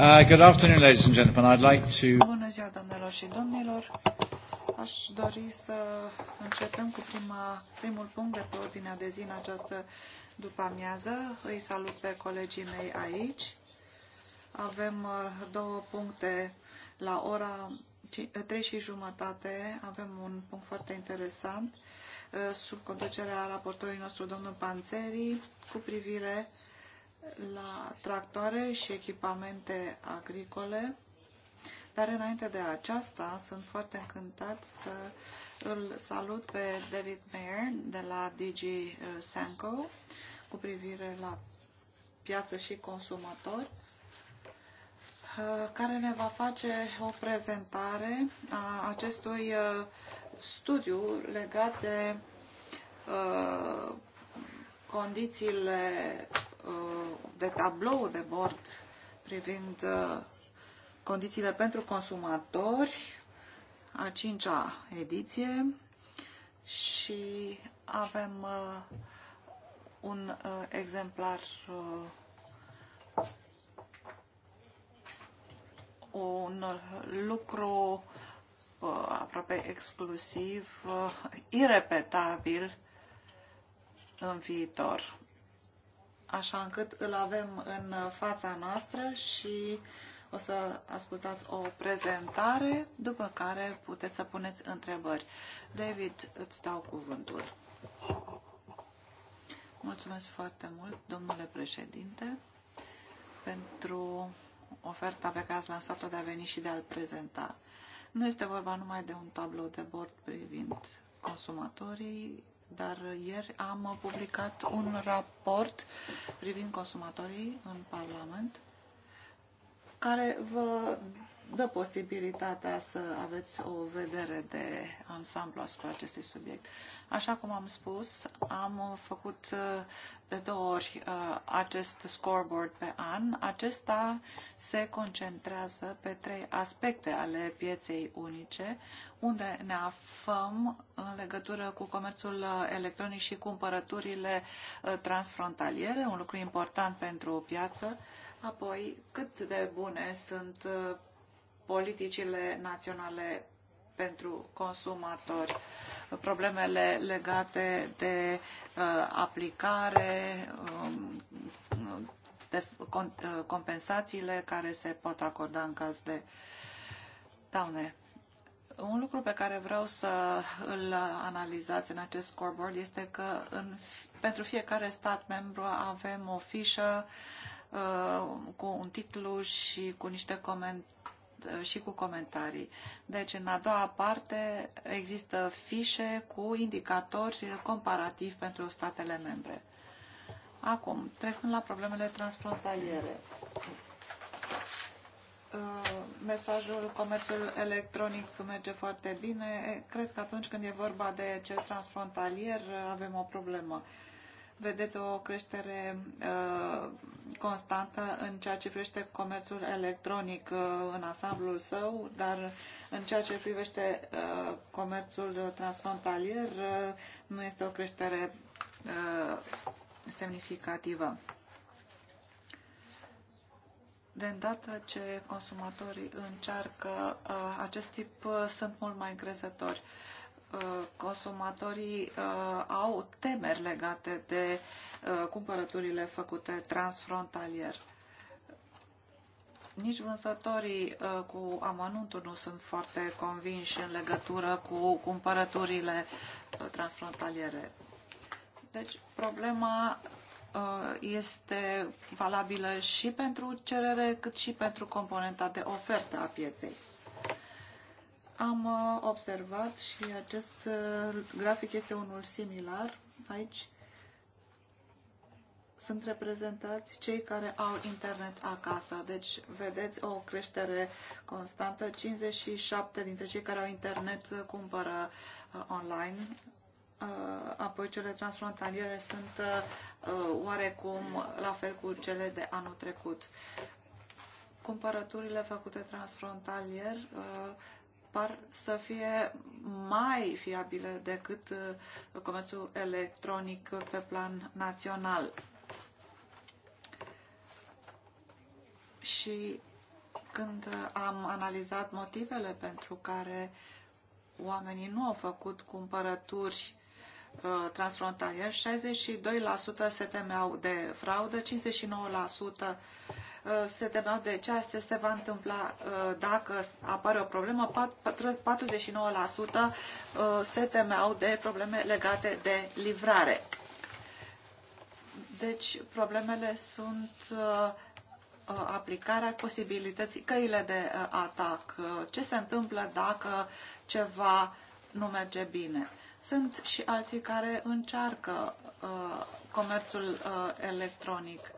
Uh, good afternoon, ladies and gentlemen. I'd like to... Bună ziua, doamnelor și domnilor. Aș dori să începem cu prima, primul punct de pe ordinea de zi în această după-amiază. Îi salut pe colegii mei aici. Avem uh, două puncte la ora 3 uh, și jumătate. Avem un punct foarte interesant sub conducerea raportorului nostru, domnul Panțeri, cu privire uh, la tractoare și echipamente agricole, dar înainte de aceasta sunt foarte încântat să îl salut pe David Mayer de la DG uh, Sanco cu privire la piață și consumatori uh, care ne va face o prezentare a acestui uh, studiu legat de condițiile Uh, de tablou de bord privind uh, condițiile pentru consumatori, a cincea ediție și avem uh, un exemplar un lucru aproape exclusiv, irepetabil în viitor așa încât îl avem în fața noastră și o să ascultați o prezentare, după care puteți să puneți întrebări. David, îți dau cuvântul. Mulțumesc foarte mult, domnule președinte, pentru oferta pe care ați lansat-o de a veni și de a-l prezenta. Nu este vorba numai de un tablou de bord privind consumatorii, dar ieri am publicat un raport privind consumatorii în Parlament care vă dă posibilitatea să aveți o vedere de ansamblu asupra acestui subiect. Așa cum am spus, am făcut uh, de două ori uh, acest scoreboard pe an. Acesta se concentrează pe trei aspecte ale pieței unice, unde ne aflăm în legătură cu comerțul uh, electronic și cumpărăturile transfrontaliere, un lucru important pentru o piață, apoi cât de bune sunt politicile naționale pentru consumatori, problemele legate de uh, aplicare, um, de con, uh, compensațiile care se pot acorda în caz de daune. Un lucru pe care vreau să îl analizați în acest scoreboard este că în, pentru fiecare stat membru avem o fișă uh, cu un titlu și cu niște comentarii și cu comentarii. Deci, în a doua parte, există fișe cu indicatori comparativi pentru statele membre. Acum, trecând la problemele transfrontaliere. Uh, mesajul comerțul electronic merge foarte bine. Cred că atunci când e vorba de cel transfrontalier avem o problemă vedeți o creștere uh, constantă în ceea ce privește comerțul electronic uh, în ansamblul său, dar în ceea ce privește uh, comerțul transfrontalier nu este o creștere semnificativă. De îndată ce consumatorii încearcă acest tip, sunt mult mai încrezători. Uh, consumatorii uh, au temeri legate de uh, cumpărăturile făcute transfrontalier. Nici vânzătorii cu amănuntul nu sunt foarte convinși în legătură cu cumpărăturile transfrontaliere. Deci problema este valabilă și pentru cerere, cât și pentru componenta de ofertă a pieței. Am uh, observat și acest uh, grafic este unul similar. Aici sunt reprezentați cei care au internet acasă. Deci vedeți o creștere constantă. 57 dintre cei care au internet uh, cumpără online. Apoi cele transfrontaliere sunt oarecum la fel cu cele de anul trecut. Cumpărăturile făcute transfrontalier par să fie mai fiabile decât uh, comerțul electronic pe plan național. Și când am analizat motivele pentru care oamenii nu au făcut cumpărături Uh, transfrontalier, 62% se temeau de fraudă, 59% uh, se temeau de ceea ce se va întâmpla uh, dacă apare o problemă, 49% se temeau de probleme legate de livrare. Deci problemele sunt aplicarea posibilității, căile de atac, ce se întâmplă dacă ceva nu merge bine sunt și alții care încearcă uh, comerțul uh, electronic,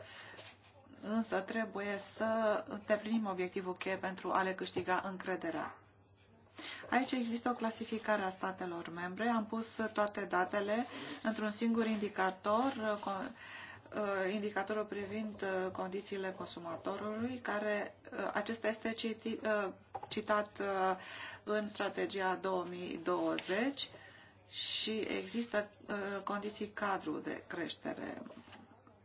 însă trebuie să îndeplinim obiectivul cheie pentru a le câștiga încrederea. Aici există o clasificare a statelor membre. Am pus toate datele într-un singur indicator, uh, uh, indicatorul privind uh, condițiile consumatorului, care acesta este citat în strategia 2020 și există uh, condiții cadru de creștere.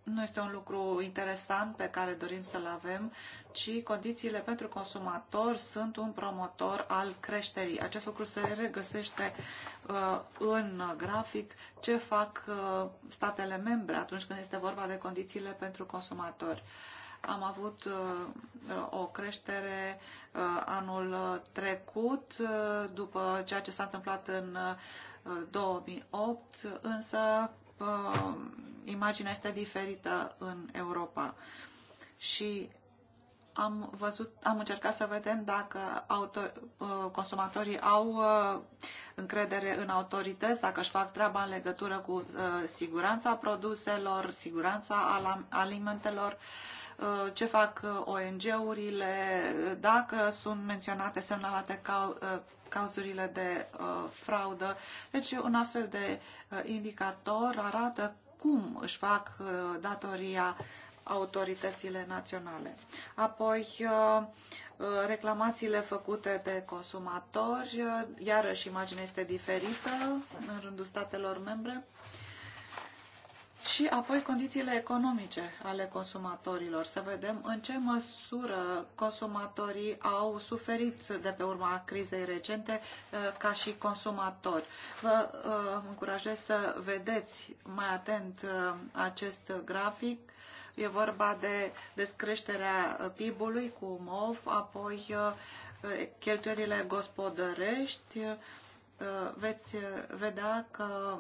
Nu este un lucru interesant pe care dorim să-l avem, ci condițiile pentru consumator sunt un promotor al creșterii. Acest lucru se regăsește uh, în grafic ce fac uh, statele membre atunci când este vorba de condițiile pentru consumatori. Uh, am avut uh, uh, o creștere uh, anul trecut după ceea ce s-a întâmplat în 2008, însă imaginea este diferită în Europa. Și am, văzut, am încercat să vedem dacă auto, consumatorii au încredere în autorități, dacă își fac treaba în legătură cu siguranța produselor, siguranța alimentelor, Uh, ce fac uh, ONG-urile, uh, dacă sunt menționate, semnalate ca, cauzurile de fraudă. Deci un astfel de indicator arată cum își fac datoria autoritățile naționale. Apoi, reclamațiile făcute de consumatori, iarăși imaginea este diferită în rândul statelor membre. Și apoi condițiile economice ale consumatorilor. Să vedem în ce măsură consumatorii au suferit de pe urma crizei recente eh, ca și consumatori. Vă eh, încurajez să vedeți mai atent eh, acest grafic. E vorba de descreșterea PIB-ului cu MOV, apoi cheltuielile gospodărești. Veți vedea că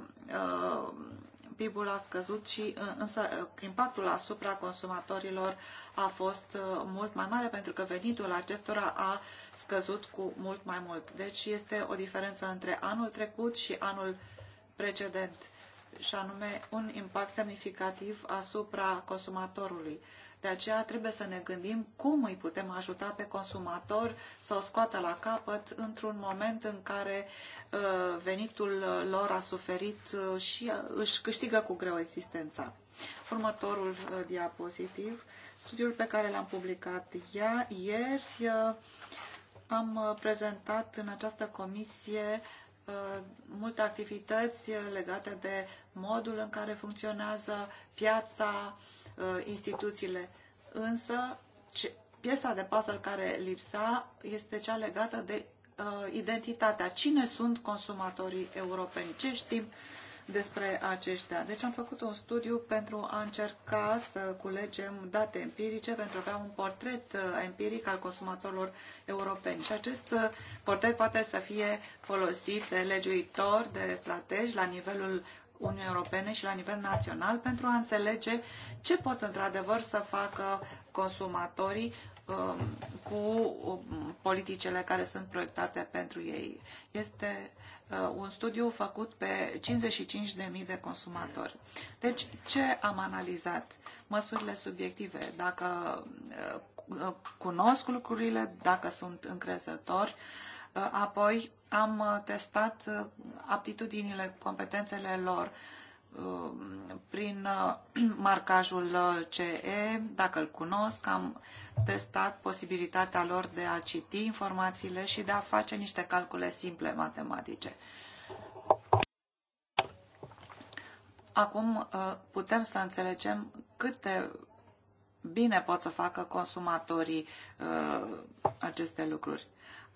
PIB-ul a scăzut și uh, însă uh, impactul asupra consumatorilor a fost uh, mult mai mare pentru că venitul acestora a scăzut cu mult mai mult. Deci este o diferență între anul trecut și anul precedent și anume un impact semnificativ asupra consumatorului. De aceea trebuie să ne gândim cum îi putem ajuta pe consumator să o scoată la capăt într-un moment în care uh, venitul lor a suferit uh, și uh, își câștigă cu greu existența. Următorul diapozitiv, studiul pe care l-am publicat ieri, am prezentat în această comisie multe activități legate de modul în care funcționează piața, Uh, instituțiile. Însă, ce, piesa de puzzle care lipsa este cea legată de uh, identitatea. Cine sunt consumatorii europeni? Ce știm despre aceștia? Deci am făcut un studiu pentru a încerca să culegem date empirice, pentru a avea un portret uh, empiric al consumatorilor europeni. Și acest uh, portret poate să fie folosit de legiuitori, de strategi, la nivelul Uniunii Europene și la nivel național pentru a înțelege ce pot într-adevăr să facă consumatorii um, cu um, politicele care sunt proiectate pentru ei. Este uh, un studiu făcut pe 55.000 de consumatori. Deci, ce am analizat? Măsurile subiective, dacă uh, cunosc lucrurile, dacă sunt încrezători, Uh, apoi am uh, testat uh, aptitudinile, competențele lor prin marcajul CE, dacă îl cunosc, am testat posibilitatea lor de a citi informațiile și de a face niște calcule simple matematice. Acum putem să înțelegem câte bine pot să facă consumatorii aceste lucruri.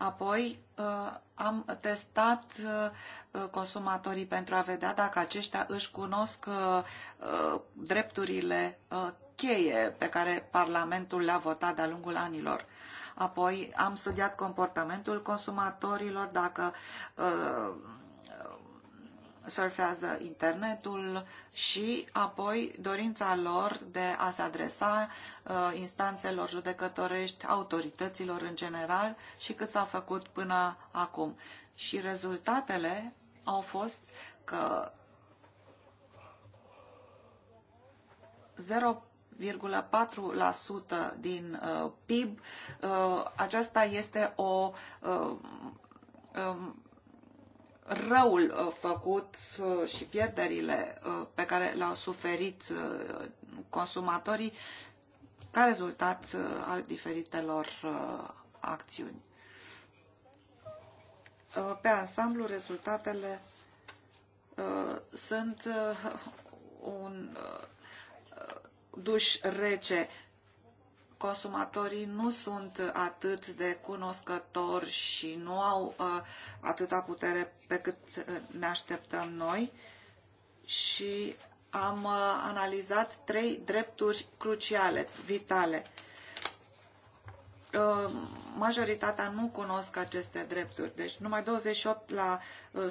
Apoi uh, am testat uh, consumatorii pentru a vedea dacă aceștia își cunosc uh, drepturile cheie pe care Parlamentul le-a votat de-a lungul anilor. Apoi am studiat comportamentul consumatorilor, dacă uh, surfează internetul și apoi dorința lor de a se adresa uh, instanțelor judecătorești, autorităților în general și cât s-a făcut până acum. Și rezultatele au fost că 0,4% din uh, PIB, uh, aceasta este o uh, um, răul uh, făcut uh, și pierderile uh, pe care le-au suferit consumatorii ca rezultat al diferitelor acțiuni. Pe ansamblu, rezultatele sunt un duș rece consumatorii nu sunt atât de cunoscători și nu au uh, atâta putere pe cât uh, ne așteptăm noi și am uh, analizat trei drepturi cruciale, vitale. Uh, Uh, majoritatea nu cunosc aceste drepturi. Deci numai 28% uh, uh,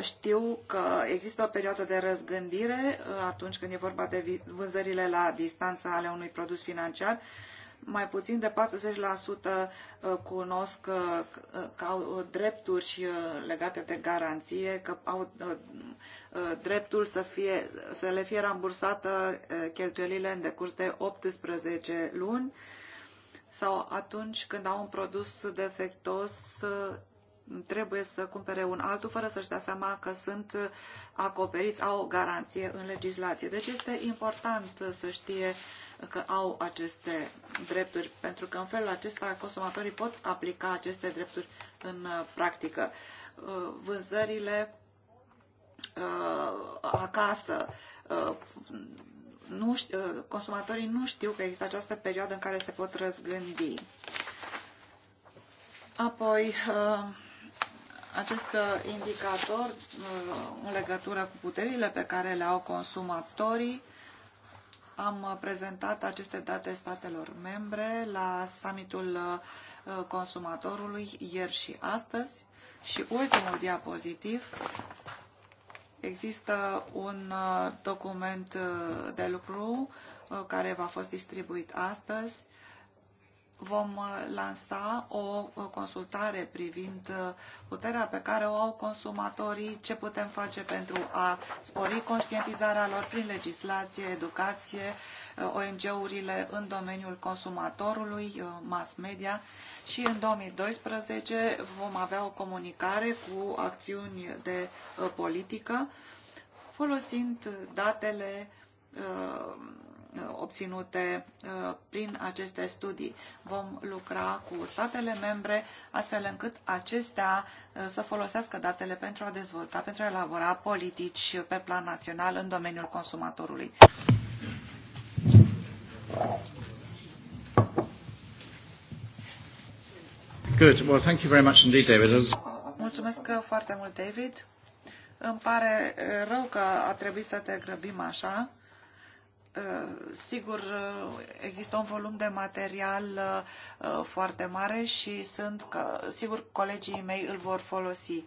știu că există o perioadă de răzgândire atunci când e vorba de vânzările la distanță ale unui produs financiar. Mai puțin de 40% cunosc că au drepturi legate de garanție, că au dreptul să, fie, să le fie rambursată cheltuielile în decurs de 18 luni sau atunci când au un produs defectos uh, trebuie să cumpere un altul fără să-și dea seama că sunt acoperiți, au o garanție în legislație. Deci este important să știe că au aceste drepturi, pentru că în felul acesta consumatorii pot aplica aceste drepturi în practică. Uh, vânzările uh, acasă, nu știu, uh, consumatorii nu știu că există această perioadă în care se pot răzgândi. Apoi, uh, acest indicator uh, în legătură cu puterile pe care le au consumatorii, am prezentat aceste date statelor membre la summitul consumatorului ieri și astăzi. Și ultimul diapozitiv Există un uh, document uh, de lucru uh, care v-a fost distribuit astăzi vom uh, lansa o uh, consultare privind uh, puterea pe care o au consumatorii, ce putem face pentru a spori conștientizarea lor prin legislație, educație, ONG-urile în domeniul consumatorului, mass media și în 2012 vom avea o comunicare cu acțiuni de politică folosind datele Uh, obținute uh, prin aceste studii. Vom lucra cu statele membre astfel încât acestea uh, să folosească datele pentru a dezvolta, pentru a elabora politici pe plan național în domeniul consumatorului. Good. Well, thank you very much indeed, David. Mulțumesc foarte mult, David. Îmi pare rău că a trebuit să te grăbim așa. Eh, sigur, eh, există un volum de material eh, foarte mare și sunt, că, sigur, colegii mei îl vor folosi.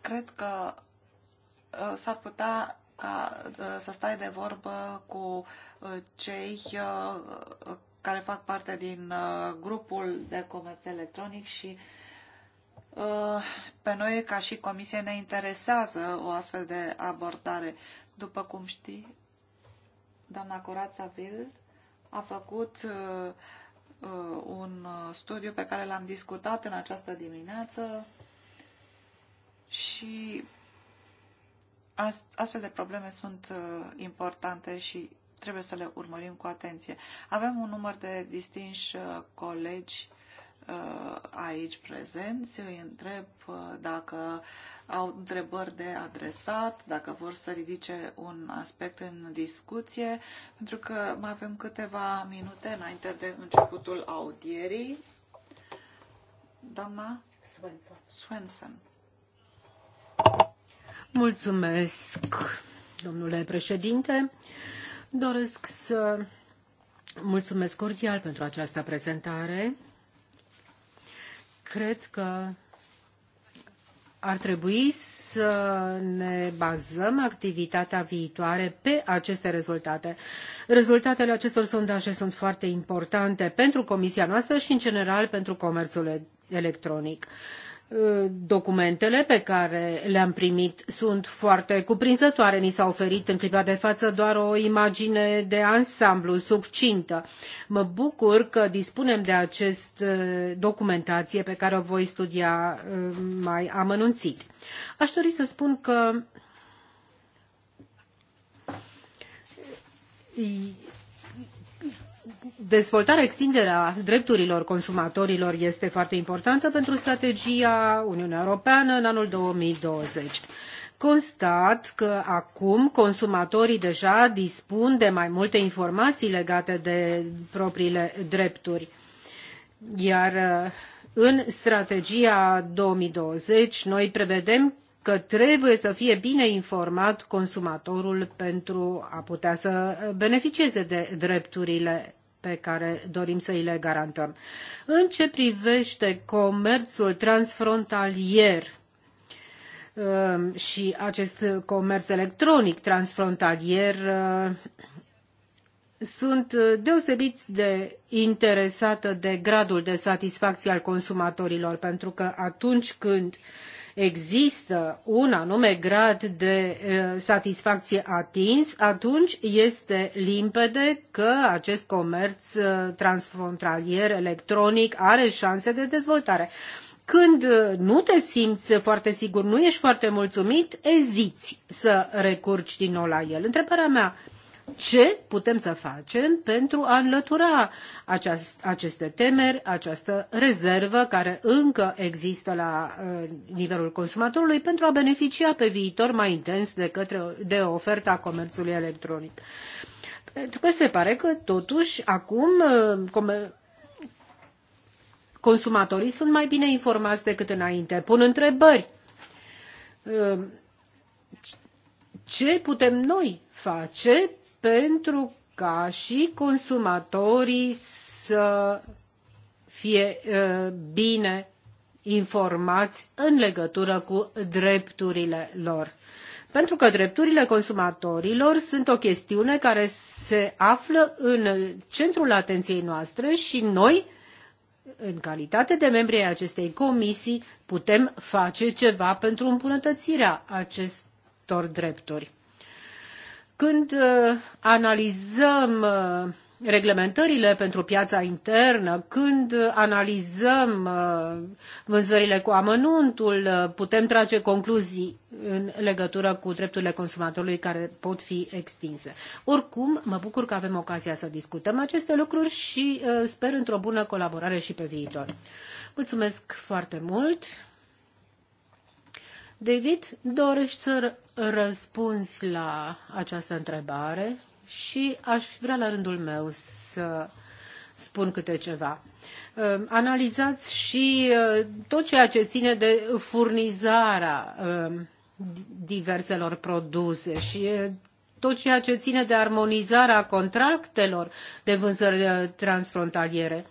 Cred că s-ar putea ca să stai de vorbă cu cei care fac parte din uh, grupul de comerț electronic și uh, pe noi, ca și comisie, ne interesează o astfel de abordare. După cum știi, doamna Corața Vil a făcut uh, un studiu pe care l-am discutat în această dimineață și astfel de probleme sunt importante și trebuie să le urmărim cu atenție. Avem un număr de distinși uh, colegi uh, aici prezenți, îi întreb uh, dacă au întrebări de adresat, dacă vor să ridice un aspect în discuție, pentru că mai avem câteva minute înainte de începutul audierii. Doamna Svensson. Svensson. Mulțumesc, domnule președinte. Uh, Doresc să mulțumesc cordial pentru această prezentare. Cred că ar trebui să ne bazăm activitatea viitoare pe aceste rezultate. Rezultatele acestor sondaje sunt foarte importante pentru comisia noastră și, în general, pentru comerțul electronic. Uh, documentele pe care le-am primit sunt foarte cuprinzătoare. Ni s-a oferit în clipa de față doar o imagine de ansamblu succintă. Mă bucur că dispunem de acest uh, documentație pe care o voi studia uh, mai amănunțit. Aș dori să spun că dezvoltarea, extinderea drepturilor consumatorilor este foarte importantă pentru strategia Uniunii Europeană în anul 2020 constat că acum consumatorii deja dispun de mai multe informații legate de propriile drepturi. Iar uh, în strategia 2020 noi prevedem că trebuie să fie bine informat consumatorul pentru a putea să beneficieze de drepturile pe care dorim să îi le garantăm. În ce privește comerțul transfrontalier, um, și acest comerț electronic transfrontalier uh, sunt deosebit de interesată de gradul de satisfacție al consumatorilor, pentru că atunci când uh, există un anume grad de eh, satisfacție atins, atunci este limpede că acest comerț eh, transfrontalier electronic are șanse de dezvoltare. Când eh, nu te simți foarte sigur, nu ești foarte mulțumit, eziți să recurgi din nou la el. Întrebarea mea ce putem să facem pentru a înlătura aceast, aceste temeri, această rezervă care încă există la uh, nivelul consumatorului pentru a beneficia pe viitor mai intens de, către, de oferta comerțului electronic. Pentru că se pare că totuși acum uh, consumatorii sunt mai bine informați decât înainte, pun întrebări. Uh, ce putem noi face pentru ca și consumatorii să fie uh, bine informați în legătură cu drepturile lor. Pentru că drepturile consumatorilor sunt o chestiune care se află în centrul atenției noastre și noi, în calitate de membri ai acestei comisii, putem face ceva pentru îmbunătățirea acestor drepturi. Când uh, analizăm uh, reglementările pentru piața internă, când uh, analizăm vânzările cu amănuntul, putem trage concluzii în legătură cu drepturile consumatorului care pot fi extinse. Oricum, mă bucur că avem ocazia să discutăm aceste lucruri și sper într-o bună colaborare și pe viitor. Mulțumesc foarte mult! David, dorești să răspunzi la această întrebare și aș vrea la rândul meu să spun câte ceva. Ehm, analizați și tot ceea ce ține de furnizarea ehm, diverselor produse și tot ceea ce ține de armonizarea contractelor de vânzări transfrontaliere.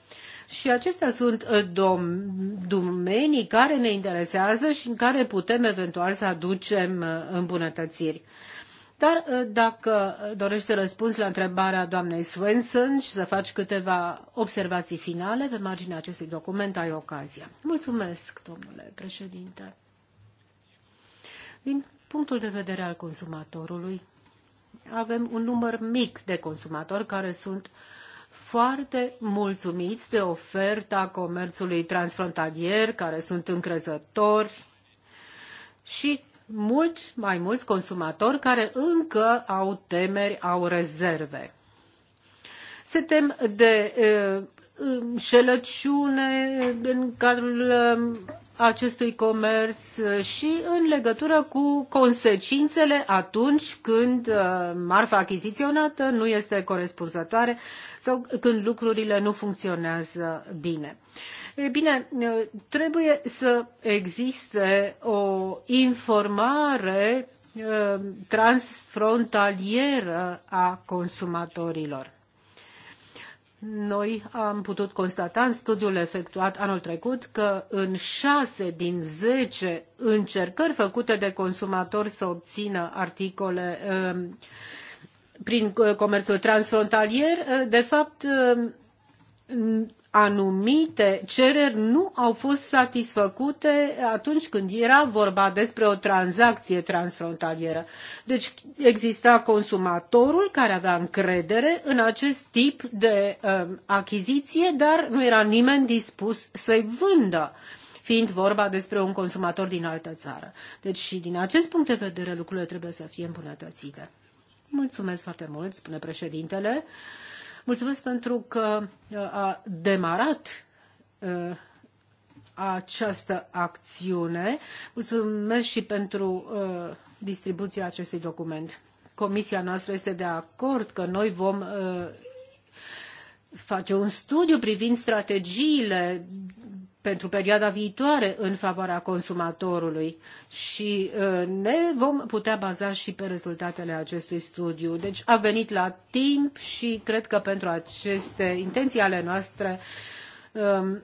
Și acestea sunt uh, domenii care ne interesează și în care putem eventual să aducem uh, îmbunătățiri. Dar uh, dacă dorești să răspunzi la întrebarea doamnei Swenson și să faci câteva observații finale pe marginea acestui document, ai ocazia. Mulțumesc, domnule președinte. Din punctul de vedere al consumatorului, avem un număr mic de consumatori care sunt uh, foarte mulțumiți de oferta comerțului transfrontalier, care sunt încrezători și mult mai mulți consumatori care încă au temeri, au rezerve. Se tem de eh, șelăciune în cadrul eh, acestui comerț uh, și în legătură cu consecințele atunci când uh, marfa achiziționată nu este corespunzătoare sau când lucrurile nu funcționează bine. E bine, uh, trebuie să existe o informare transfrontalieră a consumatorilor. Noi am putut constata în studiul efectuat anul trecut că în șase din zece încercări făcute de consumatori să obțină articole um, prin uh, comerțul transfrontalier, uh, de fapt um, anumite cereri nu au fost satisfăcute atunci când era vorba despre o tranzacție transfrontalieră. Deci exista consumatorul care avea încredere în acest tip de uh, achiziție, dar nu era nimeni dispus să-i vândă fiind vorba despre un consumator din altă țară. Deci și din acest punct de vedere lucrurile trebuie să fie îmbunătățite. Mulțumesc foarte mult, spune președintele. Uh, Mulțumesc pentru că uh, a demarat uh, această acțiune. Mulțumesc și pentru uh, distribuția acestui document. Comisia noastră este de acord că noi vom face un studiu privind strategiile pentru perioada viitoare în favoarea consumatorului și uh, ne vom putea baza și pe rezultatele acestui studiu. Deci a venit la timp și cred că pentru aceste intenții ale noastre um,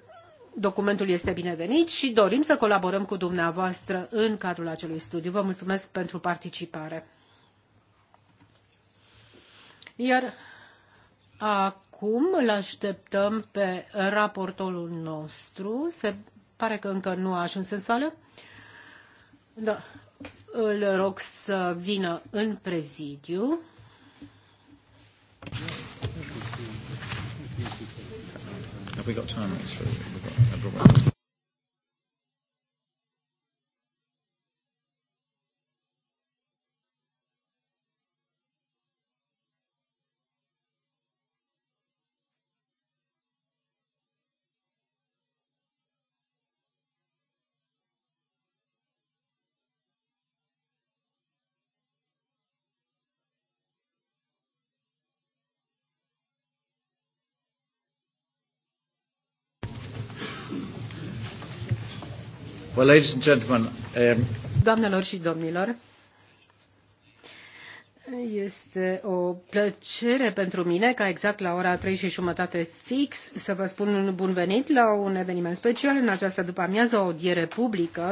documentul este binevenit și dorim să colaborăm cu dumneavoastră în cadrul acelui studiu. Vă mulțumesc pentru participare. Iar acum acum îl așteptăm pe raportorul nostru. Se pare că încă nu a ajuns în sală. Da. Îl rog să vină în prezidiu. Have we got time? Well, ladies and gentlemen, um... Doamnelor și domnilor, este o plăcere pentru mine ca exact la ora 3 și jumătate fix să vă spun un bun venit la un eveniment special în această după amiază, o audiere publică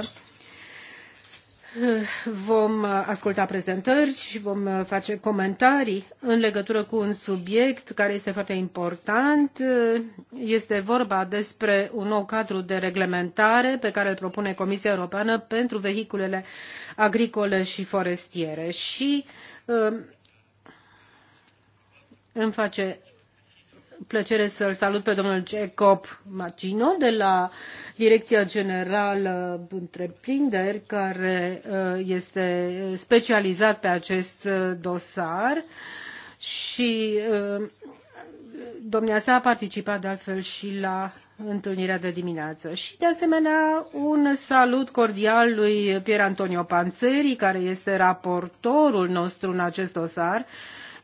Vom uh, asculta prezentări și vom uh, face comentarii în legătură cu un subiect care este foarte important. Uh, este vorba despre un nou cadru de reglementare pe care îl propune Comisia Europeană pentru vehiculele agricole și forestiere. Și îmi face plăcere să-l salut pe domnul Jacob Macino de la Direcția Generală Întreprinderi, care uh, este specializat pe acest uh, dosar și uh, domnia sa a participat de altfel și la întâlnirea de dimineață. Și de asemenea un salut cordial lui Pier Antonio Panzeri, care este raportorul nostru în acest dosar,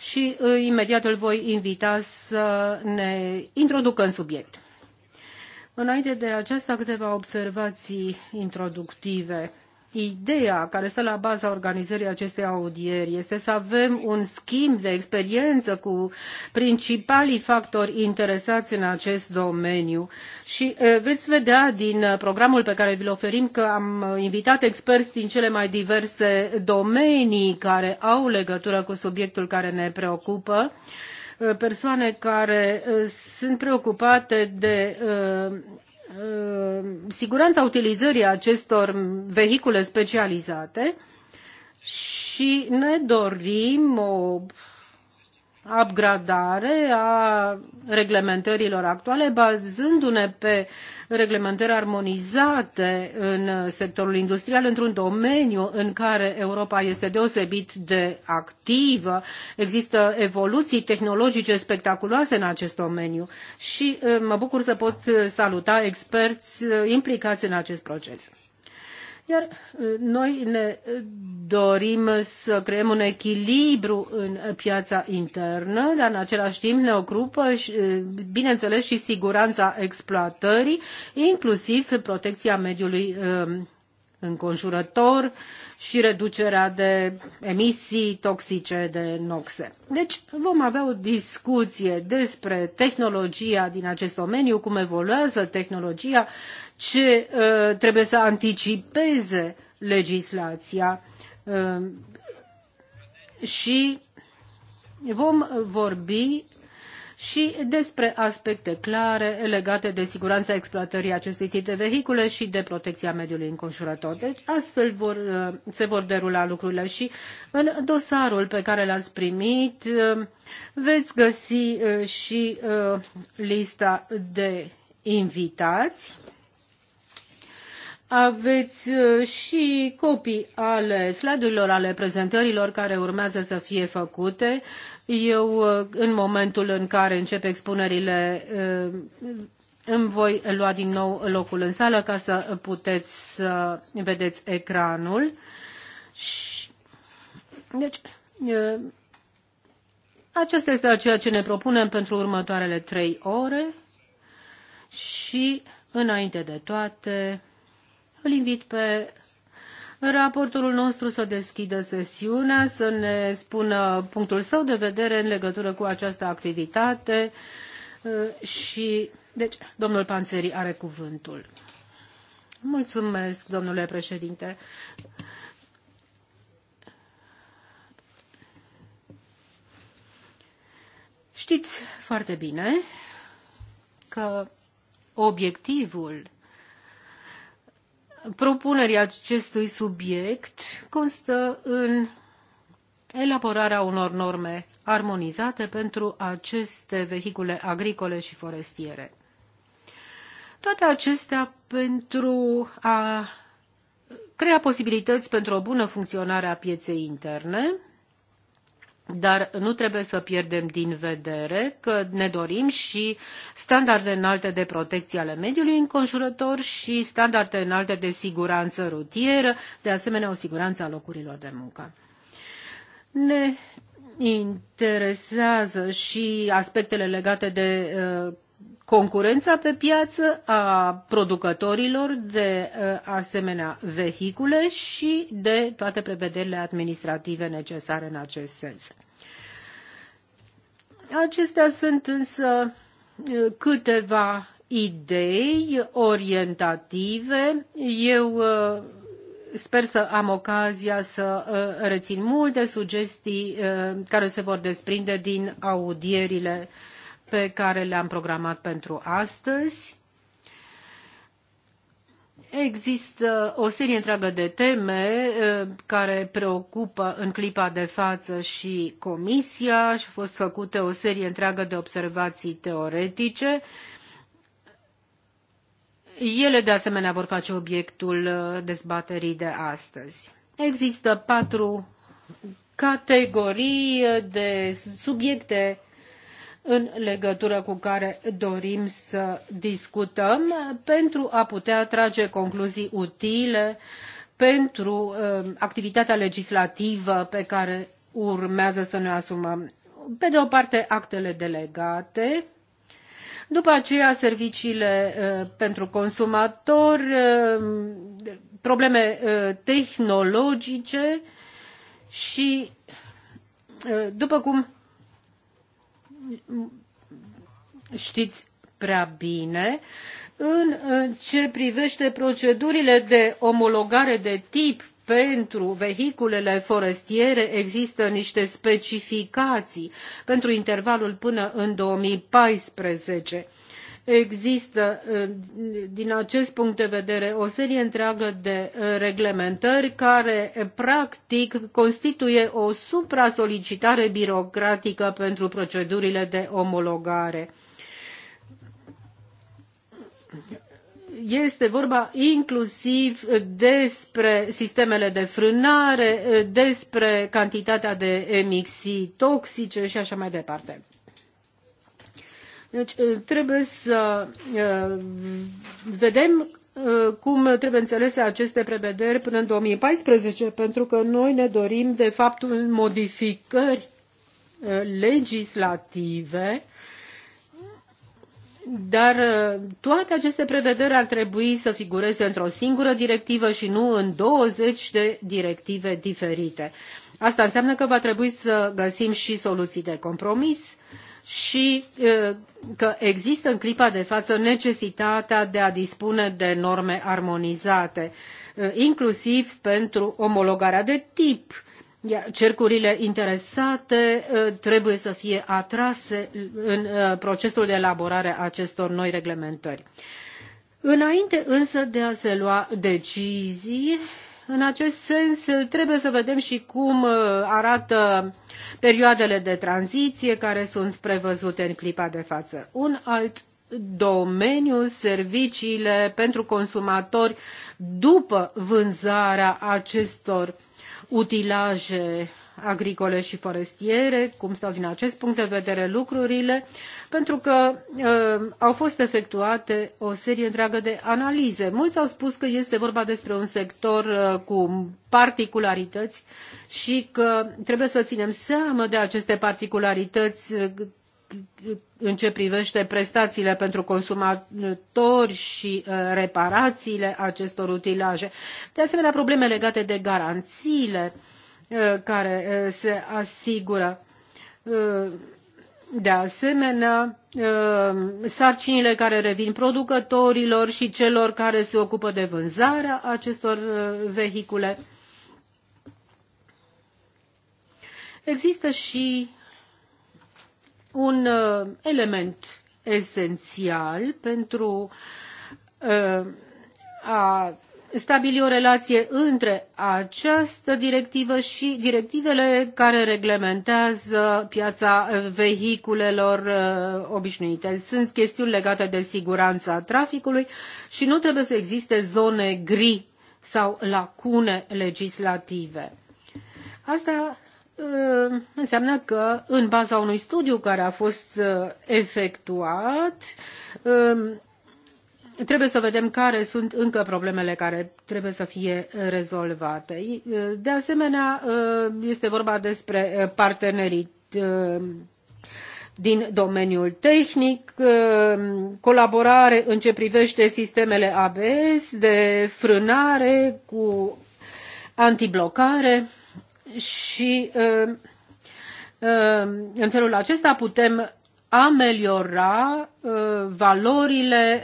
și uh, imediat îl voi invita să ne introducă în subiect. Înainte de aceasta, câteva observații introductive. Ideea care stă la baza organizării acestei audieri este să avem un schimb de experiență cu principalii factori interesați în acest domeniu și veți vedea din programul pe care vi-l oferim că am invitat experți din cele mai diverse domenii care au legătură cu subiectul care ne preocupă persoane care sunt preocupate de uh, Uh, siguranța utilizării acestor vehicule specializate și ne dorim o upgradare a reglementărilor actuale, bazându-ne pe reglementări armonizate în sectorul industrial, într-un domeniu în care Europa este deosebit de activă. Există evoluții tehnologice spectaculoase în acest domeniu și eh, mă bucur să pot saluta experți eh, implicați în acest proces. Iar uh, noi ne uh, dorim să creăm un echilibru în piața internă, dar în același timp ne ocupă, uh, bineînțeles, și siguranța exploatării, inclusiv protecția mediului înconjurător și reducerea de emisii toxice de noxe. Deci vom avea o discuție despre tehnologia din acest domeniu, cum evoluează tehnologia, ce uh, trebuie să anticipeze legislația uh, și vom vorbi și despre aspecte clare legate de siguranța exploatării acestui tip de vehicule și de protecția mediului înconjurător. Deci astfel vor, uh, se vor derula lucrurile și în dosarul pe care l-ați primit uh, veți găsi uh, și lista de invitați aveți și copii ale slide-urilor, ale prezentărilor care urmează să fie făcute eu, uh, în momentul în care încep expunerile, uh, îmi voi lua din nou locul în sală ca să puteți să vedeți ecranul. Deci, uh, acesta este ceea ce ne propunem pentru următoarele trei ore și, înainte de toate, îl invit pe Raportorul nostru să deschidă sesiunea, să ne spună punctul său de vedere în legătură cu această activitate uh, și, deci, domnul Panțeri are cuvântul. Mulțumesc, domnule președinte. Știți foarte bine că obiectivul propunerii acestui subiect constă în elaborarea unor norme armonizate pentru aceste vehicule agricole și forestiere. Toate acestea pentru a crea posibilități pentru o bună funcționare a pieței interne, dar nu trebuie să pierdem din vedere că ne dorim și standarde înalte de protecție ale mediului înconjurător și standarde înalte de siguranță rutieră, de asemenea o siguranță a locurilor de muncă. Ne interesează și aspectele legate de uh, concurența pe piață a producătorilor de uh, asemenea vehicule și de toate prevederile administrative necesare în acest sens. Acestea sunt însă uh, câteva idei orientative. Eu uh, sper să am ocazia să rețin multe sugestii care se vor desprinde din audierile pe care le-am programat pentru astăzi. Există o serie întreagă de teme eh, care preocupă în clipa de față și Comisia și au fost făcute o serie întreagă de observații teoretice. Ele, de asemenea, vor face obiectul eh, dezbaterii de astăzi. Există patru categorii eh, de subiecte în legătură cu care dorim să discutăm pentru a putea trage concluzii utile pentru um, activitatea legislativă pe care urmează să ne asumăm. Pe de o parte, actele delegate, după aceea serviciile uh, pentru consumatori, um, probleme uh, tehnologice și, uh, după cum știți prea bine în ce privește procedurile de omologare de tip pentru vehiculele forestiere există niște specificații pentru intervalul până în 2014 Există, uh, din acest punct de vedere, o serie întreagă de uh, reglementări care, uh, practic, constituie o supra-solicitare birocratică pentru procedurile de omologare este vorba inclusiv despre sistemele de frânare despre cantitatea de emisii toxice și așa mai departe. Deci uh, trebuie să uh, vedem uh, cum trebuie înțelese aceste prevederi până în 2014, pentru că noi ne dorim, de fapt, modificări legislative, dar toate aceste prevederi ar trebui să figureze într-o singură directivă și nu în 20 de directive diferite. Asta înseamnă că va trebui să găsim și soluții de compromis uh, și că există în clipa de față necesitatea de a dispune de norme armonizate, inclusiv pentru omologarea de tip. Iar cercurile interesate trebuie să fie atrase în procesul de elaborare a acestor noi reglementări. Înainte însă de a se lua decizii, în acest sens, trebuie să vedem și cum uh, arată perioadele de tranziție care sunt prevăzute în clipa de față. Un alt domeniu, serviciile pentru consumatori după vânzarea acestor utilaje agricole și forestiere, cum stau din acest punct de vedere lucrurile, pentru că uh, au fost efectuate o serie întreagă de analize. Mulți au spus că este vorba despre un sector uh, cu particularități și că trebuie să ținem seama de aceste particularități uh, în ce privește prestațiile pentru consumatori și uh, reparațiile acestor utilaje. De asemenea, probleme legate de garanțiile Uh, care uh, se asigură. Uh, de asemenea, sarcinile care revin producătorilor și celor care se ocupă de vânzarea acestor vehicule. Există și un element esențial pentru a stabili o relație între această directivă și directivele care reglementează piața vehiculelor uh, obișnuite. Sunt chestiuni legate de siguranța traficului și nu trebuie să existe zone gri sau lacune legislative. Asta uh, înseamnă că în baza unui studiu care a fost uh, efectuat, trebuie să vedem care sunt încă problemele care trebuie să fie rezolvate. De asemenea, este vorba despre partenerii din domeniul tehnic, colaborare în ce privește sistemele ABS, de frânare cu antiblocare și în felul acesta putem ameliora uh, valorile uh,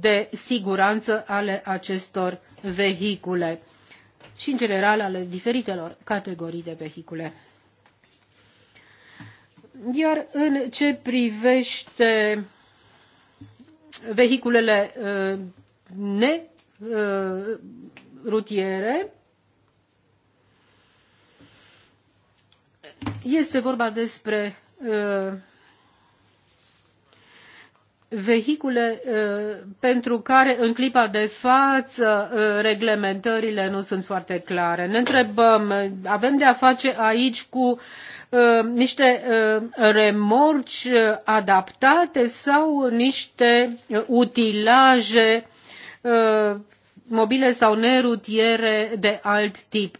de siguranță ale acestor vehicule și, în general, ale diferitelor categorii de vehicule. Iar în ce privește vehiculele uh, nerutiere, este vorba despre vehicule uh, pentru care în clipa de față uh, reglementările nu sunt foarte clare. Ne întrebăm, avem de a face aici cu uh, niște remorci adaptate sau niște utilaje mobile sau nerutiere de alt tip.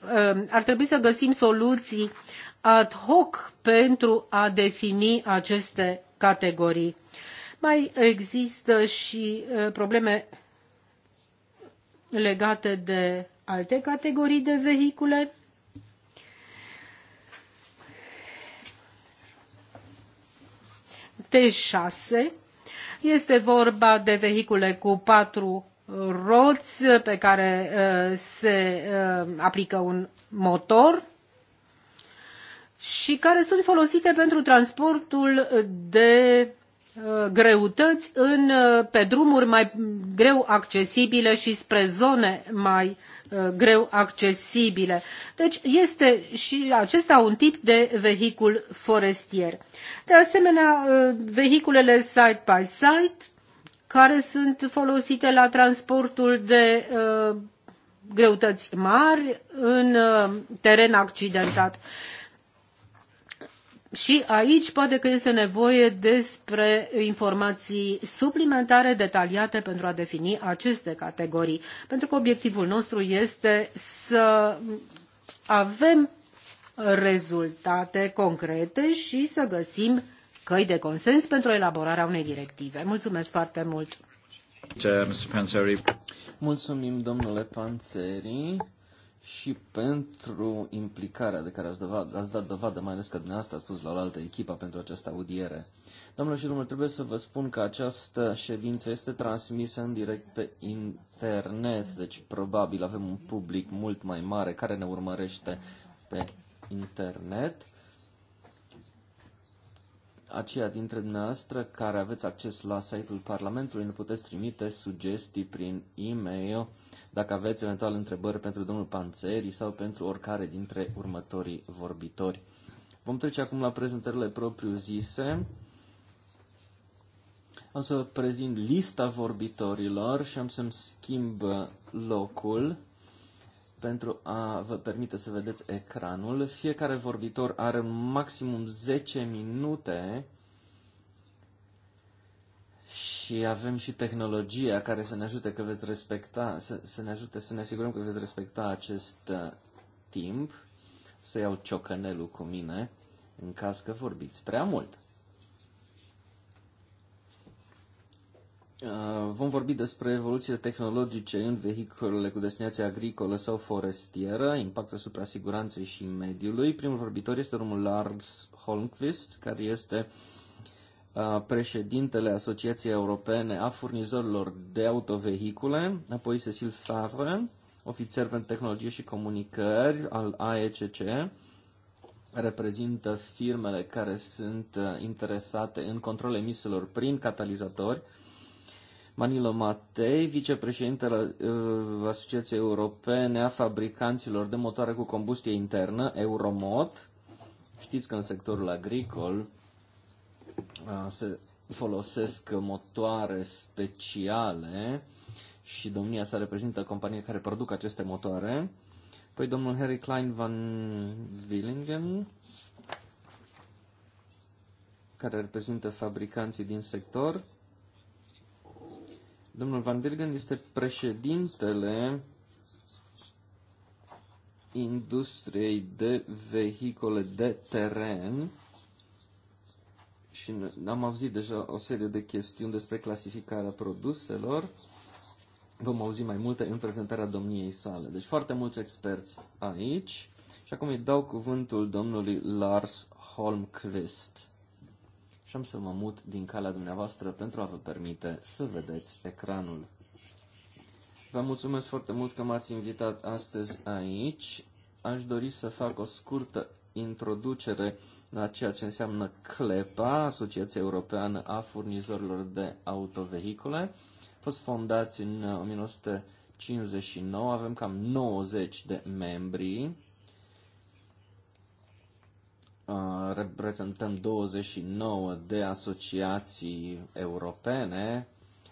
Ar trebui să găsim soluții ad hoc pentru a defini aceste categorii mai există și probleme legate de alte categorii de vehicule. T6 este vorba de vehicule cu patru roți pe care se aplică un motor și care sunt folosite pentru transportul de Uh, greutăți în, uh, pe drumuri mai greu accesibile și spre zone mai uh, greu accesibile. Deci este și acesta un tip de vehicul forestier. De asemenea, vehiculele side-by-side, care sunt folosite la transportul de uh, greutăți mari în uh, teren accidentat. Și aici poate că este nevoie despre informații suplimentare detaliate pentru a defini aceste categorii. Pentru că obiectivul nostru este să avem rezultate concrete și să găsim căi de consens pentru elaborarea unei directive. Mulțumesc foarte mult! Mulțumim, domnule Panzeri și pentru implicarea de care ați, dovadă, ați dat dovadă, mai ales că dumneavoastră ați spus la altă echipa pentru această audiere. Doamnelor și domnilor, trebuie să vă spun că această ședință este transmisă în direct pe internet, deci probabil avem un public mult mai mare care ne urmărește pe internet. Aceia dintre dumneavoastră care aveți acces la site-ul Parlamentului ne puteți trimite sugestii prin e-mail dacă aveți eventual întrebări pentru domnul Panțeri sau pentru oricare dintre următorii vorbitori. Vom trece acum la prezentările propriu-zise. Am să prezint lista vorbitorilor și am să-mi schimb locul pentru a vă permite să vedeți ecranul. Fiecare vorbitor are maximum 10 minute și avem și tehnologia care să ne ajute că veți respecta, să, să ne ajute să ne asigurăm că veți respecta acest uh, timp. Să iau ciocănelul cu mine în caz că vorbiți prea mult. Uh, vom vorbi despre evoluțiile tehnologice în vehiculele cu destinație agricolă sau forestieră, impactul asupra siguranței și mediului. Primul vorbitor este domnul Lars Holmquist, care este uh, președintele Asociației Europene a Furnizorilor de Autovehicule, apoi Cecil Favre, ofițer pentru tehnologie și comunicări al AECC, reprezintă firmele care sunt uh, interesate în controlul emisiilor prin catalizatori, Manilo Matei, vicepreședintele uh, Asociației Europene a Fabricanților de Motoare cu Combustie Internă, Euromot. Știți că în sectorul agricol se folosesc motoare speciale și domnia sa reprezintă compania care produc aceste motoare. Păi domnul Harry Klein van Willingen, care reprezintă fabricanții din sector. Domnul van Willingen este președintele industriei de vehicole de teren și am auzit deja o serie de chestiuni despre clasificarea produselor. Vom auzi mai multe în prezentarea domniei sale. Deci foarte mulți experți aici. Și acum îi dau cuvântul domnului Lars Holmquist. Și am să mă mut din calea dumneavoastră pentru a vă permite să vedeți ecranul. Vă mulțumesc foarte mult că m-ați invitat astăzi aici. Aș dori să fac o scurtă introducere la ceea ce înseamnă CLEPA, Asociația Europeană a Furnizorilor de Autovehicule. A fost fondați în 1959, uh, avem cam 90 de membri, uh, reprezentăm 29 de asociații europene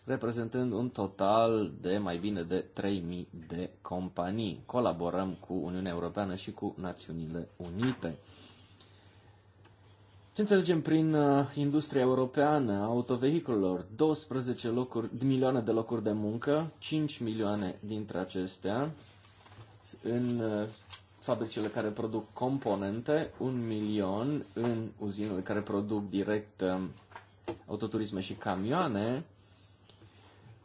reprezentând un total de mai bine de 3.000 de companii. Colaborăm cu Uniunea Europeană și cu Națiunile Unite. Ce înțelegem prin uh, industria europeană a autovehiculelor? 12 locuri, milioane de locuri de muncă, 5 milioane dintre acestea în uh, fabricile care produc componente, un milion în uzinele care produc direct uh, autoturisme și camioane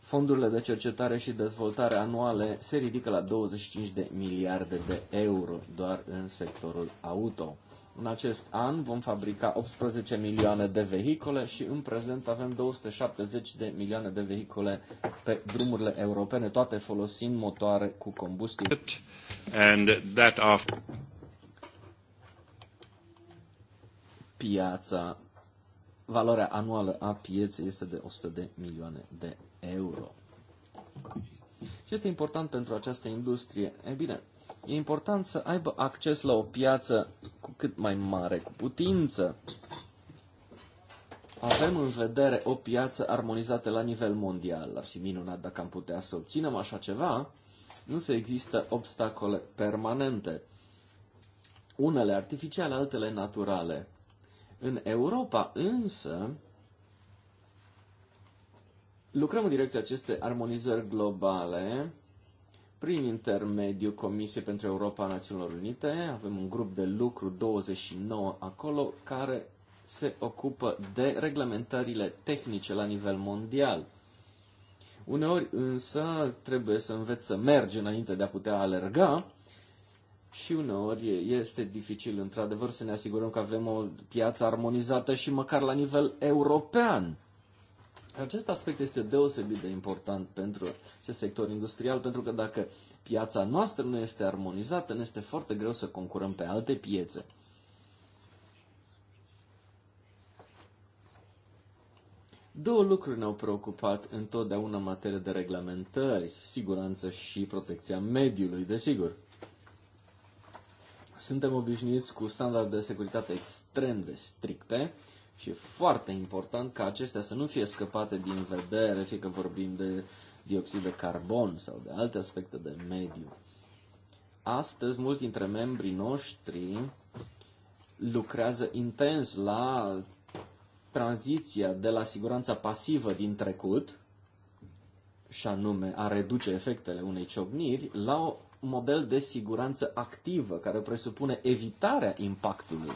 fondurile de cercetare și dezvoltare anuale se ridică la 25 de miliarde de euro doar în sectorul auto. În acest an vom fabrica 18 milioane de vehicole și în prezent avem 270 de milioane de vehicole pe drumurile europene, toate folosind motoare cu combustibil. And that after... Piața, valoarea anuală a pieței este de 100 de milioane de euro. Ce este important pentru această industrie? E bine, e important să aibă acces la o piață cu cât mai mare, cu putință. Avem în vedere o piață armonizată la nivel mondial. Ar fi minunat dacă am putea să obținem așa ceva, însă există obstacole permanente. Unele artificiale, altele naturale. În Europa însă lucrăm în direcția acestei armonizări globale prin intermediul Comisiei pentru Europa Națiunilor Unite. Avem un grup de lucru 29 acolo care se ocupă de reglementările tehnice la nivel mondial. Uneori însă trebuie să înveți să mergi înainte de a putea alerga și uneori este dificil într-adevăr să ne asigurăm că avem o piață armonizată și măcar la nivel european. Acest aspect este deosebit de important pentru acest sector industrial, pentru că dacă piața noastră nu este armonizată, ne este foarte greu să concurăm pe alte piețe. Două lucruri ne-au preocupat întotdeauna în materie de reglementări, siguranță și protecția mediului, desigur. Suntem obișnuiți cu standarde de securitate extrem de stricte, și e foarte important ca acestea să nu fie scăpate din vedere, fie că vorbim de dioxid de carbon sau de alte aspecte de mediu. Astăzi, mulți dintre membrii noștri lucrează intens la tranziția de la siguranța pasivă din trecut, și anume a reduce efectele unei ciocniri, la un model de siguranță activă, care presupune evitarea impactului.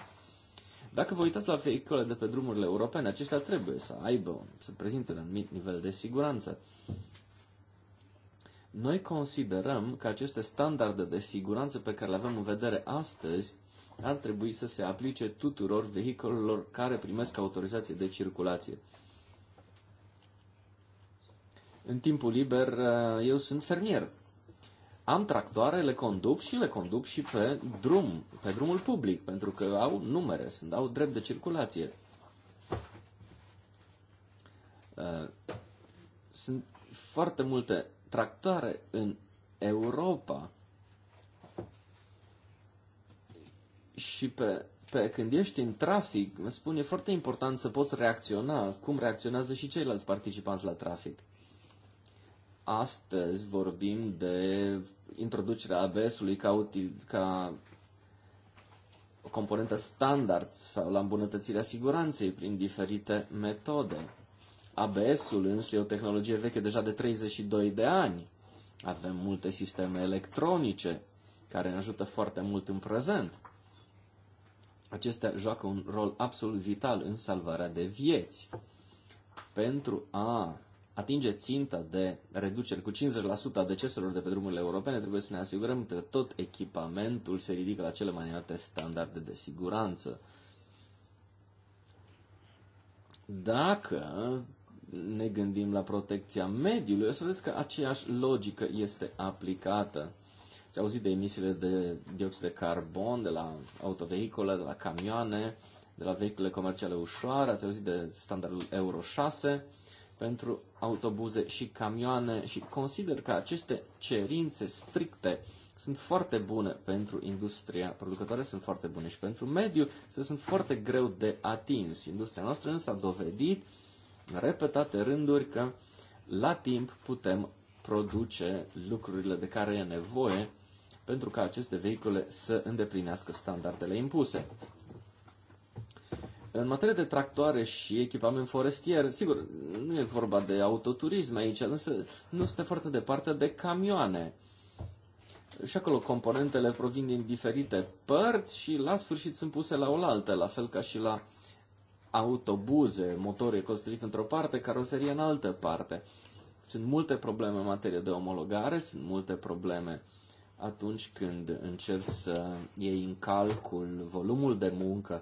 Dacă vă uitați la vehicule de pe drumurile europene, acestea trebuie să aibă, să prezinte un anumit nivel de siguranță. Noi considerăm că aceste standarde de siguranță pe care le avem în vedere astăzi ar trebui să se aplice tuturor vehiculelor care primesc autorizație de circulație. În timpul liber, eu sunt fermier am tractoare, le conduc și le conduc și pe drum, pe drumul public, pentru că au numere, sunt, au drept de circulație. Uh, sunt foarte multe tractoare în Europa și pe, pe când ești în trafic, mă spun, e foarte important să poți reacționa, cum reacționează și ceilalți participanți la trafic. Astăzi vorbim de introducerea ABS-ului ca, util, ca o componentă standard sau la îmbunătățirea siguranței prin diferite metode. ABS-ul însă e o tehnologie veche deja de 32 de ani. Avem multe sisteme electronice care ne ajută foarte mult în prezent. Acestea joacă un rol absolut vital în salvarea de vieți. Pentru a atinge ținta de reduceri cu 50% a deceselor de pe drumurile europene, trebuie să ne asigurăm că tot echipamentul se ridică la cele mai înalte standarde de siguranță. Dacă ne gândim la protecția mediului, o să vedeți că aceeași logică este aplicată. Ați auzit de emisiile de dioxid de carbon de la autovehicule, de la camioane, de la vehicule comerciale ușoare, ați auzit de standardul Euro 6, pentru autobuze și camioane și consider că aceste cerințe stricte sunt foarte bune pentru industria producătoare, sunt foarte bune și pentru mediu, să sunt foarte greu de atins. Industria noastră însă a dovedit în repetate rânduri că la timp putem produce lucrurile de care e nevoie pentru ca aceste vehicule să îndeplinească standardele impuse. În materie de tractoare și echipament forestier, sigur, nu e vorba de autoturism aici, însă nu suntem foarte departe de camioane. Și acolo componentele provin din diferite părți și la sfârșit sunt puse la oaltă, la fel ca și la autobuze, motor e construit într-o parte, caroserie în altă parte. Sunt multe probleme în materie de omologare, sunt multe probleme atunci când încerci să iei în calcul volumul de muncă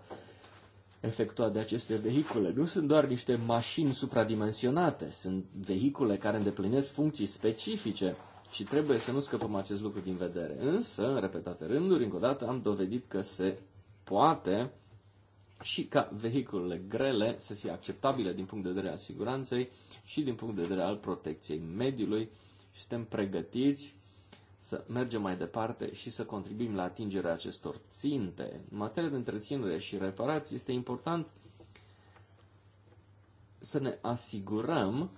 efectuat de aceste vehicule. Nu sunt doar niște mașini supradimensionate, sunt vehicule care îndeplinesc funcții specifice și trebuie să nu scăpăm acest lucru din vedere. Însă, în repetate rânduri, încă o dată am dovedit că se poate și ca vehiculele grele să fie acceptabile din punct de vedere al siguranței și din punct de vedere al protecției mediului și suntem pregătiți să mergem mai departe și să contribuim la atingerea acestor ținte. În materie de întreținere și reparații este important să ne asigurăm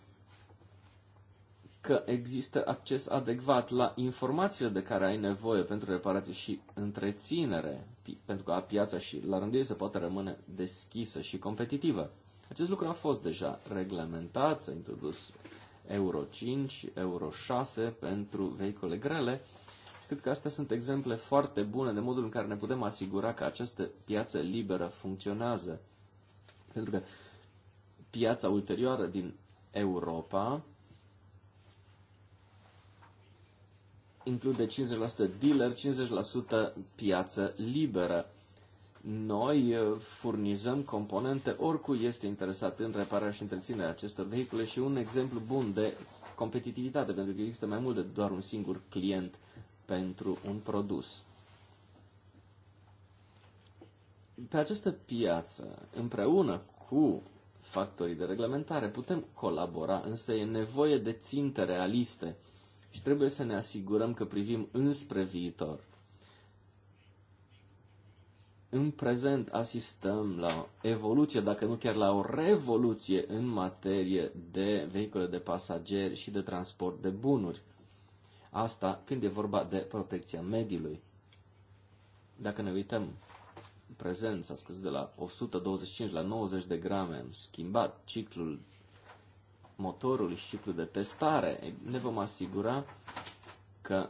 că există acces adecvat la informațiile de care ai nevoie pentru reparație și întreținere, pentru ca piața și la rândul ei să poată rămâne deschisă și competitivă. Acest lucru a fost deja reglementat, s-a introdus Euro 5, Euro 6 pentru vehicole grele. Cred că astea sunt exemple foarte bune de modul în care ne putem asigura că această piață liberă funcționează. Pentru că piața ulterioară din Europa include 50% dealer, 50% piață liberă. Noi eh, furnizăm componente oricui este interesat în repararea și întreținerea acestor vehicule și un exemplu bun de competitivitate, pentru că există mai mult de doar un singur client pentru un produs. Pe această piață, împreună cu factorii de reglementare, putem colabora, însă e nevoie de ținte realiste și trebuie să ne asigurăm că privim înspre viitor. În prezent asistăm la o evoluție, dacă nu chiar la o revoluție în materie de vehicule de pasageri și de transport de bunuri. Asta când e vorba de protecția mediului. Dacă ne uităm prezent, s-a scăzut de la 125 la 90 de grame, am schimbat ciclul motorului și ciclul de testare, ne vom asigura că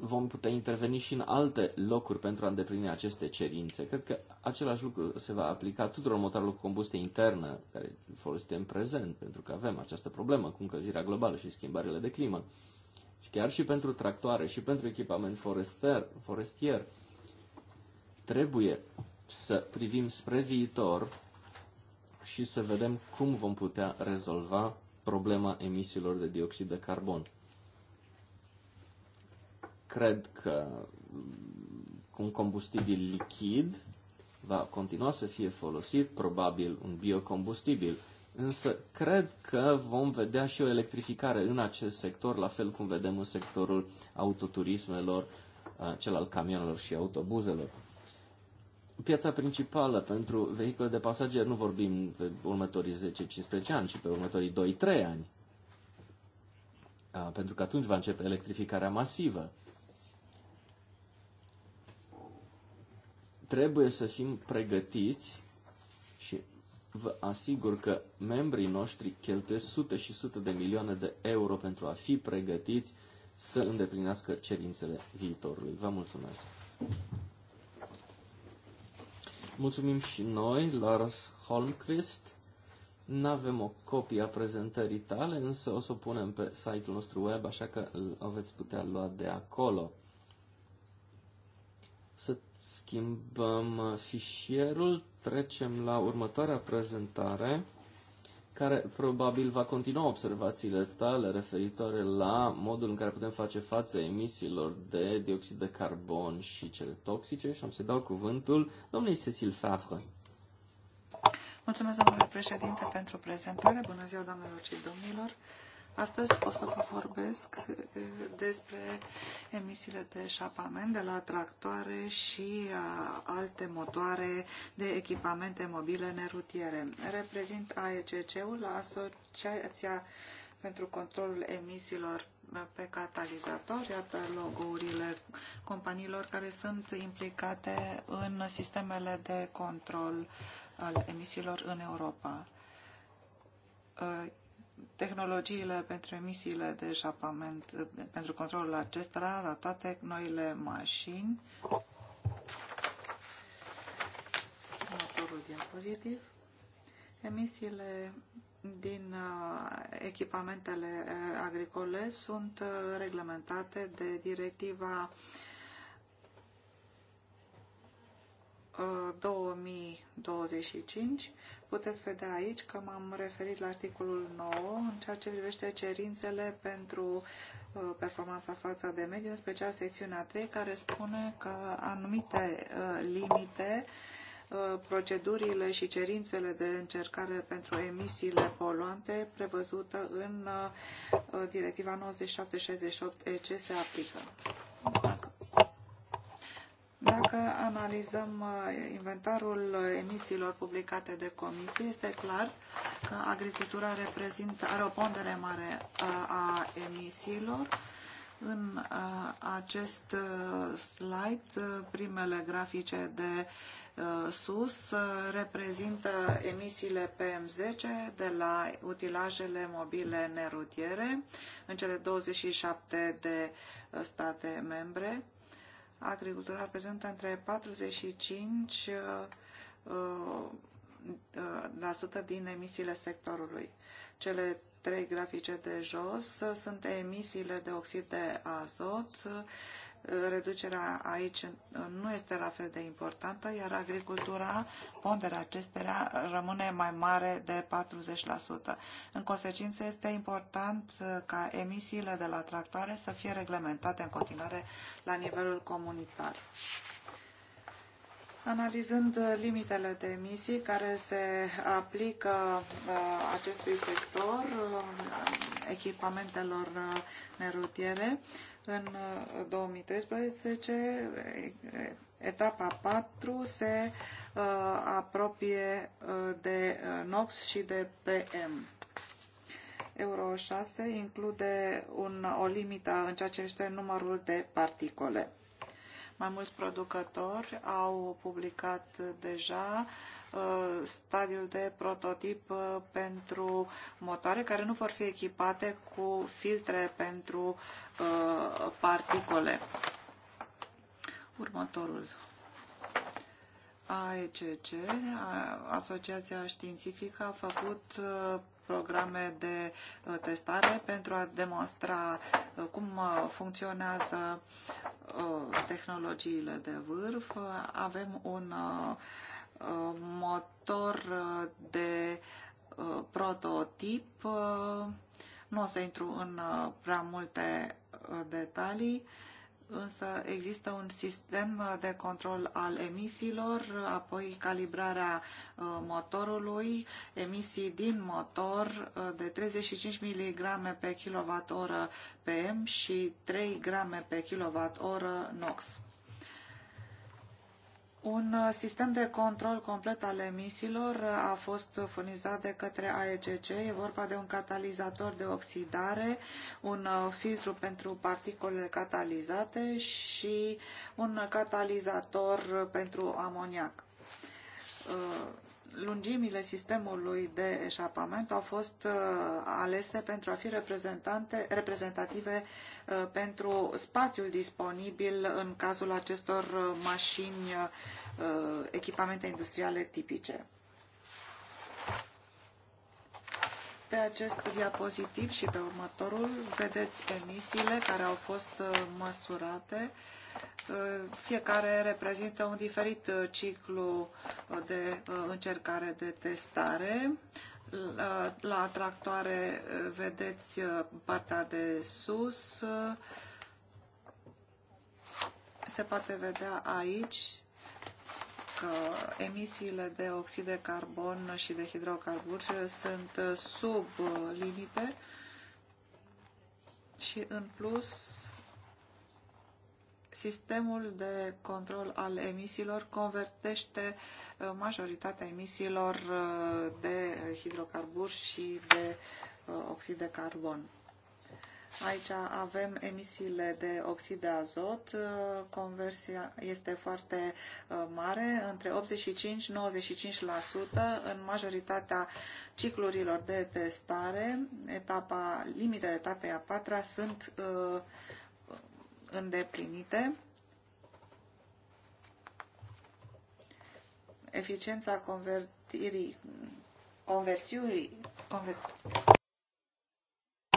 vom putea interveni și în alte locuri pentru a îndeplini aceste cerințe. Cred că același lucru se va aplica tuturor motoarelor cu combustie internă care folosite în prezent, pentru că avem această problemă cu încălzirea globală și schimbările de climă. Și chiar și pentru tractoare și pentru echipament forester, forestier trebuie să privim spre viitor și să vedem cum vom putea rezolva problema emisiilor de dioxid de carbon cred că un combustibil lichid va continua să fie folosit, probabil un biocombustibil. Însă cred că vom vedea și o electrificare în acest sector, la fel cum vedem în sectorul autoturismelor, cel al camionelor și autobuzelor. Piața principală pentru vehicule de pasageri nu vorbim pe următorii 10-15 ani, ci pe următorii 2-3 ani. Pentru că atunci va începe electrificarea masivă. trebuie să fim pregătiți și vă asigur că membrii noștri cheltuiesc sute și sute de milioane de euro pentru a fi pregătiți să îndeplinească cerințele viitorului. Vă mulțumesc! Mulțumim și noi, Lars Holmquist. Nu avem o copie a prezentării tale, însă o să o punem pe site-ul nostru web, așa că o veți putea lua de acolo să schimbăm uh, fișierul, trecem la următoarea prezentare, care probabil va continua observațiile tale referitoare la modul în care putem face față emisiilor de dioxid de carbon și cele toxice și am să-i dau cuvântul domnului Cecil Favre. Mulțumesc, domnule președinte, pentru prezentare. Bună ziua, doamnelor și domnilor. Astăzi o să vă vorbesc eh, despre emisiile de eșapament de la tractoare și eh, alte motoare de echipamente mobile nerutiere. Reprezint AECC-ul Asociația pentru Controlul Emisiilor pe catalizator, iată logourile companiilor care sunt implicate în sistemele de control al emisiilor în Europa eh, tehnologiile pentru emisiile de eșapament, pentru controlul acestora, la toate noile mașini. Următorul diapozitiv. Emisiile din uh, echipamentele uh, agricole sunt uh, reglementate de directiva 2025 Puteți vedea aici că m-am referit la articolul 9 în ceea ce privește cerințele pentru uh, performanța față de mediu, în special secțiunea 3, care spune că anumite uh, limite uh, procedurile și cerințele de încercare pentru emisiile poluante prevăzută în Directiva 9768 EC se aplică. Da. Dacă analizăm uh, inventarul uh, emisiilor publicate de comisie, este clar că agricultura reprezintă, are o pondere mare uh, a emisiilor. În acest slide, primele grafice de sus reprezintă emisiile PM10 de la utilajele mobile nerutiere în cele 27 de state membre agricultura reprezintă între 45 uh, uh, la sută din emisiile sectorului. Cele trei grafice de jos sunt emisiile de oxid de azot reducerea aici nu este la fel de importantă, iar agricultura, ponderea acestea rămâne mai mare de 40%. În consecință, este important ca emisiile de la tractoare să fie reglementate în continuare la nivelul comunitar. Analizând uh, limitele de emisii care se aplică uh, acestui sector, uh, echipamentelor nerutiere, în 2013, etapa 4 se apropie de NOx și de PM. Euro 6 include un, o limită în ceea ce este numărul de particole. Mai mulți producători au publicat deja uh, stadiul de prototip uh, pentru motoare care nu vor fi echipate cu filtre pentru uh, particole. Următorul. AECC, Asociația Științifică, a făcut programe de uh, testare pentru a demonstra uh, cum uh, funcționează tehnologiile de vârf. Avem un motor de prototip. Nu o să intru în prea multe detalii însă există un sistem uh, de control al emisiilor, apoi calibrarea uh, motorului, emisii din motor uh, de 35 mg pe kWh PM și 3 grame pe kWh NOx. Un uh, sistem de control complet al emisiilor uh, a fost furnizat de către AECC. E vorba de un catalizator de oxidare, un uh, filtru pentru particulele catalizate și un catalizator pentru amoniac lungimile sistemului de eșapament au fost uh, alese pentru a fi reprezentante, reprezentative uh, pentru spațiul disponibil în cazul acestor uh, mașini, echipamente industriale tipice. Pe acest diapozitiv și pe următorul vedeți emisiile care au fost uh, măsurate. Uh, fiecare reprezintă un diferit uh, ciclu de încercare de testare. La, tractoare vedeți partea de sus. Se poate vedea aici că emisiile de oxid de carbon și de hidrocarburi sunt sub limite și în plus sistemul de control al emisiilor convertește uh, majoritatea emisiilor uh, de hidrocarburi și de uh, oxid de carbon. Aici avem emisiile de oxid de azot. Conversia este foarte uh, mare, între 85-95% în majoritatea ciclurilor de testare. Etapa, limitele etapei a patra sunt uh, îndeplinite. Eficiența convertirii, conversiunii, conver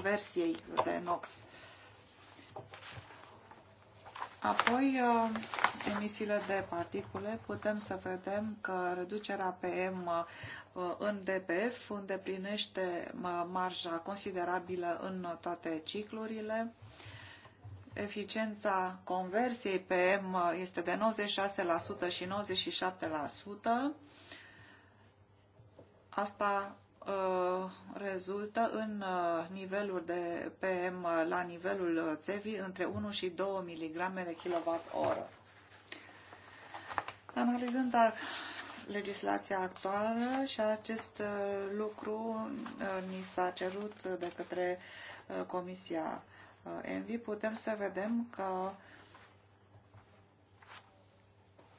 conversiei de NOx. Apoi, uh, emisiile de particule, putem să vedem că reducerea PM uh, în DPF îndeplinește uh, marja considerabilă în toate ciclurile. Eficiența conversiei PM este de 96% și 97%. Asta Uh, rezultă în uh, niveluri de PM la nivelul uh, țevii între 1 și 2 mg de kWh. Analizând legislația actuală și acest lucru ni s-a cerut de către Comisia Envi, putem să vedem că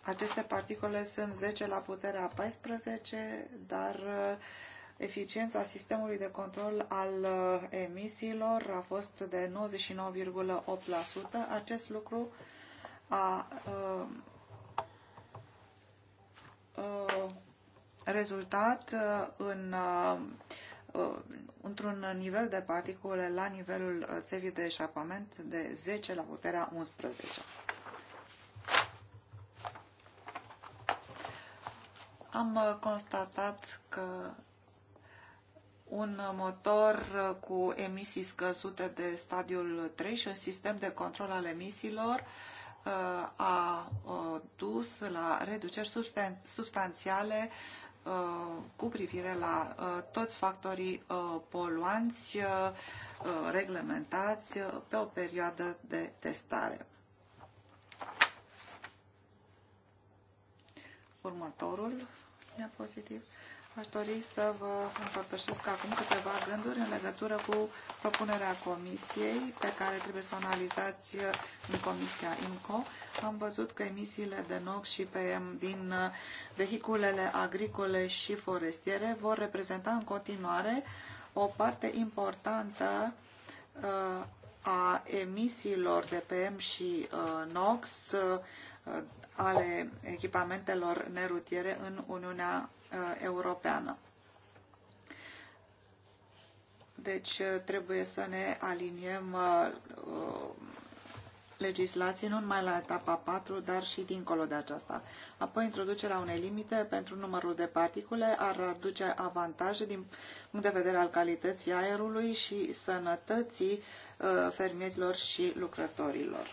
aceste particole sunt 10 la puterea 14, dar uh, eficiența sistemului de control al uh, emisiilor a fost de 99,8%. Acest lucru a, a, uh, a uh, rezultat în, într-un nivel de particule la nivelul țevii de eșapament de 10 la puterea 11. Am constatat că un motor cu emisii scăzute de stadiul 3 și un sistem de control al emisiilor uh, a uh, dus la reduceri substanțiale uh, cu privire la toți factorii poluanți reglementați pe o perioadă de testare. Următorul diapozitiv. pozitiv Aș dori să vă împărtășesc acum câteva gânduri în legătură cu propunerea comisiei pe care trebuie să o analizați în comisia IMCO. Am văzut că emisiile de NOx și PM din vehiculele agricole și forestiere vor reprezenta în continuare o parte importantă uh, a emisiilor de PM și uh, NOx uh, ale echipamentelor nerutiere în Uniunea Uh, europeană. Deci uh, trebuie să ne aliniem uh, legislații nu numai la etapa 4, dar și dincolo de aceasta. Apoi introducerea unei limite pentru numărul de particule ar aduce avantaje din punct de vedere al calității aerului și sănătății fermierilor și lucrătorilor.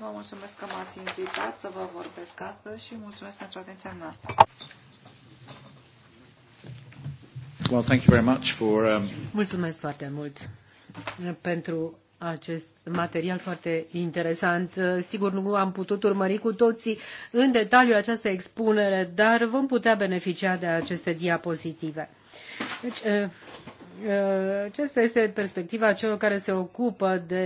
Vă mulțumesc că m-ați invitat să vă vorbesc astăzi și mulțumesc pentru atenția noastră. Well, thank you very much for, um... Mulțumesc foarte mult pentru acest material foarte interesant. Sigur, nu am putut urmări cu toții în detaliu această expunere, dar vom putea beneficia de aceste diapozitive. Deci, uh, uh, aceasta este perspectiva celor care se ocupă de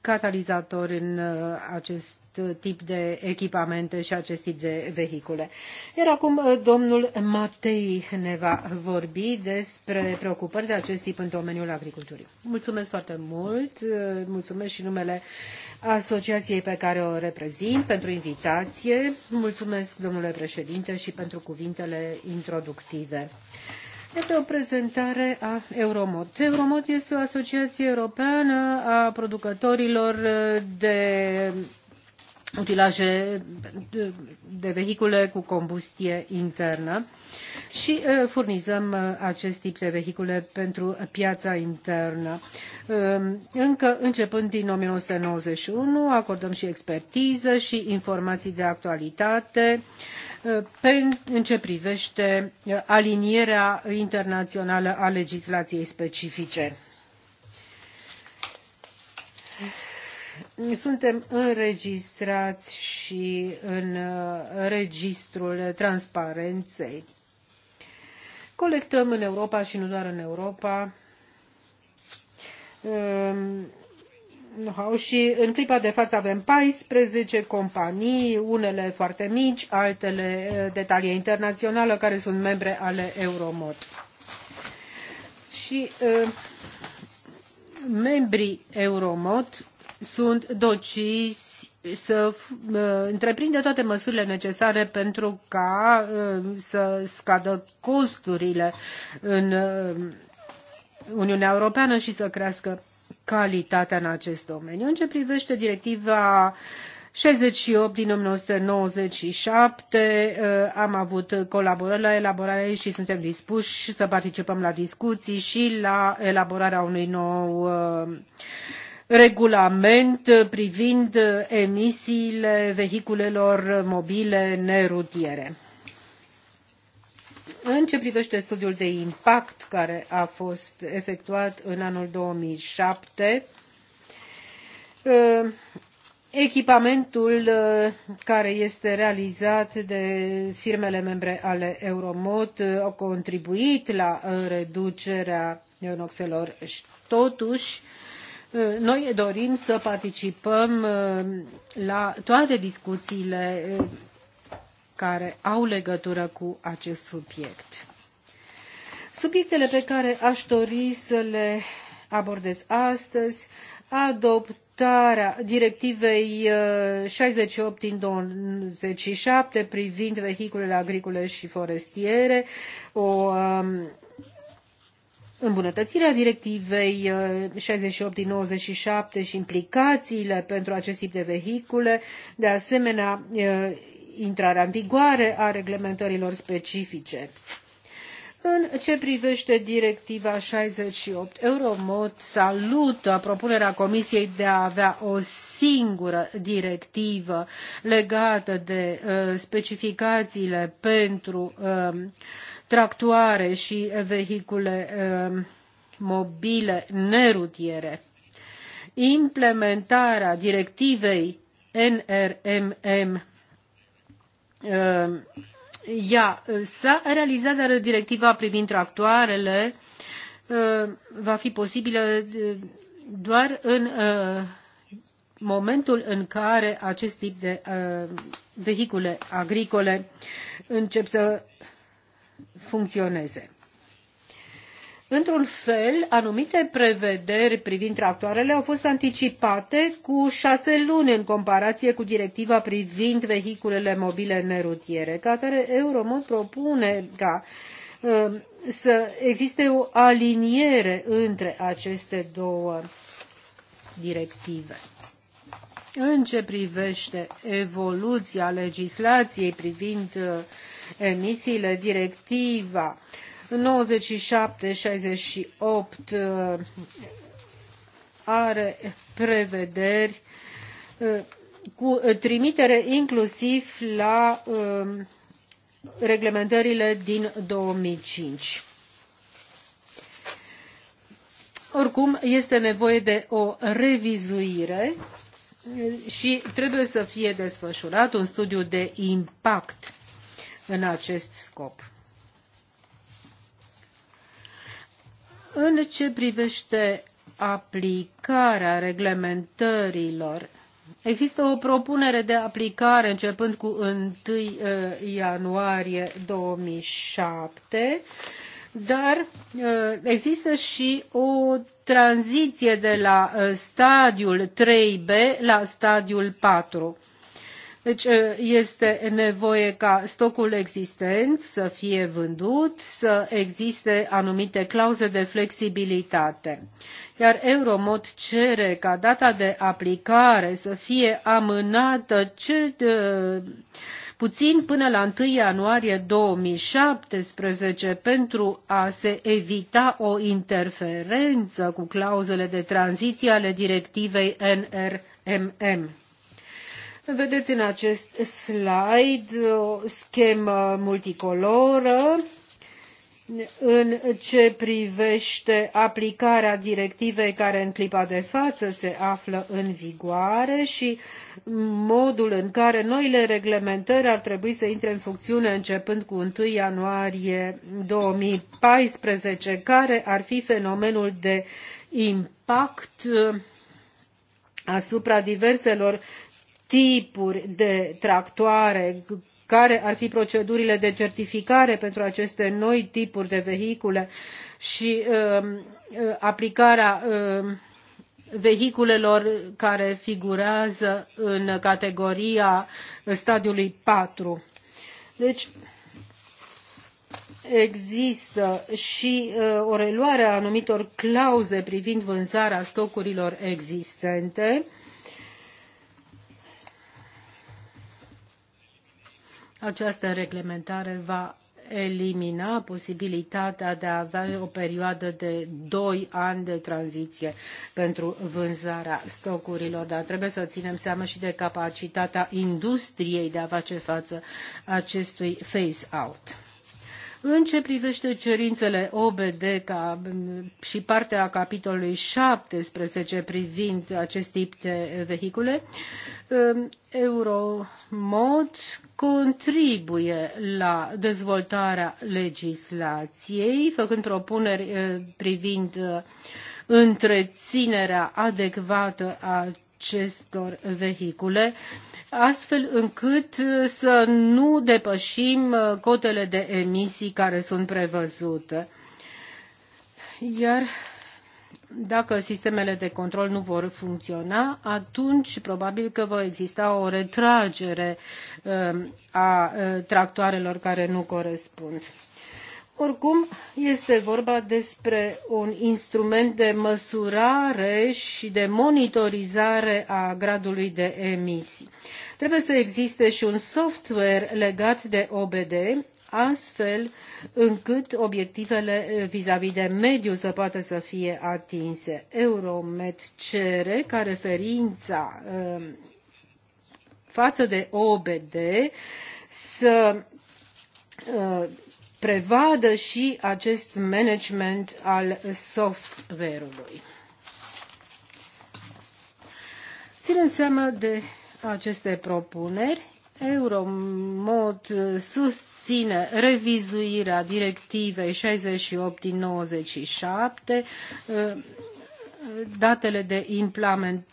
catalizator în uh, acest uh, tip de echipamente și acest tip de vehicule. Iar acum uh, domnul Matei ne va vorbi despre preocupări de acest tip în domeniul agriculturii. Mulțumesc foarte mult, mulțumesc și numele asociației pe care o reprezint pentru invitație. Mulțumesc, domnule președinte, și pentru cuvintele introductive. Iată o prezentare a Euromod. Euromod este o asociație europeană a producătorilor uh, de utilaje de vehicule cu combustie internă. Uh, și uh, furnizăm uh, acest tip de vehicule pentru piața internă. Um, încă începând din 1991 acordăm și expertiză și informații de actualitate uh, în ce privește alinierea internațională a legislației specifice. Suntem înregistrați și în registrul transparenței colectăm în Europa și nu doar în Europa know-how ehm, și în clipa de față avem 14 companii, unele foarte mici, altele de talie internațională, care sunt membre ale Euromod. Și uh, membrii Euromod sunt docisi să uh, întreprindă toate măsurile necesare pentru ca uh, să scadă costurile în uh, Uniunea Europeană și să crească calitatea în acest domeniu. În ce privește directiva 68 din 1997 am avut colaborări la elaborare și suntem dispuși să participăm la discuții și la elaborarea unui nou regulament privind emisiile vehiculelor mobile nerutiere. În ce privește studiul de impact care a fost efectuat în anul 2007, eh, echipamentul eh, care este realizat de firmele membre ale Euromod eh, a contribuit la reducerea noxelor. Totuși, Uh, noi dorim să participăm uh, la toate discuțiile uh, care au legătură cu acest subiect. Subiectele pe care aș dori să le abordez astăzi, adoptarea directivei 68 din 27 privind vehiculele agricole și forestiere, o um, îmbunătățirea directivei 68 uh, din 97 și implicațiile pentru acest tip de vehicule, de asemenea uh, intrarea în vigoare a reglementărilor specifice. În ce privește directiva 68, Euromod salută propunerea Comisiei de a avea o singură directivă legată de uh, specificațiile pentru uh, tractoare și vehicule ehm, mobile nerutiere. Implementarea directivei NRMM ehm, ea s-a realizat, dar directiva privind tractoarele ehm, va fi posibilă doar în momentul în care acest tip de vehicule agricole încep să funcționeze. Într-un fel, anumite prevederi privind tractoarele au fost anticipate cu șase luni în comparație cu directiva privind vehiculele mobile nerutiere. Ca atare, Euromod propune ca um, să existe o aliniere între aceste două directive. În ce privește evoluția legislației privind uh, emisiile, directiva 97-68 uh, are prevederi uh, cu trimitere inclusiv la um, reglementările din 2005. Oricum, este nevoie de o revizuire uh, și trebuie să fie desfășurat un studiu de impact în acest scop. În ce privește aplicarea reglementărilor, există o propunere de aplicare începând cu 1 uh, ianuarie 2007 dar uh, există și o tranziție de la uh, stadiul 3B la stadiul 4. Deci este nevoie ca stocul existent să fie vândut, să existe anumite clauze de flexibilitate. Iar Euromod cere ca data de aplicare să fie amânată cel de, puțin până la 1 ianuarie 2017 pentru a se evita o interferență cu clauzele de tranziție ale directivei NRMM. Vedeți în acest slide o schemă multicoloră în ce privește aplicarea directivei care în clipa de față se află în vigoare și modul în care noile reglementări ar trebui să intre în funcțiune începând cu 1 ianuarie 2014, care ar fi fenomenul de impact asupra diverselor tipuri de tractoare, care ar fi procedurile de certificare pentru aceste noi tipuri de vehicule și uh, aplicarea uh, vehiculelor care figurează în categoria stadiului 4. Deci, există și uh, o reluare a anumitor clauze privind vânzarea stocurilor existente Această reglementare va elimina posibilitatea de a avea o perioadă de 2 ani de tranziție pentru vânzarea stocurilor, dar trebuie să ținem seama și de capacitatea industriei de a face față acestui phase-out. În ce privește cerințele OBD ca, și partea capitolului 17 privind acest tip de vehicule, um, Euromod contribuie la dezvoltarea legislației, făcând propuneri uh, privind uh, întreținerea adecvată a acestor vehicule astfel încât uh, să nu depășim uh, cotele de emisii care sunt prevăzute. Iar dacă sistemele de control nu vor funcționa, atunci probabil că va exista o retragere uh, a tractoarelor care nu corespund. Oricum, este vorba despre un instrument de măsurare și de monitorizare a gradului de emisii. Trebuie să existe și un software legat de OBD, astfel încât obiectivele vis-a-vis -vis de mediu să poată să fie atinse. Euromet cere ca referința um, față de OBD să uh, prevadă și acest management al software-ului. Ținând seama de aceste propuneri, Euromod susține revizuirea directivei 68 din 97 datele de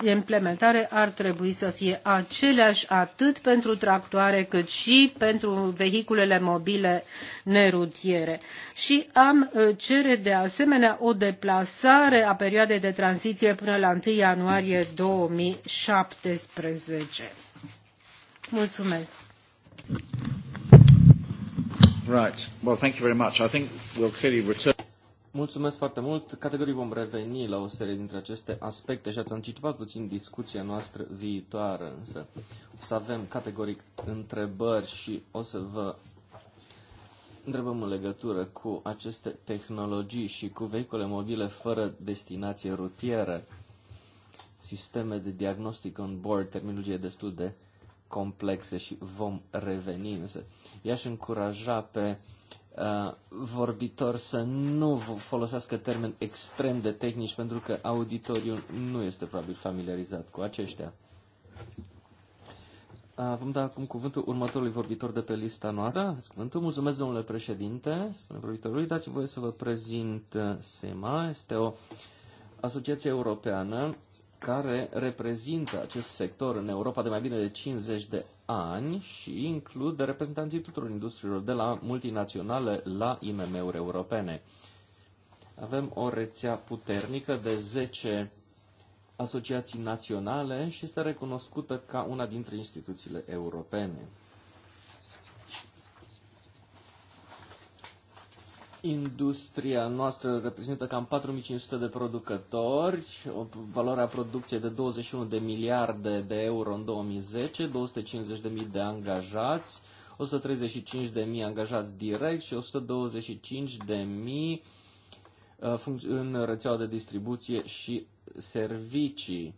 implementare ar trebui să fie aceleași atât pentru tractoare cât și pentru vehiculele mobile nerutiere. Și am uh, cere de asemenea o deplasare a perioadei de tranziție până la 1 ianuarie 2017. Mulțumesc. Right. Well, thank you very much. I think we'll clearly return Mulțumesc foarte mult. Categoric vom reveni la o serie dintre aceste aspecte și ați anticipat puțin discuția noastră viitoare, însă o să avem categoric întrebări și o să vă întrebăm în legătură cu aceste tehnologii și cu vehicule mobile fără destinație rutieră, sisteme de diagnostic on board, terminologie destul de complexe și vom reveni, însă i-aș încuraja pe Uh, vorbitor să nu folosească termeni extrem de tehnici pentru că auditoriul nu este probabil familiarizat cu aceștia. Uh, vom da acum cuvântul următorului vorbitor de pe lista noastră. Da, cuvântul. Mulțumesc, domnule președinte, spune vorbitorului. Dați-mi voie să vă prezint uh, SEMA. Este o asociație europeană care reprezintă acest sector în Europa de mai bine de 50 de ani și includ reprezentanții tuturor industriilor, de la multinaționale la IMM-uri europene. Avem o rețea puternică de 10 asociații naționale și este recunoscută ca una dintre instituțiile europene. Industria noastră reprezintă cam 4500 de producători, o valoare a producției de 21 de miliarde de euro în 2010, 250.000 de angajați, 135.000 angajați direct și 125.000 uh, în rețeaua de distribuție și servicii.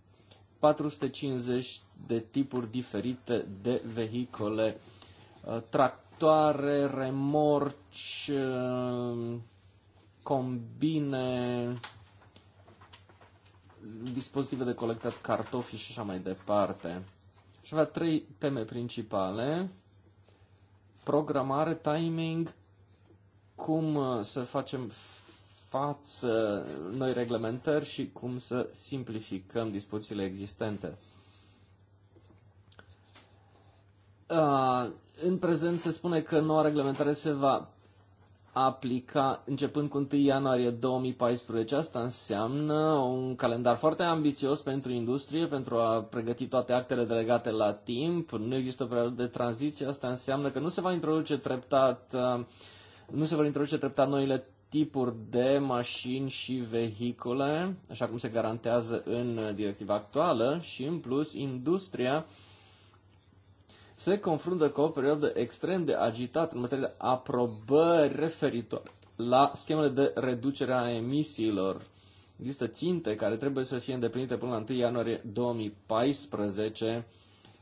450 de tipuri diferite de vehicole, uh, tract tractoare, remorci, uh, combine, dispozitive de colectat cartofi și așa mai departe. Și avea trei teme principale. Programare, timing, cum uh, să facem față noi reglementări și cum să simplificăm dispozițiile existente. Uh, în prezent se spune că noua reglementare se va aplica începând cu 1 ianuarie 2014. Asta înseamnă un calendar foarte ambițios pentru industrie, pentru a pregăti toate actele delegate la timp. Nu există o perioadă de tranziție. Asta înseamnă că nu se va introduce treptat, uh, nu se vor introduce treptat noile tipuri de mașini și vehicule, așa cum se garantează în directiva actuală și în plus industria uh, se confruntă cu o perioadă extrem de agitată în materie de aprobări referitoare la schemele de reducere a emisiilor. Există ținte care trebuie să fie îndeplinite până la 1 ianuarie 2014,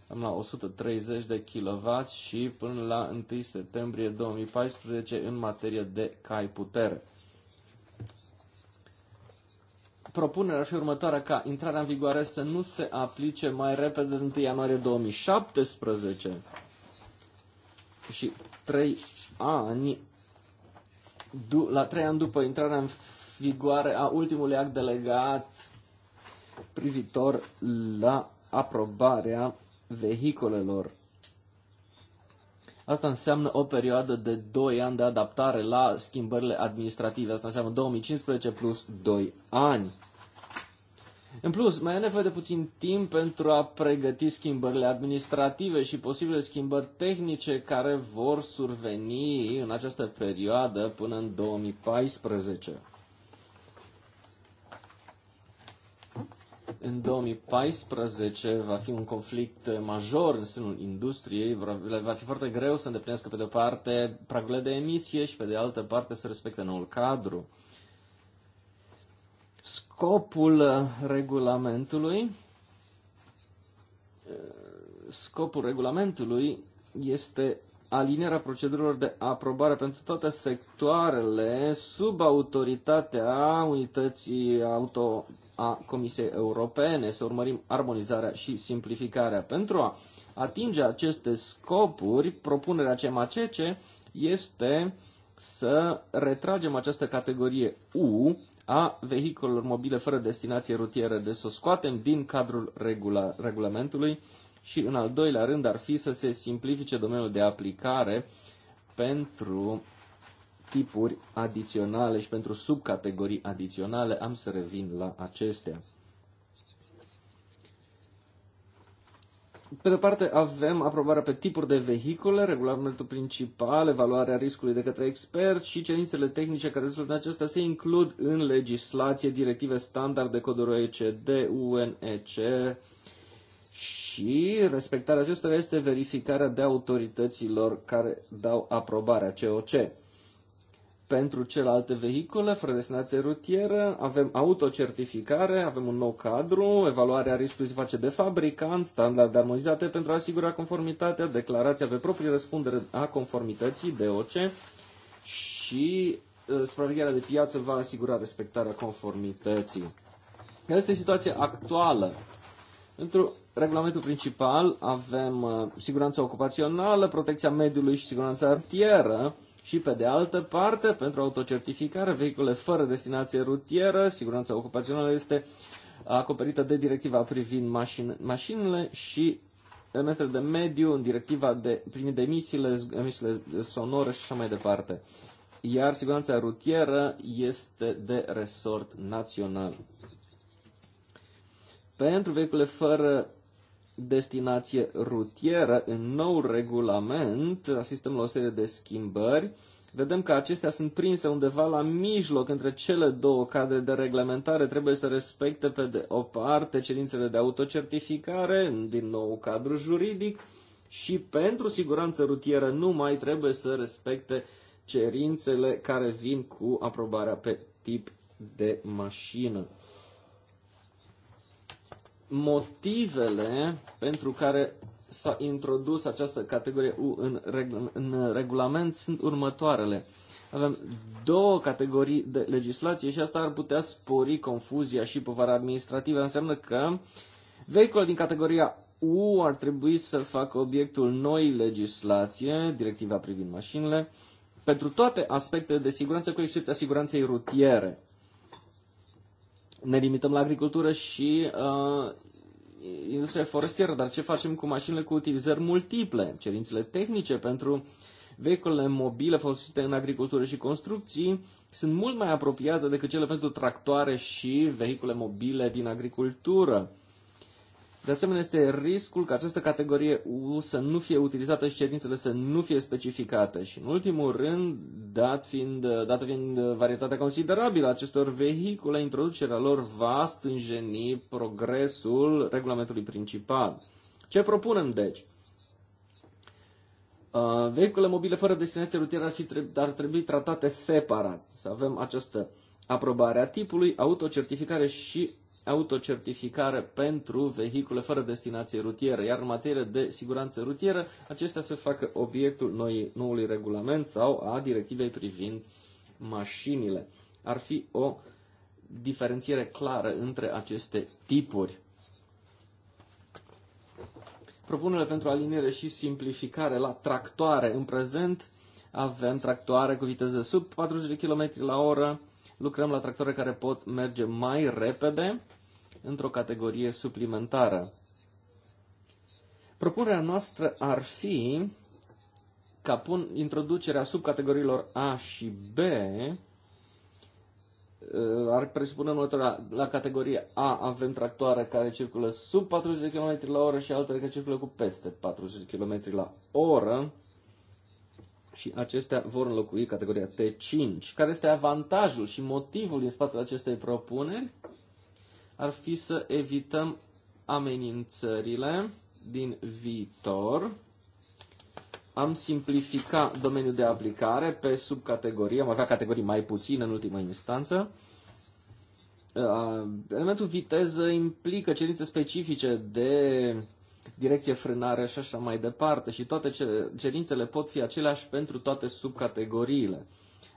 am la 130 de kW și până la 1 septembrie 2014 în materie de cai putere propunerea ar fi următoarea ca intrarea în vigoare să nu se aplice mai repede 1 ianuarie 2017 și 3 ani, la 3 ani după intrarea în vigoare a ultimului act delegat privitor la aprobarea vehiculelor. Asta înseamnă o perioadă de 2 ani de adaptare la schimbările administrative. Asta înseamnă 2015 plus 2 ani. În plus, mai e nevoie de puțin timp pentru a pregăti schimbările administrative și posibile schimbări tehnice care vor surveni în această perioadă până în 2014. În 2014 va fi un conflict major în sânul industriei, va fi foarte greu să îndeplinească pe de o parte pragurile de emisie și pe de altă parte să respecte noul cadru. Scopul regulamentului scopul regulamentului este alinierea procedurilor de aprobare pentru toate sectoarele sub autoritatea unității auto a Comisiei Europene, să urmărim armonizarea și simplificarea. Pentru a atinge aceste scopuri, propunerea CMACC este să retragem această categorie U a vehiculelor mobile fără destinație rutieră, de să o scoatem din cadrul regula, regulamentului și, în al doilea rând, ar fi să se simplifice domeniul de aplicare pentru tipuri adiționale și pentru subcategorii adiționale. Am să revin la acestea. Pe de parte avem aprobarea pe tipuri de vehicule, regulamentul principal, evaluarea riscului de către experți și cerințele tehnice care rezultă din acestea se includ în legislație, directive standard de coduri OECD, UNEC și respectarea acestora este verificarea de autorităților care dau aprobarea COC. Pentru celelalte vehicule, fără destinație rutieră, avem autocertificare, avem un nou cadru, evaluarea riscului se face de fabricant, standarde armonizate pentru a asigura conformitatea, declarația pe proprie răspundere a conformității, DOC, și uh, supravegherea de piață va asigura respectarea conformității. Care este situația actuală? Pentru regulamentul principal avem uh, siguranța ocupațională, protecția mediului și siguranța rutieră, și, pe de altă parte, pentru autocertificare, vehicule fără destinație rutieră, siguranța ocupațională este acoperită de directiva privind mașin, mașinile și elementele de mediu în directiva de, privind emisiile, emisiile sonore și așa mai departe. Iar siguranța rutieră este de resort național. Pentru vehicule fără destinație rutieră, în nou regulament, asistăm la o serie de schimbări. Vedem că acestea sunt prinse undeva la mijloc între cele două cadre de reglementare. Trebuie să respecte pe de o parte cerințele de autocertificare, din nou cadru juridic, și pentru siguranță rutieră nu mai trebuie să respecte cerințele care vin cu aprobarea pe tip de mașină motivele pentru care s-a introdus această categorie U în, reg- în regulament sunt următoarele. Avem două categorii de legislație și asta ar putea spori confuzia și povara administrativă. Înseamnă că vehicul din categoria U ar trebui să facă obiectul noi legislație, directiva privind mașinile, pentru toate aspectele de siguranță, cu excepția siguranței rutiere ne limităm la agricultură și uh, industria forestieră, dar ce facem cu mașinile cu utilizări multiple, cerințele tehnice pentru vehiculele mobile folosite în agricultură și construcții sunt mult mai apropiate decât cele pentru tractoare și vehicule mobile din agricultură. De asemenea, este riscul ca această categorie U să nu fie utilizată și cerințele să nu fie specificate. Și în ultimul rând, dat fiind, dat fiind varietatea considerabilă a acestor vehicule, introducerea lor va stânjeni progresul regulamentului principal. Ce propunem, deci? Uh, vehicule mobile fără destinație rutieră ar, fi, ar trebui tratate separat. Să avem această aprobare a tipului, autocertificare și autocertificare pentru vehicule fără destinație rutieră, iar în materie de siguranță rutieră, acestea se facă obiectul noi, noului regulament sau a directivei privind mașinile. Ar fi o diferențiere clară între aceste tipuri. Propunerea pentru aliniere și simplificare la tractoare. În prezent avem tractoare cu viteză sub 40 km la oră, lucrăm la tractoare care pot merge mai repede într-o categorie suplimentară. Propunerea noastră ar fi ca pun introducerea subcategoriilor A și B uh, ar presupune următoarea. La categoria A avem tractoare care circulă sub 40 de km la oră și altele care circulă cu peste 40 de km la oră și acestea vor înlocui categoria T5. Care este avantajul și motivul din spatele acestei propuneri? ar fi să evităm amenințările din viitor. Am simplificat domeniul de aplicare pe subcategorie, am avea categorii mai puține în ultima instanță. Uh, elementul viteză implică cerințe specifice de direcție, frânare și așa mai departe și toate cerințele pot fi aceleași pentru toate subcategoriile.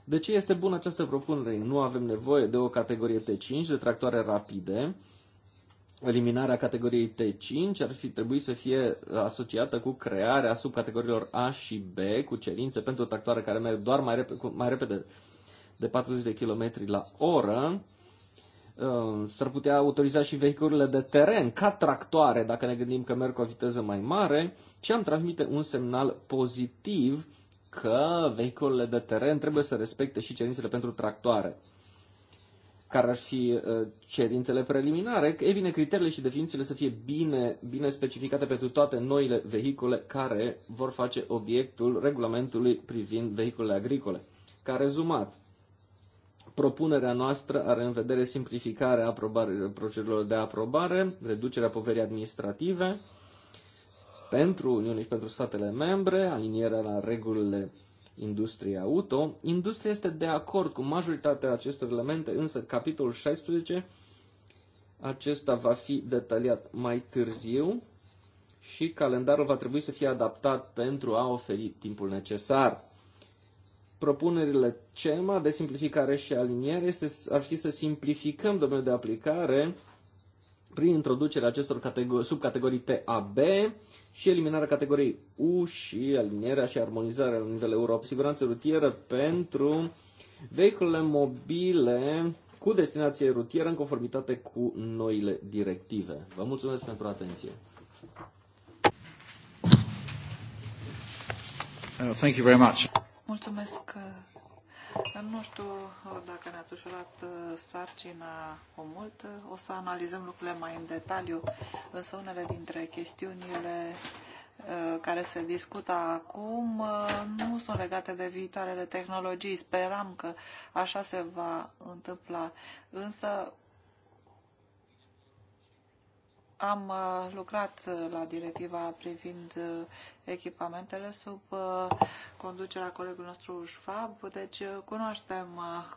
De ce este bună această propunere? Nu avem nevoie de o categorie T5 de tractoare rapide. Eliminarea categoriei T5 ar fi trebuit să fie asociată cu crearea subcategoriilor A și B cu cerințe pentru tractoare care merg doar mai, rep- mai repede de 40 de km la oră uh, s-ar putea autoriza și vehiculele de teren ca tractoare, dacă ne gândim că merg cu o viteză mai mare, și am transmite un semnal pozitiv că vehiculele de teren trebuie să respecte și cerințele pentru tractoare. Care ar fi uh, cerințele preliminare? E bine, criteriile și definițiile să fie bine, bine specificate pentru toate noile vehicule care vor face obiectul regulamentului privind vehiculele agricole. Ca rezumat, propunerea noastră are în vedere simplificarea procedurilor de aprobare, reducerea poverii administrative, pentru Uniune și pentru statele membre, alinierea la regulile industriei auto. Industria este de acord cu majoritatea acestor elemente, însă capitolul 16, acesta va fi detaliat mai târziu și calendarul va trebui să fie adaptat pentru a oferi timpul necesar. Propunerile CEMA de simplificare și aliniere este, ar fi să simplificăm domeniul de aplicare prin introducerea acestor categorii, subcategorii TAB, și eliminarea categoriei U și alinierea și armonizarea la nivel euro, Siguranță rutieră pentru vehiculele mobile cu destinație rutieră în conformitate cu noile directive. Vă mulțumesc pentru atenție. Uh, thank you very much. Mulțumesc uh, nu știu uh, dacă ne-ați ușurat uh, sarcina o mult. Uh, o să analizăm lucrurile mai în detaliu, însă unele dintre chestiunile care se discută acum nu sunt legate de viitoarele tehnologii. Speram că așa se va întâmpla. Însă am uh, lucrat uh, la directiva privind uh, echipamentele sub conducerea colegului nostru Șfab, deci cunoaștem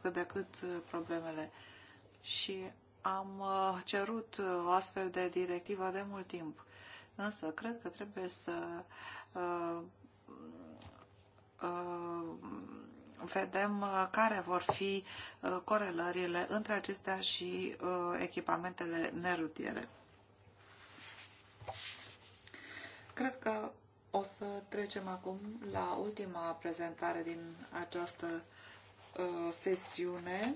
cât de cât problemele și am cerut o astfel de directivă de mult timp. Însă cred că trebuie să uh, uh, vedem care vor fi corelările între acestea și echipamentele nerutiere. Cred că o să trecem acum la ultima prezentare din această uh, sesiune.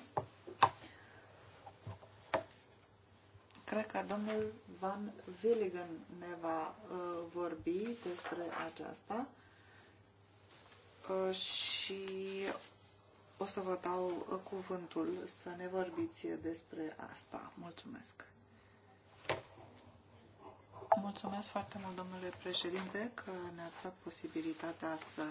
Cred că domnul Van Willigen ne va uh, vorbi despre aceasta uh, și o să vă dau uh, cuvântul să ne vorbiți despre asta. Mulțumesc! Mulțumesc foarte mult, domnule președinte, că ne-ați dat posibilitatea să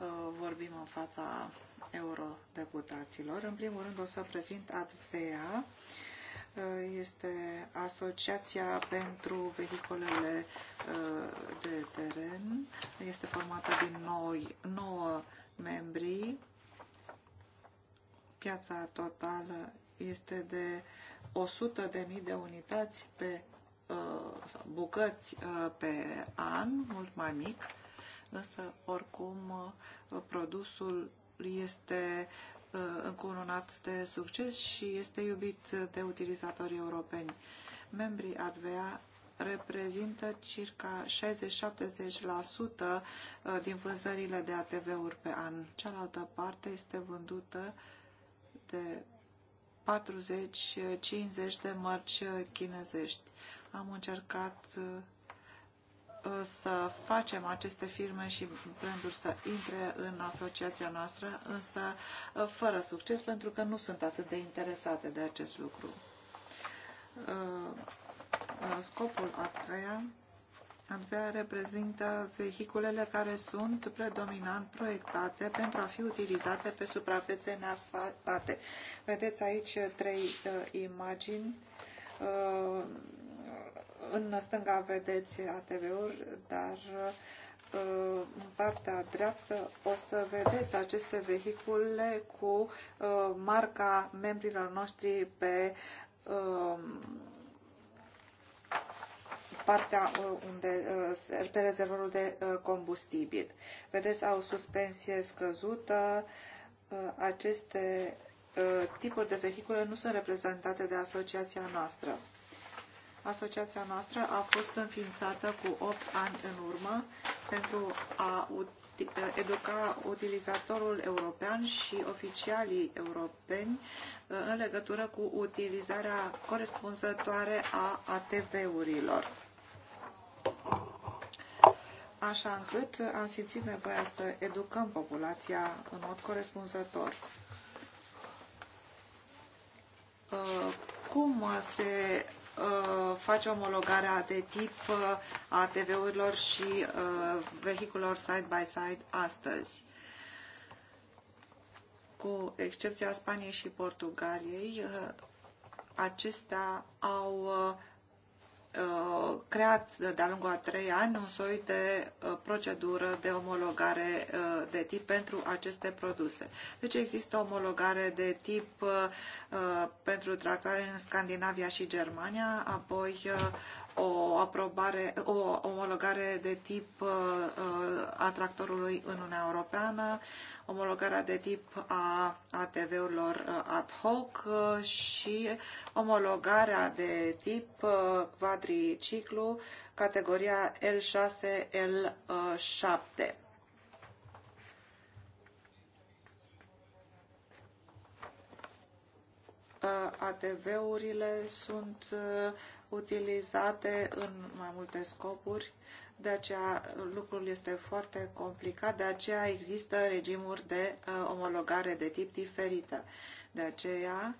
uh, vorbim în fața eurodeputaților. În primul rând o să prezint ADVEA, uh, este Asociația pentru Vehicolele uh, de Teren. Este formată din noi nouă membri. Piața totală este de 100.000 de unități pe Uh, sau bucăți uh, pe an, mult mai mic, însă oricum uh, produsul este încununat de succes și este iubit de utilizatorii europeni. Membrii ADVEA reprezintă circa 60-70% din vânzările de ATV-uri pe an. Cealaltă parte este vândută de 40-50 de mărci chinezești. Am încercat uh, uh, să facem aceste firme și branduri să intre în asociația noastră, însă uh, fără succes, pentru că nu sunt atât de interesate de acest lucru. Scopul Advea, Advea reprezintă vehiculele care sunt predominant proiectate pentru a fi utilizate pe suprafețe neasfaltate. Vedeți aici trei imagini în stânga vedeți ATV-uri, dar uh, în partea dreaptă o să vedeți aceste vehicule cu uh, marca membrilor noștri pe uh, partea unde, pe rezervorul de combustibil. Vedeți, au suspensie scăzută. Aceste tipuri de vehicule nu sunt reprezentate de asociația noastră. Asociația noastră a fost înființată cu 8 ani în urmă pentru a educa utilizatorul european și oficialii europeni uh, în legătură cu utilizarea corespunzătoare a ATV-urilor. Așa încât am simțit nevoia să educăm populația în mod corespunzător uh, cum se Uh, face omologarea de tip uh, a TV-urilor și uh, vehiculor side-by-side -side astăzi. Cu excepția Spaniei și Portugaliei, acestea au Uh, creat de-a lungul a trei ani un soi de uh, procedură de omologare uh, de tip pentru aceste produse. Deci există omologare de tip pentru tractoare în Scandinavia și Germania, apoi o aprobare, o omologare de tip uh, uh, a tractorului în Uniunea Europeană, omologarea de tip a ATV-urilor uh, ad hoc și omologarea de tip quadriciclu categoria L6-L7. ATV-urile sunt uh, utilizate în mai multe scopuri, de aceea lucrul este foarte complicat, de aceea există regimuri de uh, omologare de tip diferită. De aceea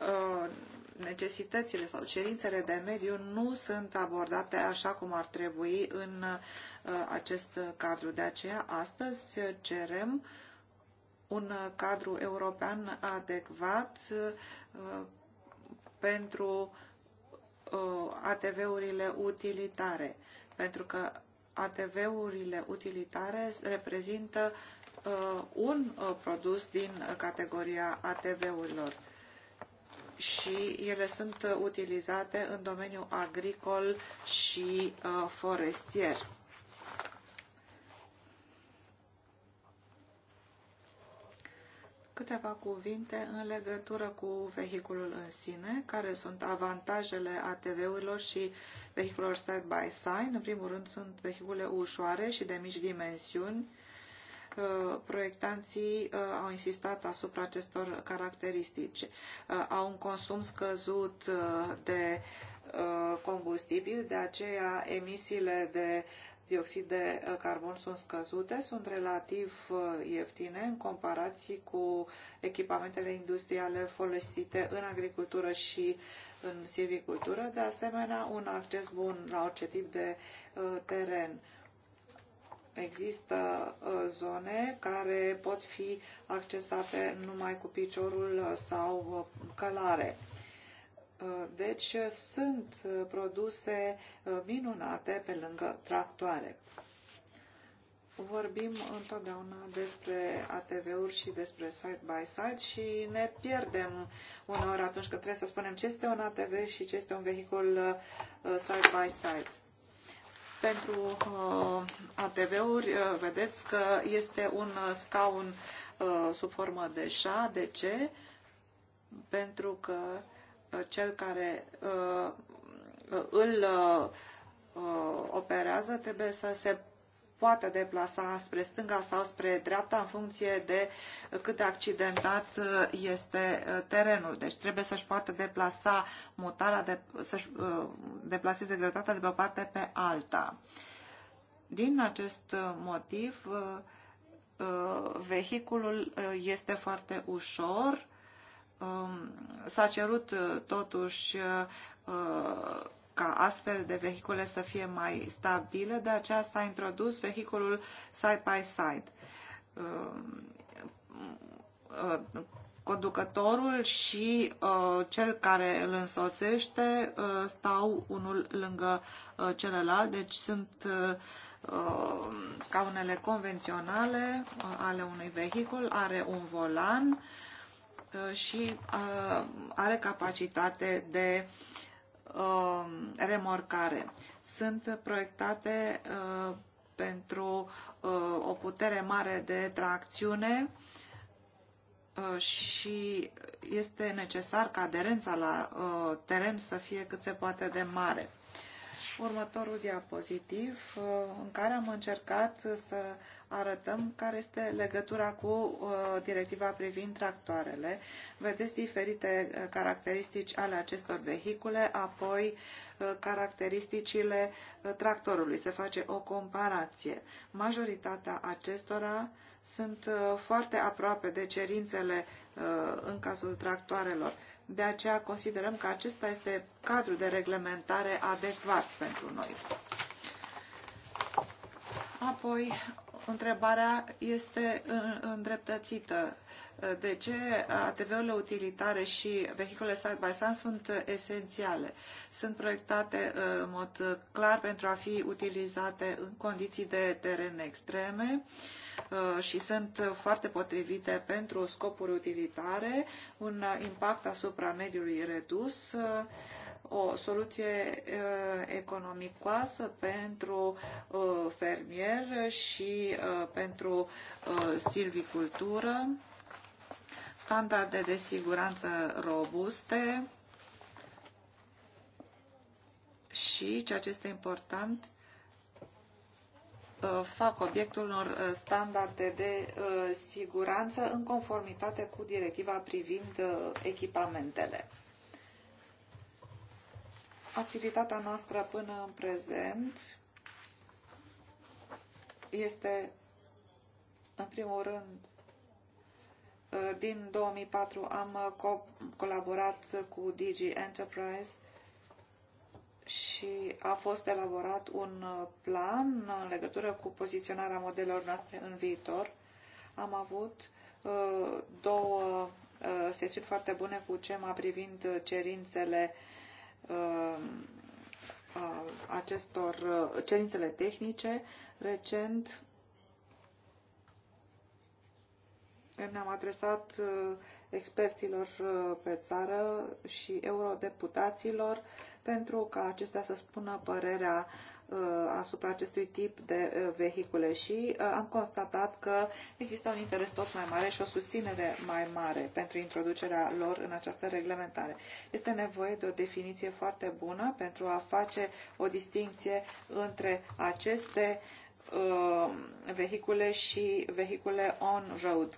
uh, necesitățile sau cerințele de mediu nu sunt abordate așa cum ar trebui în acest cadru. De aceea, astăzi cerem un cadru european adecvat uh, pentru uh, ATV-urile utilitare, pentru că ATV-urile utilitare reprezintă uh, un produs din categoria ATV-urilor și ele sunt utilizate în domeniul agricol și forestier. câteva cuvinte în legătură cu vehiculul în sine, care sunt avantajele ATV-urilor și vehiculor side-by-side. În primul rând sunt vehicule ușoare și de mici dimensiuni. Uh, proiectanții uh, au insistat asupra acestor caracteristici. Uh, au un consum scăzut de combustibil, de aceea emisiile de dioxid de uh, carbon sunt scăzute, sunt relativ uh, ieftine în comparație cu echipamentele industriale folosite în agricultură și în silvicultură, de asemenea un acces bun la orice tip de uh, teren. Există zone care pot fi accesate numai cu piciorul sau călare. Uh, deci uh, sunt uh, produse minunate pe lângă tractoare. Vorbim întotdeauna despre ATV-uri și despre side-by-side -side și ne pierdem uneori atunci când trebuie să spunem ce este un ATV și ce este un vehicul side-by-side. -side. Pentru ATV-uri vedeți că este un scaun sub formă de șa. De ce? Pentru că Uh, cel care uh, îl uh, operează trebuie să se poată deplasa spre stânga sau spre dreapta în funcție de cât de accidentat este terenul. Deci trebuie să-și poată deplasa mutarea, de, să-și deplaseze greutatea de pe o parte pe alta. Din acest motiv, vehiculul este foarte ușor Um, s-a cerut uh, totuși uh, ca astfel de vehicule să fie mai stabile, de aceea s-a introdus vehiculul side-by-side. -side. Um, uh, conducătorul și cel care îl însoțește stau unul lângă celălalt, deci sunt scaunele convenționale ale unui vehicul, are un volan, Uh, și uh, are capacitate de uh, remorcare. Sunt proiectate pentru o putere mare de tracțiune și este necesar ca aderența la teren să fie cât se poate de mare. Următorul diapozitiv în care am încercat să arătăm care este legătura cu uh, directiva privind tractoarele. Vedeți diferite uh, caracteristici ale acestor vehicule, apoi uh, caracteristicile tractorului. Se face o comparație. Majoritatea acestora sunt foarte aproape de cerințele în cazul tractoarelor. De aceea considerăm că acesta este cadrul de reglementare adecvat pentru noi. Apoi, întrebarea este uh, îndreptățită. Uh, de ce ATV-urile utilitare și vehiculele side-by-side sunt esențiale? Sunt proiectate uh, în mod clar pentru a fi utilizate în condiții de teren extreme și sunt foarte potrivite pentru scopuri utilitare, un impact asupra mediului redus o soluție uh, economicoasă pentru uh, fermier și uh, pentru silvicultură, standarde de siguranță robuste și, ceea ce este important, fac obiectul unor standarde de siguranță în conformitate cu directiva privind echipamentele activitatea noastră până în prezent este, în primul rând, uh, din 2004 am uh, co- colaborat cu Digi Enterprise și a fost elaborat un uh, plan în legătură cu poziționarea modelelor noastre în viitor. Am avut două sesiuni foarte bune cu CEMA privind cerințele Uh, uh, acestor uh, cerințele tehnice. Recent ne-am adresat experților pe țară și eurodeputaților pentru ca acestea să spună părerea Uh, asupra acestui tip de uh, vehicule și uh, am constatat că există un interes tot mai mare și o susținere mai mare pentru introducerea lor în această reglementare. Este nevoie de o definiție foarte bună pentru a face o distinție între aceste vehicule și vehicule on-road,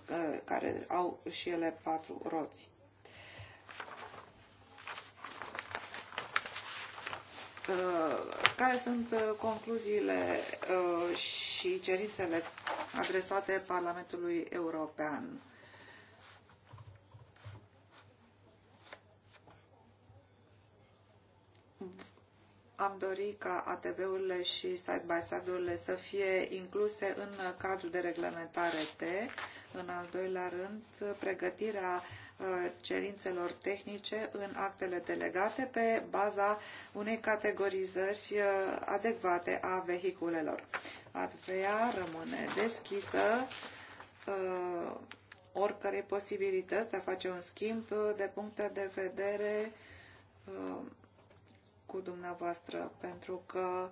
care au și ele patru roți. Uh, care sunt uh, concluziile uh, și cerințele adresate Parlamentului European. Am dorit ca ATV-urile și side-by-side-urile să fie incluse în cadrul de reglementare T în al doilea rând, pregătirea uh, cerințelor tehnice în actele delegate pe baza unei categorizări uh, adecvate a vehiculelor. A rămâne deschisă uh, oricărei posibilități de a face un schimb de puncte de vedere cu dumneavoastră, pentru că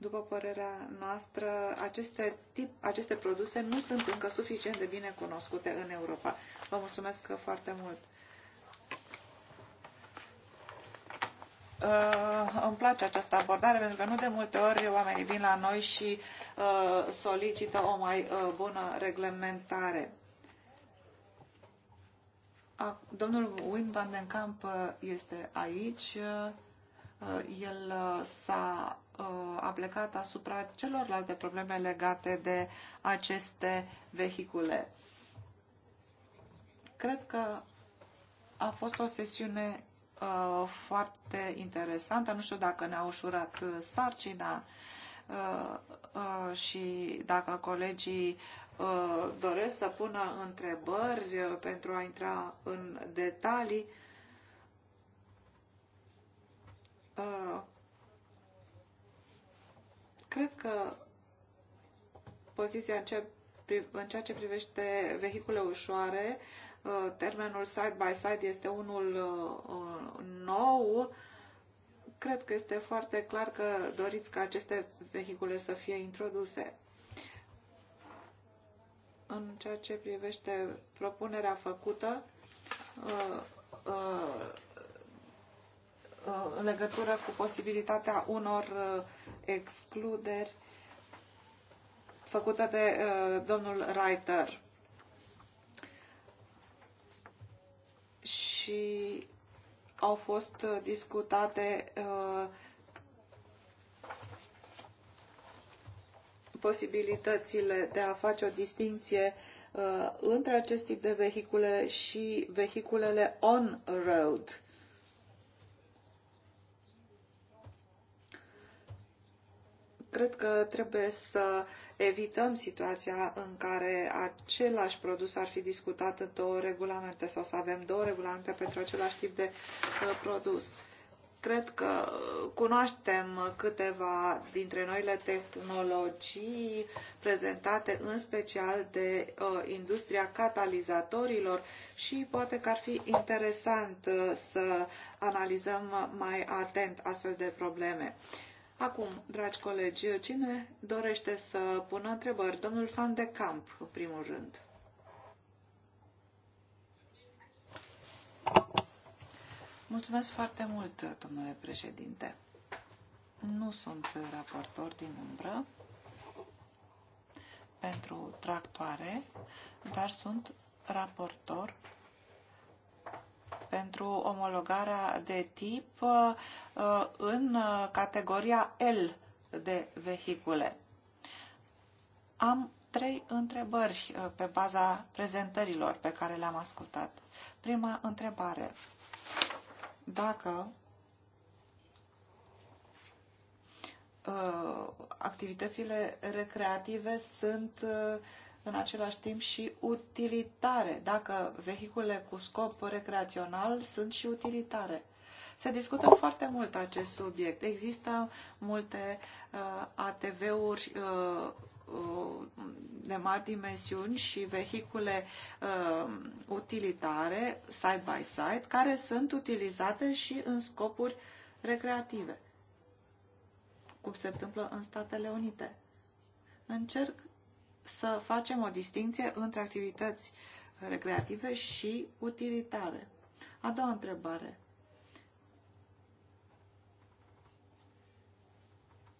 după părerea noastră, aceste, tip, aceste produse nu sunt încă suficient de bine cunoscute în Europa. Vă mulțumesc foarte mult! Uh, îmi place această abordare pentru că nu de multe ori oamenii vin la noi și uh, solicită o mai uh, bună reglementare. Uh, domnul Wim van den Kamp uh, este aici. Uh, Uh, el uh, s-a uh, a plecat asupra celorlalte probleme legate de aceste vehicule. Cred că a fost o sesiune uh, foarte interesantă. Nu știu dacă ne-a ușurat sarcina uh, uh, și dacă colegii doresc să pună întrebări pentru a intra în detalii. Uh, cred că poziția în, ce, în ceea ce privește vehicule ușoare, uh, termenul side-by-side -side este unul uh, nou. Cred că este foarte clar că doriți ca aceste vehicule să fie introduse în ceea ce privește propunerea făcută, uh, uh, Uh, în legătură cu posibilitatea unor uh, excluderi făcută de uh, domnul Reiter. Și au fost discutate posibilitățile de a face o distinție între acest tip de vehicule și vehiculele on-road cred că trebuie să evităm situația în care același produs ar fi discutat în două regulamente sau să avem două regulamente pentru același tip de uh, produs. Cred că cunoaștem câteva dintre noile tehnologii prezentate în special de uh, industria catalizatorilor și poate că ar fi interesant uh, să analizăm mai atent astfel de probleme. Uh, Acum, dragi colegi, cine dorește să pună întrebări? Domnul Fan de Camp, în primul rând. Mulțumesc foarte mult, domnule președinte. Nu sunt raportor din umbră pentru tractoare, dar sunt raportor pentru omologarea de tip uh, în categoria L de vehicule. Am trei întrebări uh, pe baza prezentărilor pe care le-am ascultat. Prima întrebare. Dacă uh, activitățile recreative sunt în același timp și utilitare, dacă vehiculele cu scop recreațional sunt și utilitare. Se discută foarte mult acest subiect. Există multe uh, ATV-uri uh, uh, de mari dimensiuni și vehicule uh, utilitare, side-by-side, side, care sunt utilizate și în scopuri recreative, cum se întâmplă în Statele Unite. Încerc să facem o distinție între activități recreative și utilitare. A doua întrebare.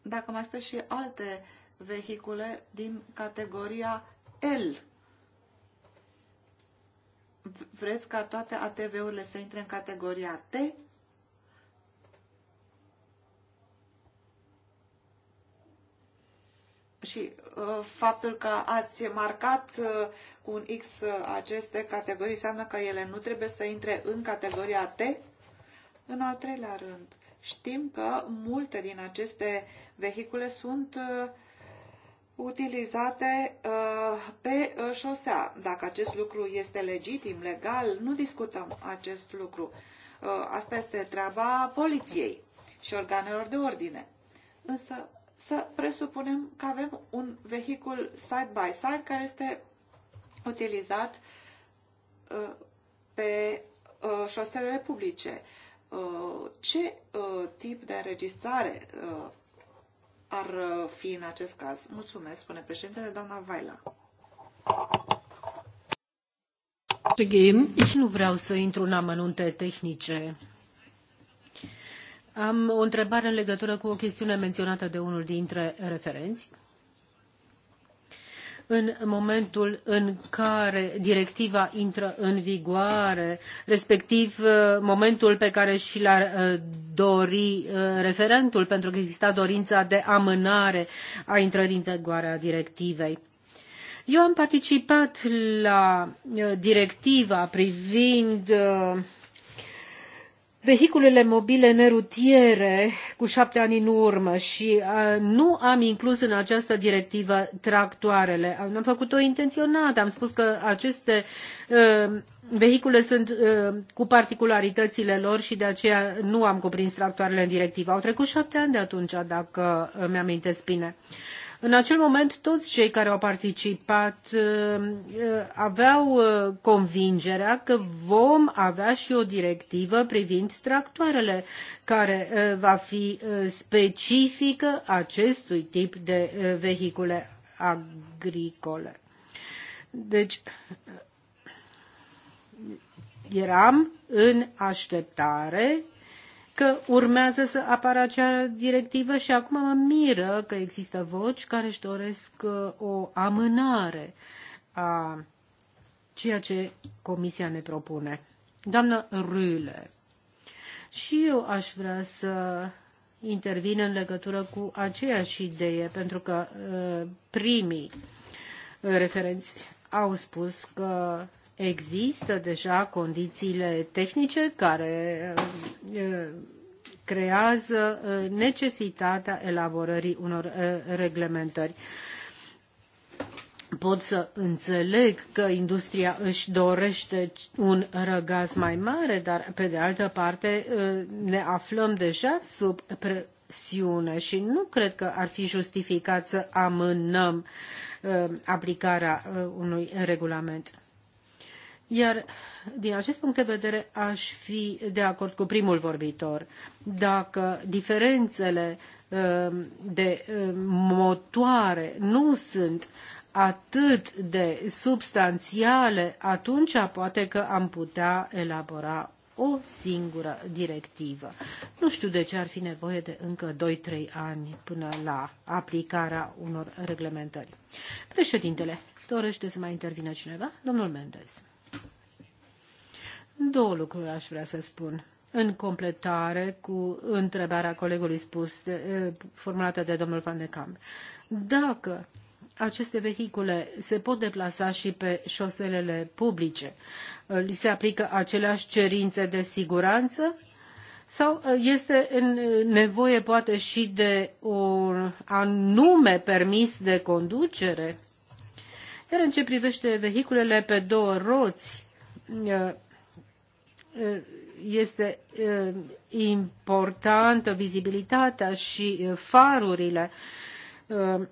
Dacă mai sunt și alte vehicule din categoria L, vreți ca toate ATV-urile să intre în categoria T și uh, faptul că ați marcat uh, cu un X uh, aceste categorii înseamnă că ele nu trebuie să intre în categoria T? În al treilea rând, știm că multe din aceste vehicule sunt uh, utilizate uh, pe uh, șosea. Dacă acest lucru este legitim, legal, nu discutăm acest lucru. Asta este treaba poliției și organelor de ordine. Însă să presupunem că avem un vehicul side-by-side -side care este utilizat uh, pe uh, șoselele publice. Uh, ce tip de înregistrare ar fi în acest caz? Mulțumesc, spune președintele, doamna Vaila. Nu vreau să intru în amănunte tehnice am o întrebare în legătură cu o chestiune menționată de unul dintre referenți. În momentul în care directiva intră în vigoare, respectiv uh, momentul pe care și l a uh, dori uh, referentul, pentru că exista dorința de amânare a intrării în vigoare a directivei. Eu am participat la directiva privind vehiculele mobile nerutiere cu șapte ani în urmă și uh, nu am inclus în această directivă tractoarele. Am făcut-o intenționat, am spus că aceste uh, vehicule sunt uh, cu particularitățile lor și de aceea nu am cuprins tractoarele în directivă. Au trecut șapte ani de atunci, dacă mi am bine. Uh, în acel moment, toți cei care au participat uh, uh, aveau uh, convingerea că vom avea și o directivă privind tractoarele, care va fi specifică acestui tip de vehicule agricole. Deci, eram în așteptare că urmează să apară acea directivă și acum mă miră că există voci care își doresc uh, o amânare a ceea ce Comisia ne propune. Doamna Rüle, și eu aș vrea să intervin în legătură cu aceeași idee, pentru că uh, primii referenți au spus că Există deja condițiile tehnice care creează necesitatea elaborării unor reglementări. Pot să înțeleg că industria își dorește un răgaz mai mare, dar pe de altă parte ne aflăm deja sub presiune și nu cred că ar fi justificat să amânăm aplicarea unui regulament. Iar din acest punct de vedere aș fi de acord cu primul vorbitor. Dacă diferențele um, de um, motoare nu sunt atât de substanțiale, atunci poate că am putea elabora o singură directivă. Nu știu de ce ar fi nevoie de încă 2-3 ani până la aplicarea unor reglementări. Președintele, dorește să mai intervină cineva? Domnul Mendes. Două lucruri aș vrea să spun. În completare cu întrebarea colegului spus, de, formulată de domnul Van de Camp. Dacă aceste vehicule se pot deplasa și pe șoselele publice, li se aplică aceleași cerințe de siguranță sau este nevoie poate și de un anume permis de conducere? Iar în ce privește vehiculele pe două roți, este uh, importantă vizibilitatea și uh, farurile uh,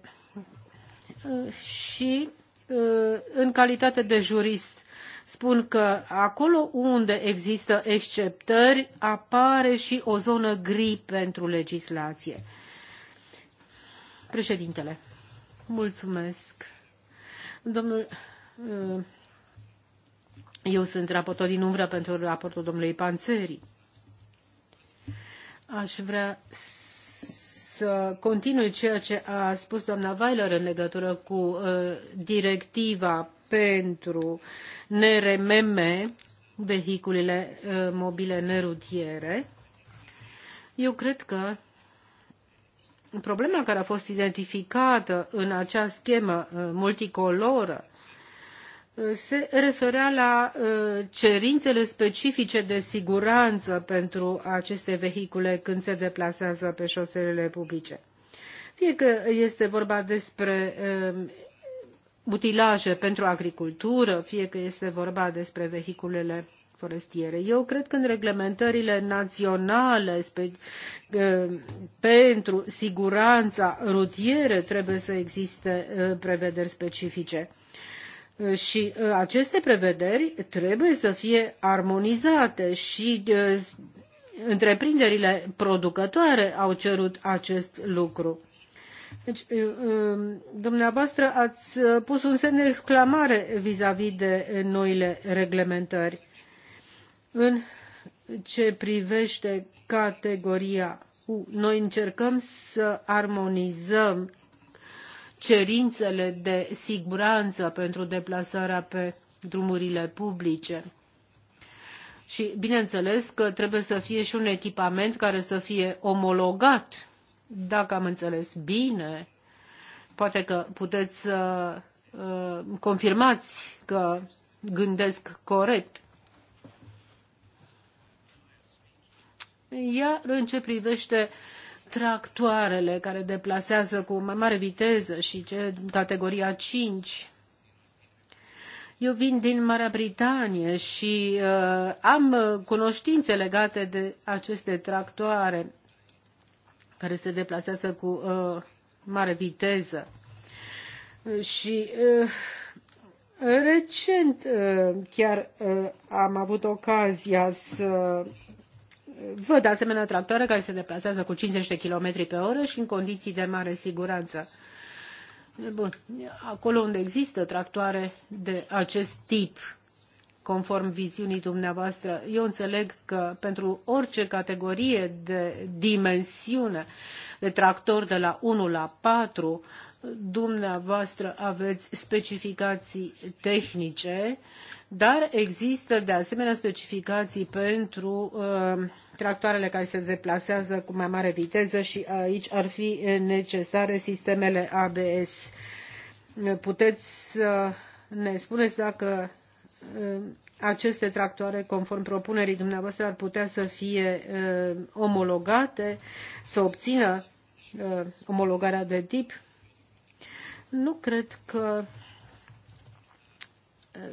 și în calitate de jurist spun că acolo unde există exceptări apare și o zonă gri pentru legislație. Președintele, mulțumesc. Domnul eu sunt raportor din umbră pentru raportul domnului Panțeri. Aș vrea să continui ceea ce a spus doamna Weiler în legătură cu uh, directiva pentru NRMM, vehiculele uh, mobile nerutiere. Eu cred că problema care a fost identificată în acea schemă uh, multicoloră se referea la uh, cerințele specifice de siguranță pentru aceste vehicule când se deplasează pe șoselele publice. Fie că este vorba despre um, utilaje pentru agricultură, fie că este vorba despre vehiculele forestiere. Eu cred că în reglementările naționale spe, uh, pentru siguranța rutieră trebuie să existe uh, prevederi specifice și uh, aceste prevederi trebuie să fie armonizate și uh, întreprinderile producătoare au cerut acest lucru. Deci, uh, um, dumneavoastră ați pus un semn de exclamare vis-a-vis -vis de noile reglementări. În ce privește categoria U, noi încercăm să armonizăm cerințele de siguranță pentru deplasarea pe drumurile publice. Și bineînțeles că trebuie să fie și un echipament care să fie omologat, dacă am înțeles bine. Poate că puteți să uh, confirmați că gândesc corect. Iar în ce privește uh, tractoarele care deplasează cu mai mare viteză și ce din categoria 5. Eu vin din Marea Britanie și uh, am cunoștințe legate de aceste tractoare care se deplasează cu uh, mare viteză. Și uh, recent uh, chiar uh, am avut ocazia să văd asemenea tractoare care se deplasează cu 50 de km pe oră și în condiții de mare siguranță. Bun. Acolo unde există tractoare de acest tip, conform viziunii dumneavoastră, eu înțeleg că pentru orice categorie de dimensiune de tractor de la 1 la 4, dumneavoastră aveți specificații tehnice, dar există de asemenea specificații pentru uh, tractoarele care se deplasează cu mai mare viteză și aici ar fi necesare sistemele ABS. Puteți să ne spuneți dacă uh, aceste tractoare, conform propunerii dumneavoastră, ar putea să fie uh, omologate, să obțină uh, omologarea de tip? Nu cred că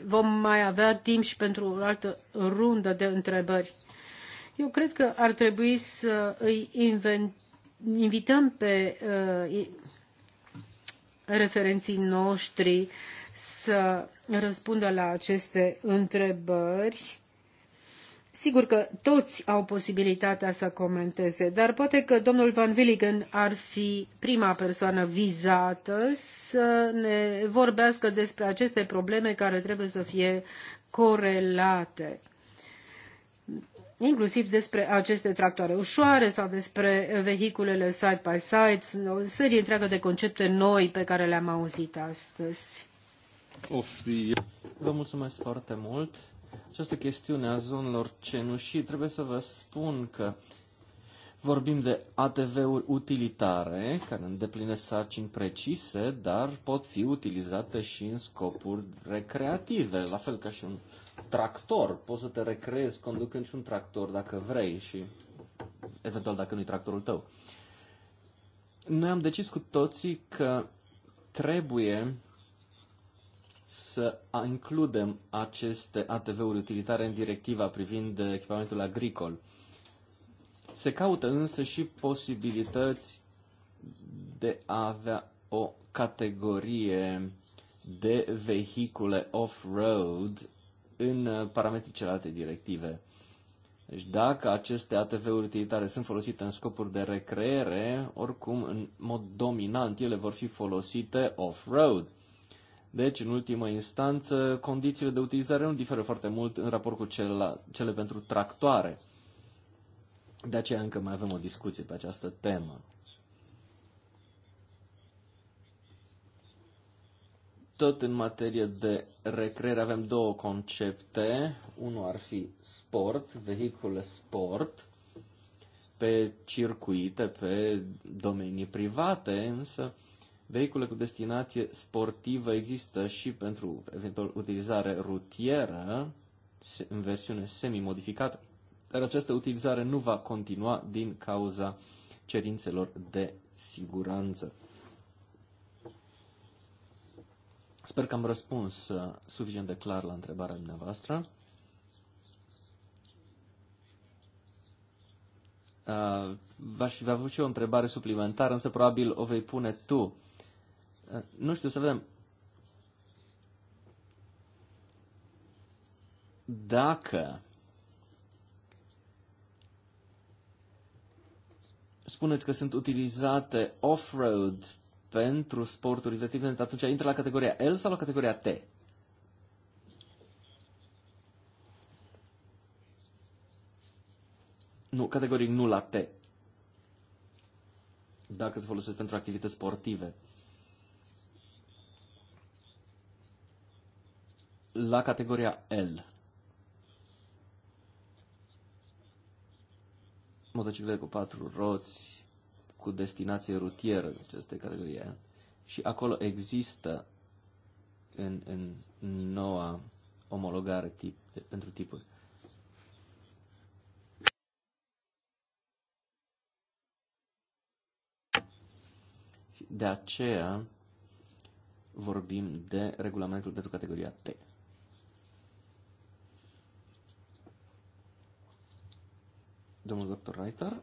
vom mai avea timp și pentru o altă rundă de întrebări. Eu cred că ar trebui să îi invităm pe uh, referenții noștri să răspundă la aceste întrebări. Sigur că toți au posibilitatea să comenteze, dar poate că domnul Van Willigen ar fi prima persoană vizată să ne vorbească despre aceste probleme care trebuie să fie corelate inclusiv despre aceste tractoare ușoare sau despre vehiculele side-by-side, o serie întreagă de concepte noi pe care le-am auzit astăzi. Vă mulțumesc foarte mult. Această chestiune a zonelor cenușii, trebuie să vă spun că vorbim de ATV-uri utilitare, care îndeplinesc sarcini precise, dar pot fi utilizate și în scopuri recreative, la fel ca și un tractor, poți să te recreezi conducând și un tractor dacă vrei și eventual dacă nu-i tractorul tău. Noi am decis cu toții că trebuie să includem aceste ATV-uri utilitare în directiva privind echipamentul agricol. Se caută însă și posibilități de a avea o categorie de vehicule off-road în uh, parametrii celelalte directive. Deci dacă aceste ATV-uri utilitare sunt folosite în scopuri de recreere, oricum, în mod dominant, ele vor fi folosite off-road. Deci, în ultimă instanță, condițiile de utilizare nu diferă foarte mult în raport cu cele, cele pentru tractoare. De aceea încă mai avem o discuție pe această temă. Tot în materie de recreere avem două concepte. Unul ar fi sport, vehicule sport, pe circuite, pe domenii private, însă vehicule cu destinație sportivă există și pentru eventual utilizare rutieră, în versiune semi-modificată, dar această utilizare nu va continua din cauza cerințelor de siguranță. Sper că am răspuns uh, suficient de clar la întrebarea dumneavoastră. Uh, v-aș fi avut și o întrebare suplimentară, însă probabil o vei pune tu. Uh, nu știu, să vedem. Dacă spuneți că sunt utilizate off-road pentru sporturi de tip, atunci intră la categoria L sau la categoria T? Nu, categoric nu la T. Dacă se folosește pentru activități sportive. La categoria L. Motociclete cu patru roți, cu destinație rutieră în această categorie. Și acolo există în, în noua omologare tip, pentru tipuri. De aceea vorbim de regulamentul pentru categoria T. Domnul doctor Reiter.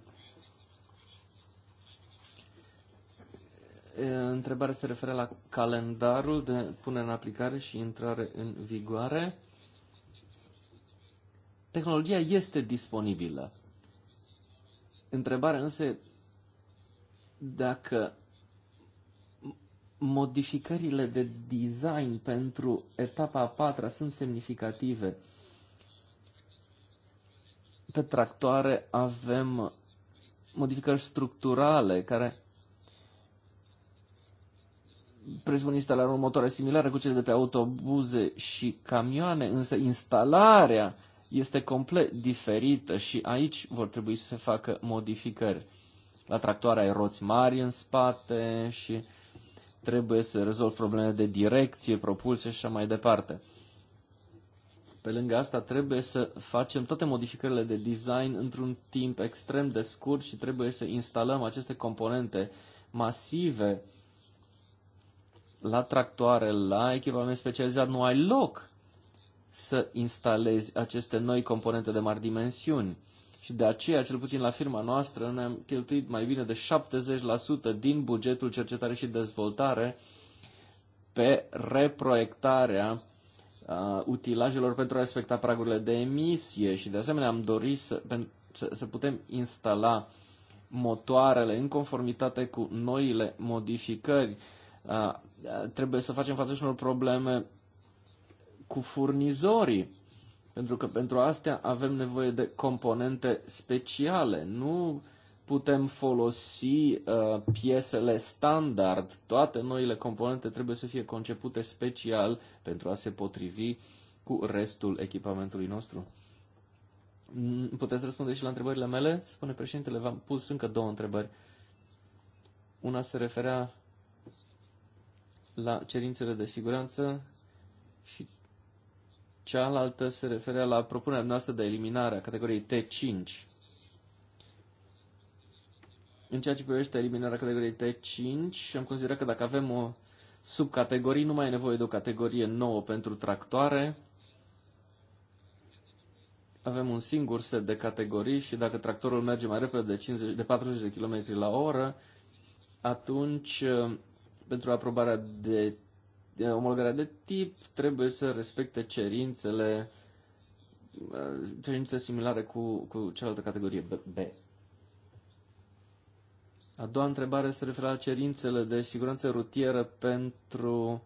Întrebarea se referă la calendarul de punere în aplicare și intrare în vigoare. Tehnologia este disponibilă. Întrebarea însă dacă modificările de design pentru etapa a patra sunt semnificative. Pe tractoare avem modificări structurale care Presupun instalarea instalare unor motoare similare cu cele de pe autobuze și camioane, însă instalarea este complet diferită și aici vor trebui să se facă modificări. La tractoare ai roți mari în spate și trebuie să rezolvi probleme de direcție, propulsie și așa mai departe. Pe lângă asta trebuie să facem toate modificările de design într-un timp extrem de scurt și trebuie să instalăm aceste componente masive la tractoare, la echipament specializat, nu ai loc să instalezi aceste noi componente de mari dimensiuni. Și de aceea, cel puțin la firma noastră, ne am cheltuit mai bine de 70% din bugetul cercetare și dezvoltare pe reproiectarea uh, utilajelor pentru a respecta pragurile de emisie și de asemenea am dorit să, să, să putem instala motoarele în conformitate cu noile modificări. Uh, trebuie să facem față și unor probleme cu furnizorii. Pentru că pentru astea avem nevoie de componente speciale. Nu putem folosi uh, piesele standard. Toate noile componente trebuie să fie concepute special pentru a se potrivi cu restul echipamentului nostru. Mm, puteți răspunde și la întrebările mele? Spune președintele, v-am pus încă două întrebări. Una se referea la cerințele de siguranță și cealaltă se referea la propunerea noastră de eliminare a categoriei T5. În ceea ce privește eliminarea categoriei T5, am considerat că dacă avem o subcategorie, nu mai e nevoie de o categorie nouă pentru tractoare. Avem un singur set de categorii și dacă tractorul merge mai repede de, 50, de 40 de km la oră, atunci pentru aprobarea de, de omologarea de tip trebuie să respecte cerințele uh, cerințe similare cu, cu cealaltă categorie B. A doua întrebare se referă la cerințele de siguranță rutieră pentru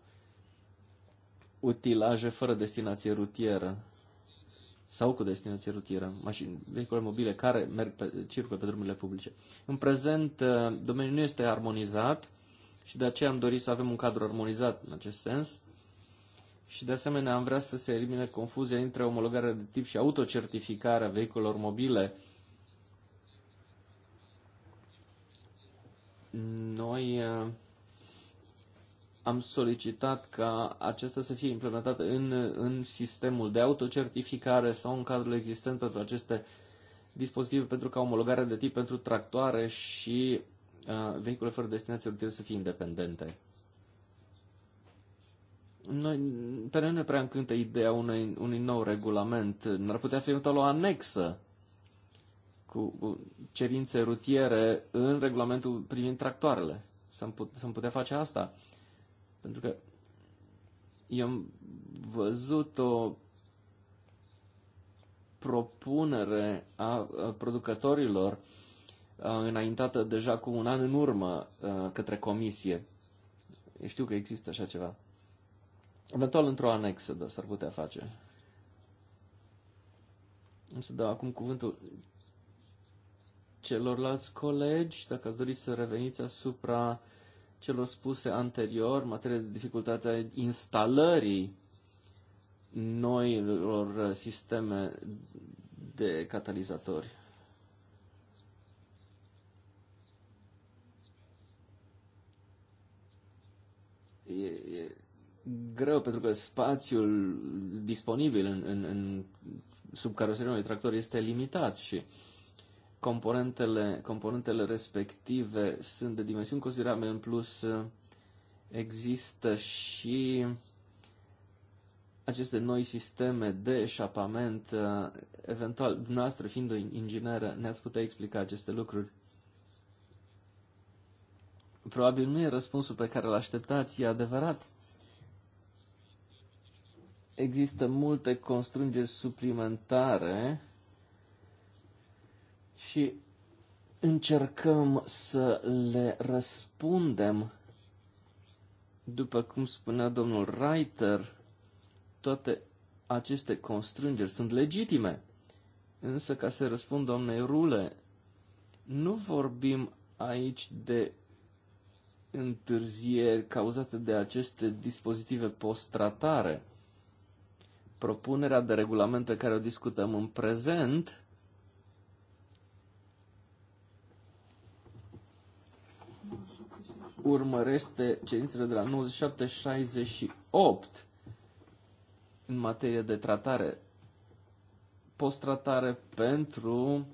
utilaje fără destinație rutieră sau cu destinație rutieră, mașini, vehicule mobile care merg pe, circulă pe drumurile publice. În prezent, uh, domeniul nu este armonizat și de aceea am dorit să avem un cadru armonizat în acest sens și de asemenea am vrea să se elimine confuzia între omologarea de tip și autocertificarea vehiculelor mobile. Noi uh, am solicitat ca acesta să fie implementat în, în sistemul de autocertificare sau în cadrul existent pentru aceste dispozitive pentru ca omologarea de tip pentru tractoare și vehicule fără destinație trebuie să fie independente. Noi, pe noi ne prea încântă ideea unui, unui nou regulament. N-ar putea fi o anexă cu cerințe rutiere în regulamentul privind tractoarele. Să-mi să putea face asta. Pentru că eu am văzut o propunere a producătorilor înaintată deja cu un an în urmă către comisie. știu că există așa ceva. Eventual într-o anexă, da, s-ar putea face. Am să dau acum cuvântul celorlalți colegi, dacă ați dori să reveniți asupra celor spuse anterior, materie de dificultatea instalării noilor sisteme de catalizatori. e, e greu pentru că spațiul disponibil în, în, în sub caroseria unui tractor este limitat și componentele, componentele respective sunt de dimensiuni considerabile. În plus, există și aceste noi sisteme de eșapament. Eventual, dumneavoastră fiind o ingineră, ne-ați putea explica aceste lucruri? Probabil nu e răspunsul pe care îl așteptați, e adevărat. Există multe constrângeri suplimentare și încercăm să le răspundem. După cum spunea domnul Reiter, toate aceste constrângeri sunt legitime. Însă, ca să răspund doamnei Rule, nu vorbim aici de întârzieri cauzate de aceste dispozitive post-tratare. Propunerea de regulament pe care o discutăm în prezent urmărește cerințele de la 9768 în materie de tratare, post-tratare pentru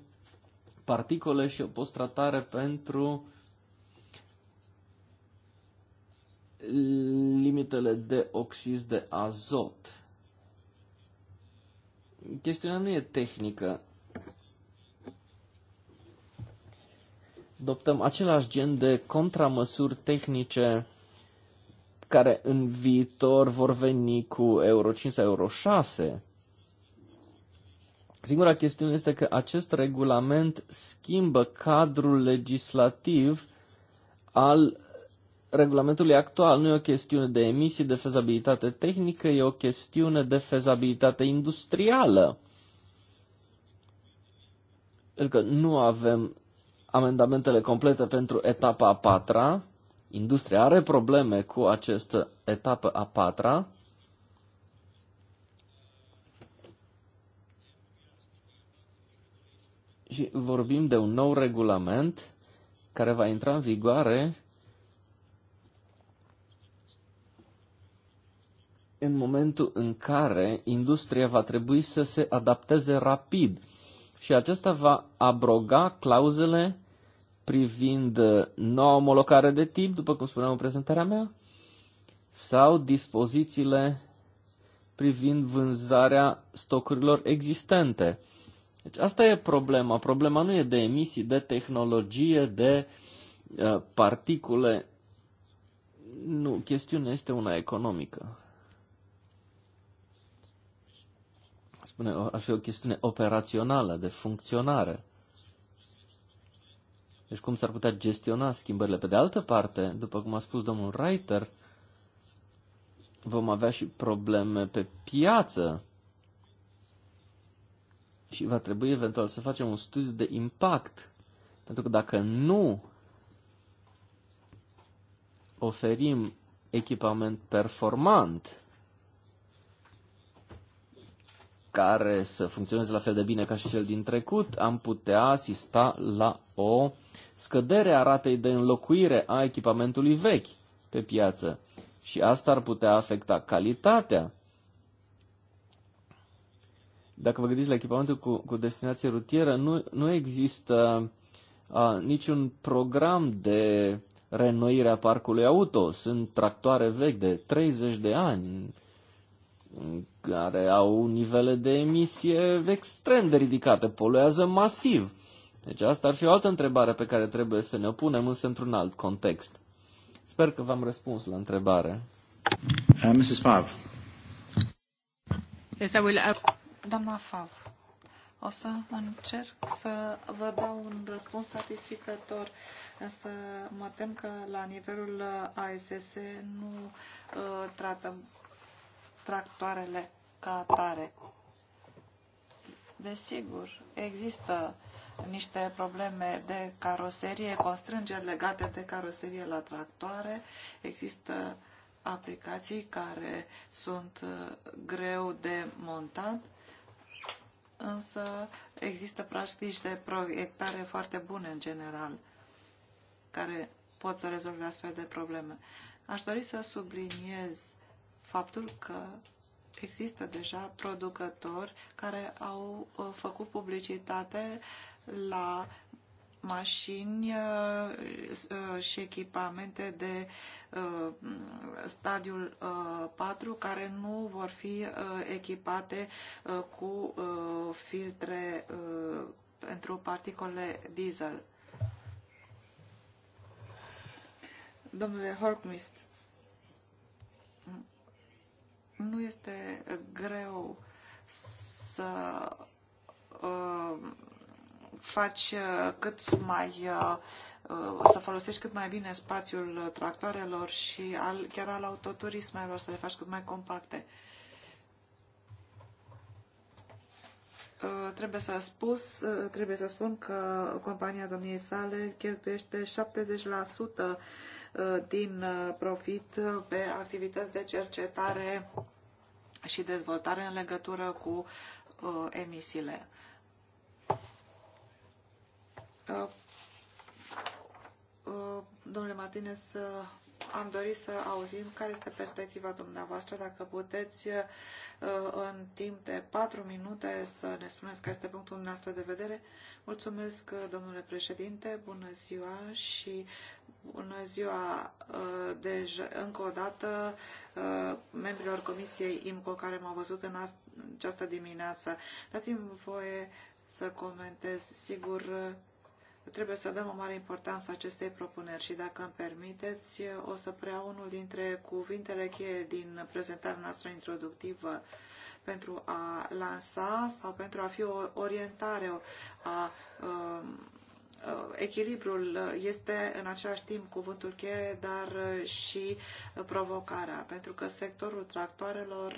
particole și o post-tratare pentru limitele de oxiz de azot. Chestiunea nu e tehnică. Adoptăm același gen de contramăsuri tehnice care în viitor vor veni cu Euro 5 sau Euro 6. Singura chestiune este că acest regulament schimbă cadrul legislativ al regulamentului actual. Nu e o chestiune de emisii, de fezabilitate tehnică, e o chestiune de fezabilitate industrială. Pentru că nu avem amendamentele complete pentru etapa a patra. Industria are probleme cu această etapă a patra. Și vorbim de un nou regulament care va intra în vigoare în momentul în care industria va trebui să se adapteze rapid și acesta va abroga clauzele privind uh, noua omologare de timp, după cum spuneam în prezentarea mea, sau dispozițiile privind vânzarea stocurilor existente. Deci asta e problema. Problema nu e de emisii, de tehnologie, de uh, particule. Nu, chestiunea este una economică. spune, ar fi o chestiune operațională, de funcționare. Deci cum s-ar putea gestiona schimbările? Pe de altă parte, după cum a spus domnul Reiter, vom avea și probleme pe piață și va trebui eventual să facem un studiu de impact. Pentru că dacă nu oferim echipament performant care să funcționeze la fel de bine ca și cel din trecut, am putea asista la o scădere a ratei de înlocuire a echipamentului vechi pe piață. Și asta ar putea afecta calitatea. Dacă vă gândiți la echipamentul cu, cu destinație rutieră, nu, nu există a, niciun program de renoire a parcului auto. Sunt tractoare vechi de 30 de ani, care au nivele de emisie extrem de ridicate, poluează masiv. Deci asta ar fi o altă întrebare pe care trebuie să ne punem, însă într-un alt context. Sper că v-am răspuns la întrebare. Uh, Mrs. Fav. Yes, I will... Uh, Doamna Fav, o să încerc să vă dau un răspuns satisfăcător, însă mă tem că la nivelul ASS nu uh, tratăm tractoarele ca atare. Desigur, există niște probleme de caroserie, constrângeri legate de caroserie la tractoare, există aplicații care sunt uh, greu de montat, însă există practici de proiectare foarte bune în general, care pot să rezolve astfel de probleme. Aș dori să subliniez faptul că există deja producători care au uh, făcut publicitate la mașini uh, uh, și echipamente de stadiul 4 care nu vor fi echipate cu filtre pentru particole diesel. Domnule Horkmist, nu este greu să uh, faci uh, cât mai uh, să folosești cât mai bine spațiul tractoarelor și al, chiar al autoturismelor, să le faci cât mai compacte. Uh, trebuie să, spus, uh, trebuie să spun că compania domniei sale cheltuiește 70% din profit pe activități de cercetare și dezvoltare în legătură cu uh, emisiile. Uh, uh, domnule Martinez, uh, am dorit să auzim care este perspectiva dumneavoastră, dacă puteți uh, în timp de patru minute să ne spuneți care este punctul dumneavoastră de vedere. Mulțumesc, uh, domnule președinte, bună ziua și bună ziua deci, încă o dată membrilor Comisiei IMCO care m-au văzut în această dimineață. Dați-mi voie să comentez, sigur, Trebuie să dăm o mare importanță acestei propuneri și, dacă îmi permiteți, o să preiau unul dintre cuvintele cheie din prezentarea noastră introductivă pentru a lansa sau pentru a fi o orientare a a um, Uh, echilibrul este în același timp cuvântul cheie, dar uh, și uh, provocarea, pentru că sectorul tractoarelor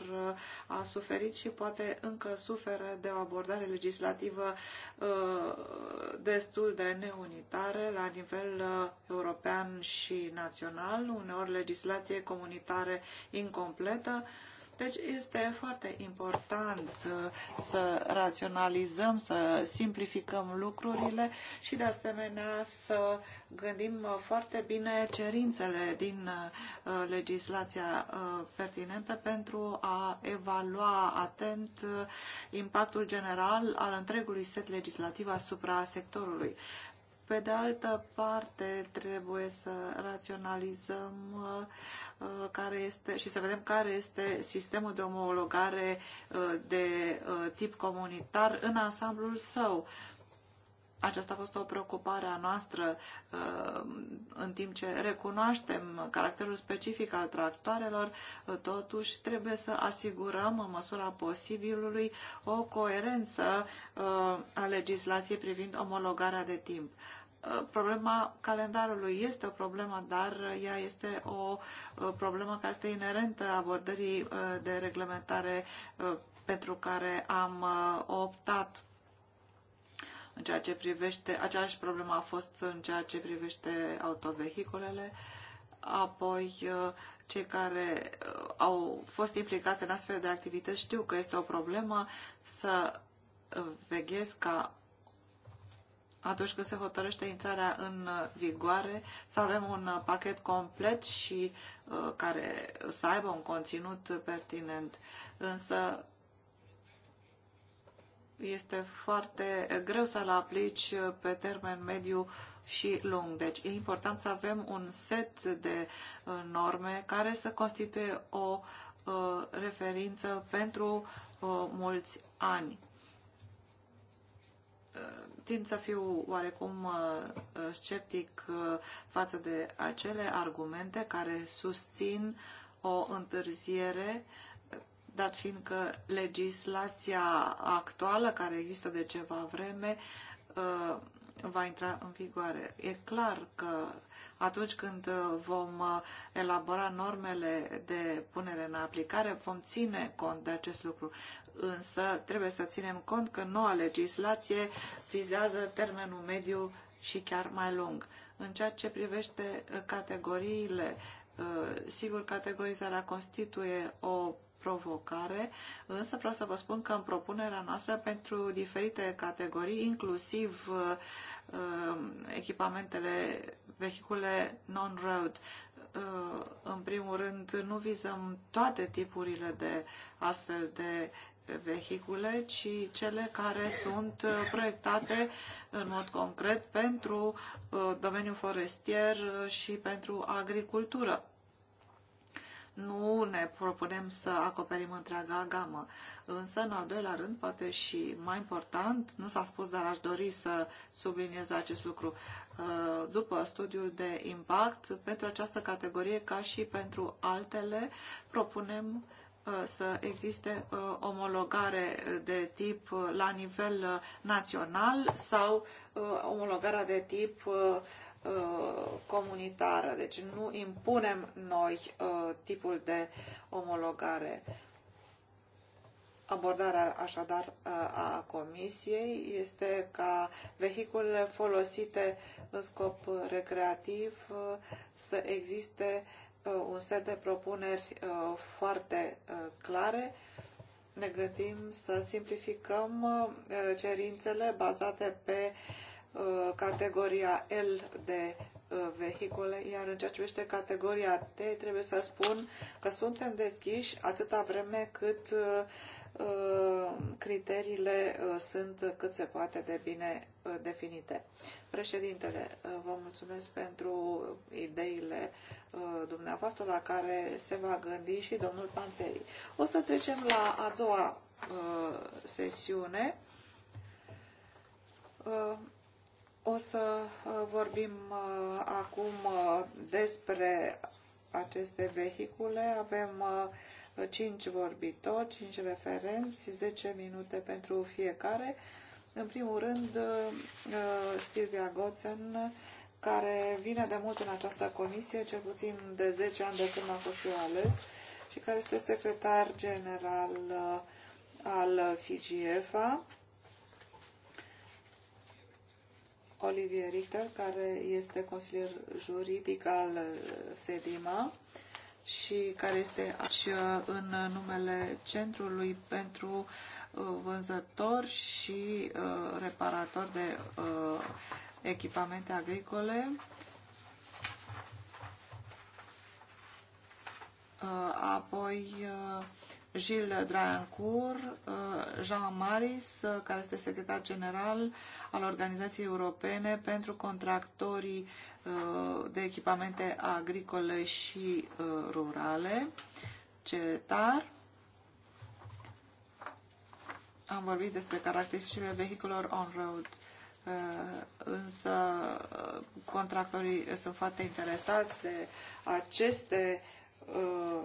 a suferit și poate încă suferă de o abordare legislativă destul de neunitară la nivel european și național, uneori legislație comunitare incompletă, deci este foarte important uh, să raționalizăm, să simplificăm lucrurile și de asemenea să gândim uh, foarte bine cerințele din uh, legislația pertinentă pentru a evalua atent impactul general al întregului set legislativ asupra sectorului. Pe de altă parte, trebuie să raționalizăm uh, care este și să vedem care este sistemul de omologare uh, de uh, tip comunitar în ansamblul său. Aceasta a fost o preocupare a noastră uh, în timp ce recunoaștem caracterul specific al tractoarelor, uh, totuși trebuie să asigurăm în măsura posibilului o coerență uh, a legislației privind omologarea de timp problema calendarului este o problemă, dar ea este o problemă care este inerentă abordării de reglementare pentru care am optat în ceea ce privește, aceeași problemă a fost în ceea ce privește autovehiculele, apoi eh, cei care eh, au fost implicați în astfel de activități știu că este o problemă să eh, veghez ca atunci când se hotărăște intrarea în vigoare, să avem un pachet complet și care să aibă un conținut pertinent. Însă este foarte greu să-l aplici pe termen mediu și lung. Deci e important să avem un set de uh, norme care să constituie o uh, referință pentru uh, mulți ani. Tind să fiu oarecum sceptic față de acele argumente care susțin o întârziere uh, dat fiind că legislația actuală, care există de ceva vreme, uh, va intra în vigoare. E clar că atunci când uh, vom uh, elabora normele de punere în aplicare, vom ține cont de acest lucru. Însă trebuie să ținem cont că noua legislație vizează termenul mediu și chiar mai lung. În ceea ce privește categoriile, sigur, categorizarea constituie o provocare, însă vreau să vă spun că în propunerea noastră pentru diferite categorii, inclusiv uh, um, echipamentele, vehicule non-road, uh, în primul rând nu vizăm toate tipurile de astfel de vehicule, ci cele care sunt uh, proiectate în mod concret pentru domeniul forestier și pentru agricultură. Nu ne propunem să acoperim întreaga gamă. Însă, în al doilea rând, poate și mai important, nu s-a spus, dar aș dori să subliniez acest lucru, uh, după studiul de impact, pentru această categorie, ca și pentru altele, propunem uh, să existe uh, omologare de tip la nivel național sau omologarea de tip Uh, comunitară, deci nu impunem noi uh, tipul de omologare. Abordarea așadar uh, a comisiei este ca vehiculele folosite în scop recreativ să existe un set de propuneri foarte clare. Ne gândim să simplificăm cerințele bazate pe uh, Uh, categoria L de uh, vehicule, iar în ceea ce privește categoria T, trebuie să spun că suntem deschiși atâta vreme cât uh, criteriile sunt cât se poate de bine definite. Președintele, vă mulțumesc pentru ideile dumneavoastră la care se va gândi și domnul Panțeri. O să trecem la a doua sesiune o să uh, vorbim uh, acum uh, despre aceste vehicule. Avem 5 vorbitori, 5 referenți, 10 minute pentru fiecare. În primul rând, Silvia Goțen, care vine de mult în această comisie, cel puțin de 10 ani de când a fost eu ales, și care este secretar general al FIGIEFA Olivier Richter, care este consilier juridic al uh, SEDIMA și care este și uh, în numele Centrului pentru uh, Vânzători și Reparatori de Echipamente Agricole Uh, apoi uh, Gilles Draancourt, uh, Jean Maris, care este secretar general al Organizației Europene pentru contractorii de echipamente agricole și rurale, CETAR. Am vorbit despre caracteristicile vehiculor on-road însă contractorii sunt foarte interesați de aceste Uh,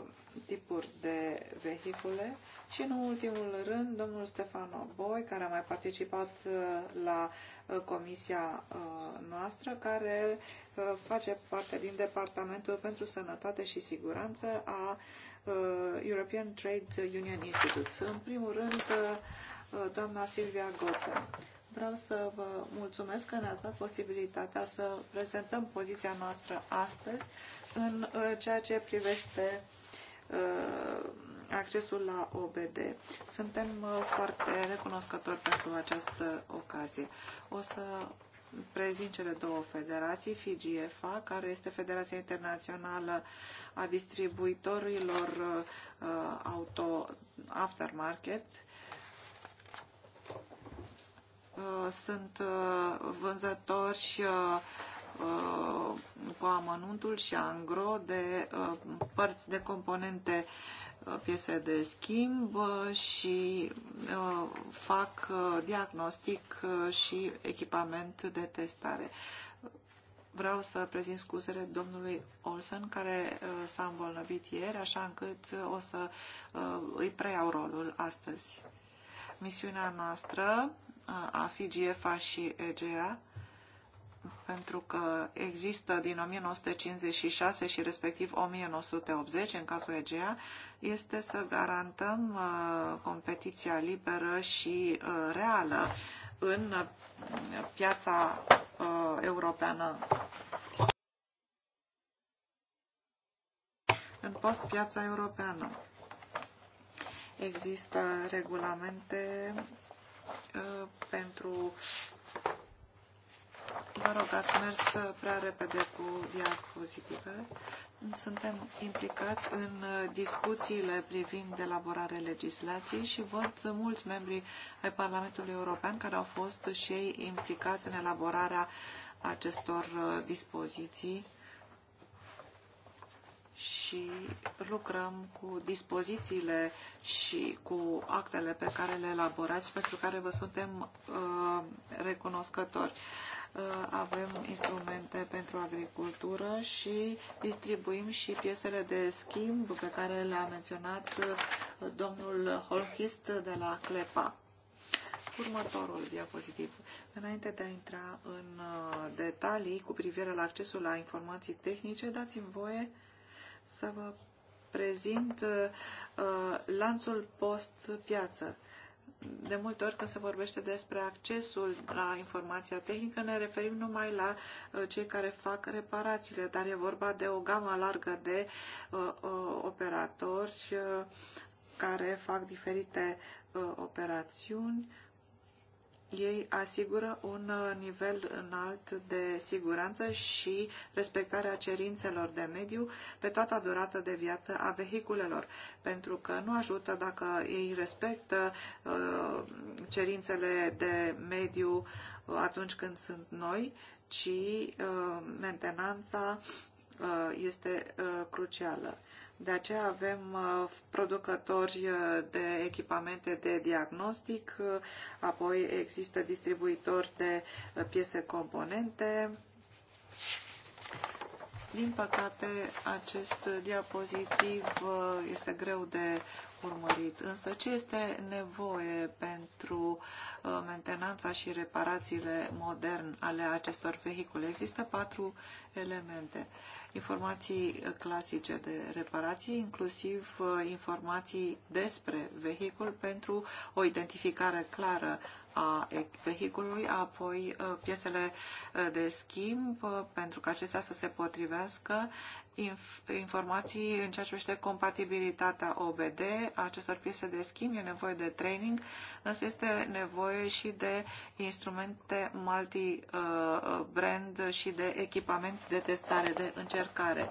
tipuri de vehicule și, în ultimul rând, domnul Stefano Boi, care a mai participat uh, la uh, comisia noastră, care face parte din Departamentul pentru Sănătate și Siguranță a European Trade Union Institute. În primul rând, doamna Silvia Goță. Vreau să vă mulțumesc că ne-ați dat posibilitatea să prezentăm poziția noastră astăzi în uh, ceea ce privește uh, accesul la OBD. Suntem uh, foarte recunoscători pentru această ocazie. O să prezint cele două federații, FIGFA, care este Federația Internațională a Distribuitorilor Auto Aftermarket, sunt vânzători și Uh, cu amănuntul și angro de uh, părți de componente uh, piese de schimb și fac diagnostic și echipament de testare. Vreau să prezint scuzele domnului Olsen, care s-a îmbolnăvit ieri, așa încât o să îi preiau rolul astăzi. Misiunea noastră a FIGFA și EGA pentru că există din 1956 și respectiv 1980 în cazul EGEA este să garantăm uh, competiția liberă și uh, reală în uh, piața europeană. În post piața europeană există regulamente pentru Vă rog, ați mers prea repede cu diapozitivele. Suntem implicați în discuțiile privind elaborarea legislației și văd mulți membri ai Parlamentului European care au fost și ei implicați în elaborarea acestor uh, dispoziții și lucrăm cu dispozițiile și cu actele pe care le elaborați, pentru care vă suntem uh, recunoscători. Uh, Uh, avem instrumente pentru agricultură și distribuim și piesele de schimb pe care le-a menționat uh, domnul Holchist de la CLEPA. Următorul diapozitiv. Înainte de a intra în uh, detalii cu privire la accesul la informații tehnice, dați-mi voie să vă prezint uh, lanțul post-piață de multe ori când se vorbește despre accesul la informația tehnică, ne referim numai la uh, cei care fac reparațiile, dar e vorba de o gamă largă de uh, uh, operatori care fac diferite operațiuni ei asigură un uh, nivel înalt de siguranță și respectarea cerințelor de mediu pe toată durata de viață a vehiculelor, pentru că nu ajută dacă ei respectă uh, cerințele de mediu uh, atunci când sunt noi, ci mentenanța este crucială. De aceea avem uh, producători uh, de echipamente de diagnostic, uh, apoi există distribuitori de piese componente. Din păcate, acest diapozitiv este greu de urmărit. Însă ce este nevoie pentru mentenanța și reparațiile modern ale acestor vehicule? Există patru elemente informații eh, clasice de reparații, inclusiv eh, informații despre vehicul pentru o identificare clară a vehiculului, apoi uh, piesele uh, de schimb uh, pentru ca acestea să se potrivească, informații în ceea ce privește compatibilitatea OBD a acestor piese de schimb, e nevoie de training, însă este nevoie și de instrumente multi-brand și de echipament de testare, de încercare.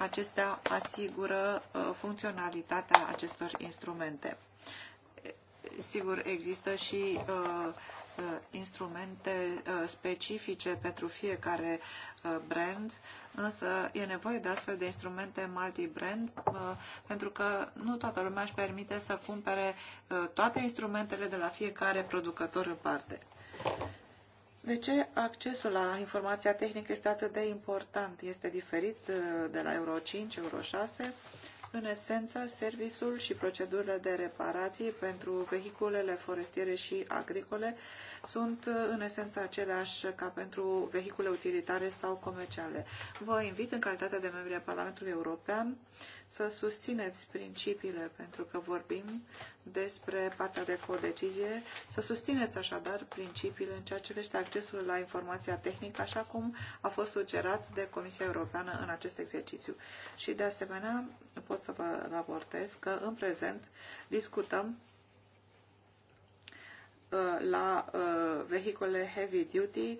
Acestea asigură funcționalitatea acestor instrumente sigur, există și uh, uh instrumente uh, specifice pentru fiecare uh, brand, însă e nevoie de astfel de instrumente multi-brand pentru că nu toată lumea își permite să cumpere toate instrumentele de la fiecare producător în parte. De ce accesul la informația tehnică este atât de important? Este diferit de la Euro 5, Euro 6? În esență, serviciul și procedurile de reparații pentru vehiculele forestiere și agricole sunt în esență aceleași ca pentru vehicule utilitare sau comerciale. Vă invit în calitate de membri a Parlamentului European să susțineți principiile, pentru că vorbim despre partea de codecizie, să susțineți așadar principiile în ceea ce vește accesul la informația tehnică, așa cum a fost sugerat de Comisia Europeană în acest exercițiu. Și de asemenea pot să vă raportez că în prezent discutăm uh, la uh, vehicule heavy duty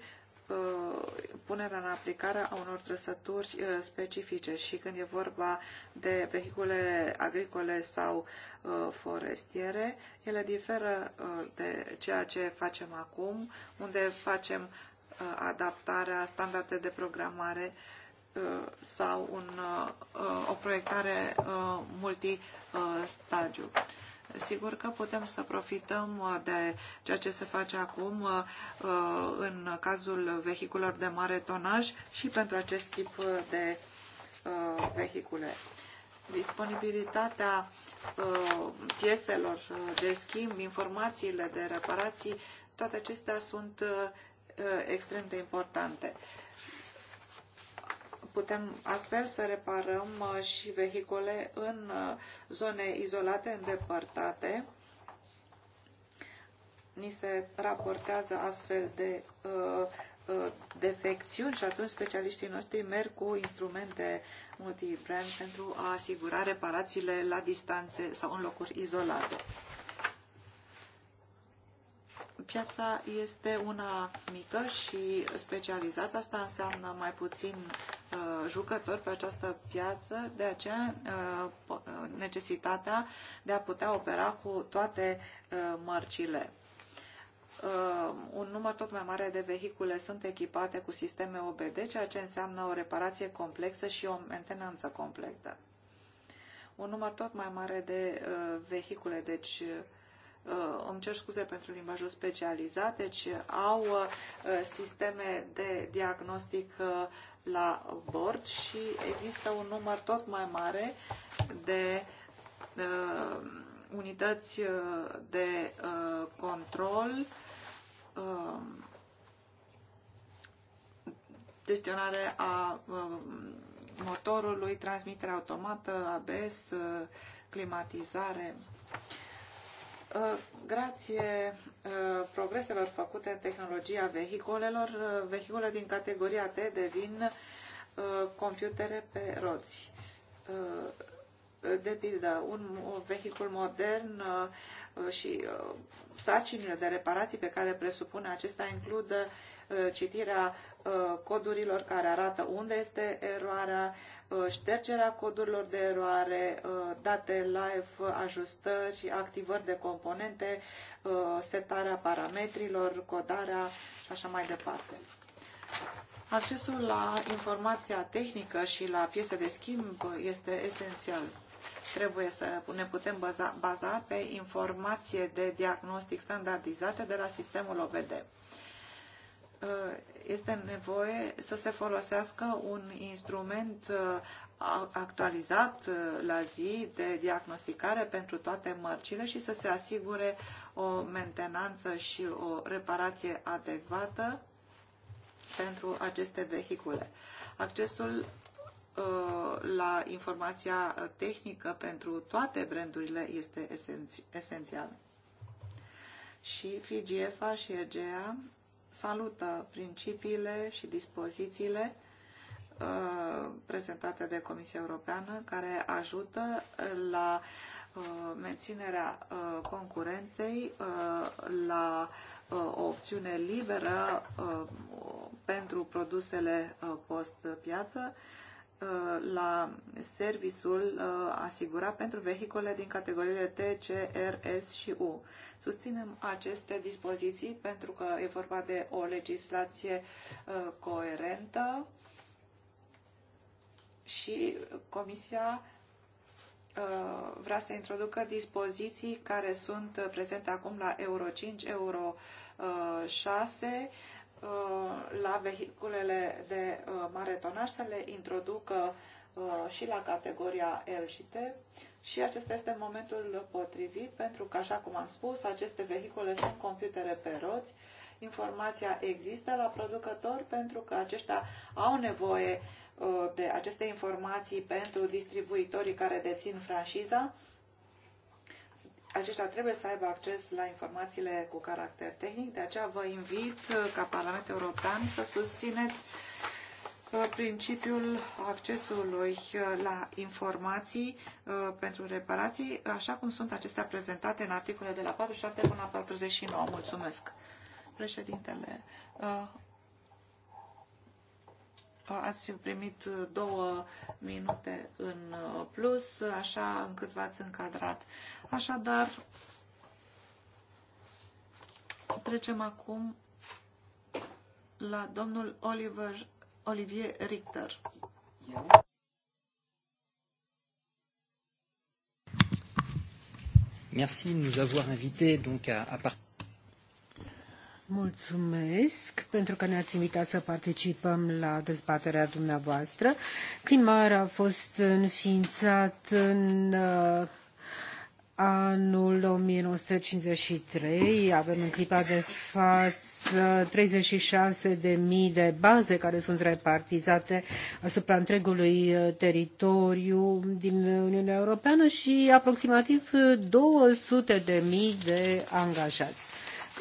Uh, punerea în aplicare a unor trăsături uh, specifice și când e vorba de vehicule agricole sau uh, forestiere, ele diferă de ceea ce facem acum, unde facem adaptarea, standarde de programare sau un, o proiectare multistagiu. Sigur că putem să profităm uh, de ceea ce se face acum uh, uh, în cazul vehiculelor de mare tonaj și pentru acest tip de vehicule. Disponibilitatea pieselor de schimb, informațiile de reparații, toate acestea sunt extrem de importante putem astfel să reparăm uh, și vehicole în uh, zone izolate, îndepărtate. Ni se raportează astfel de uh, defecțiuni și atunci specialiștii noștri merg cu instrumente multibrand pentru a asigura reparațiile la distanțe sau în locuri izolate. Piața este una mică și specializată, asta înseamnă mai puțin Uh, jucători pe această piață, de aceea uh, uh, necesitatea de a putea opera cu toate mărcile. Un număr tot mai mare de vehicule sunt echipate cu sisteme OBD, ceea ce înseamnă o reparație complexă și o mentenanță complexă. Un număr tot mai mare de vehicule, deci îmi cer scuze pentru limbajul specializat, deci au sisteme de diagnostic la bord și există un număr tot mai mare de uh, unități uh, de uh, control, uh, gestionare a uh, motorului, transmitere automată, ABS, uh, climatizare. Uh, grație uh, progreselor făcute în tehnologia vehiculelor, uh, vehicule din categoria T devin computere pe roți. De pildă, un vehicul modern Uh, și uh, sarcinile de reparații pe care le presupune acesta includ uh, citirea codurilor care arată unde este eroarea, ștergerea codurilor de eroare, date live, ajustări, activări de componente, setarea parametrilor, codarea și așa mai departe. Accesul la informația tehnică și la piese de schimb este esențial trebuie să ne putem baza, baza pe informație de diagnostic standardizată de la sistemul OBD. Uh, este nevoie să se folosească un instrument uh, actualizat uh, la zi de diagnosticare pentru toate mărcile și să se asigure o mentenanță și o reparație adecvată pentru aceste vehicule. Accesul Uh, la informația uh, tehnică pentru toate brandurile este esenț esențial. Și FIGFA și EGEA salută principiile și dispozițiile uh, prezentate de Comisia Europeană care ajută la menținerea concurenței, la o opțiune liberă pentru produsele post-piață Uh, la serviciul uh, asigurat pentru vehicule din categoriile T, C, R, S și U. Susținem aceste dispoziții pentru că e vorba de o legislație uh, coerentă și Comisia vrea să introducă dispoziții care sunt prezente acum la Euro 5, Euro 6, Uh, la vehiculele de uh, mare tonaj să le introducă uh, și la categoria L și T și acesta este momentul potrivit pentru că, așa cum am spus, aceste vehicule sunt computere pe roți, informația există la producător pentru că aceștia au nevoie de aceste informații pentru distribuitorii care dețin franșiza aceștia trebuie să aibă acces la informațiile cu caracter tehnic, de aceea vă invit uh, ca Parlament European să susțineți uh, principiul accesului uh, la informații pentru reparații, așa cum sunt acestea prezentate în articolele de la 47 până la 49. Mulțumesc, președintele ați primit uh, două minute în uh, plus, uh, așa încât v-ați încadrat. Așadar, trecem acum la domnul Oliver, Olivier Richter. Merci de nous avoir invités donc à, à partir. Mulțumesc pentru că ne-ați invitat să participăm la dezbaterea dumneavoastră. Primar a fost înființat în uh, anul 1953. Avem în clipa de față 36.000 de baze care sunt repartizate asupra întregului uh, teritoriu din Uniunea Europeană și aproximativ 200.000 de angajați.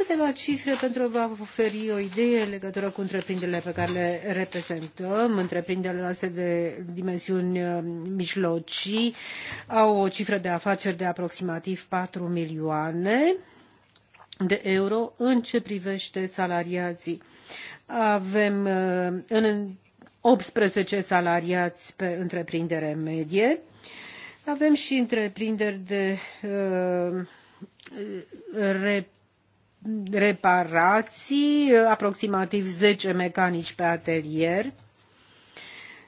Câteva cifre pentru a vă oferi o idee în legătură cu întreprinderile pe care le reprezentăm. Întreprinderile noastre de dimensiuni uh, mijlocii au o cifră de afaceri de aproximativ 4 milioane de euro în ce privește salariații. Avem uh, în 18 salariați pe întreprindere medie. Avem și întreprinderi de uh, uh rep reparații, aproximativ 10 mecanici pe atelier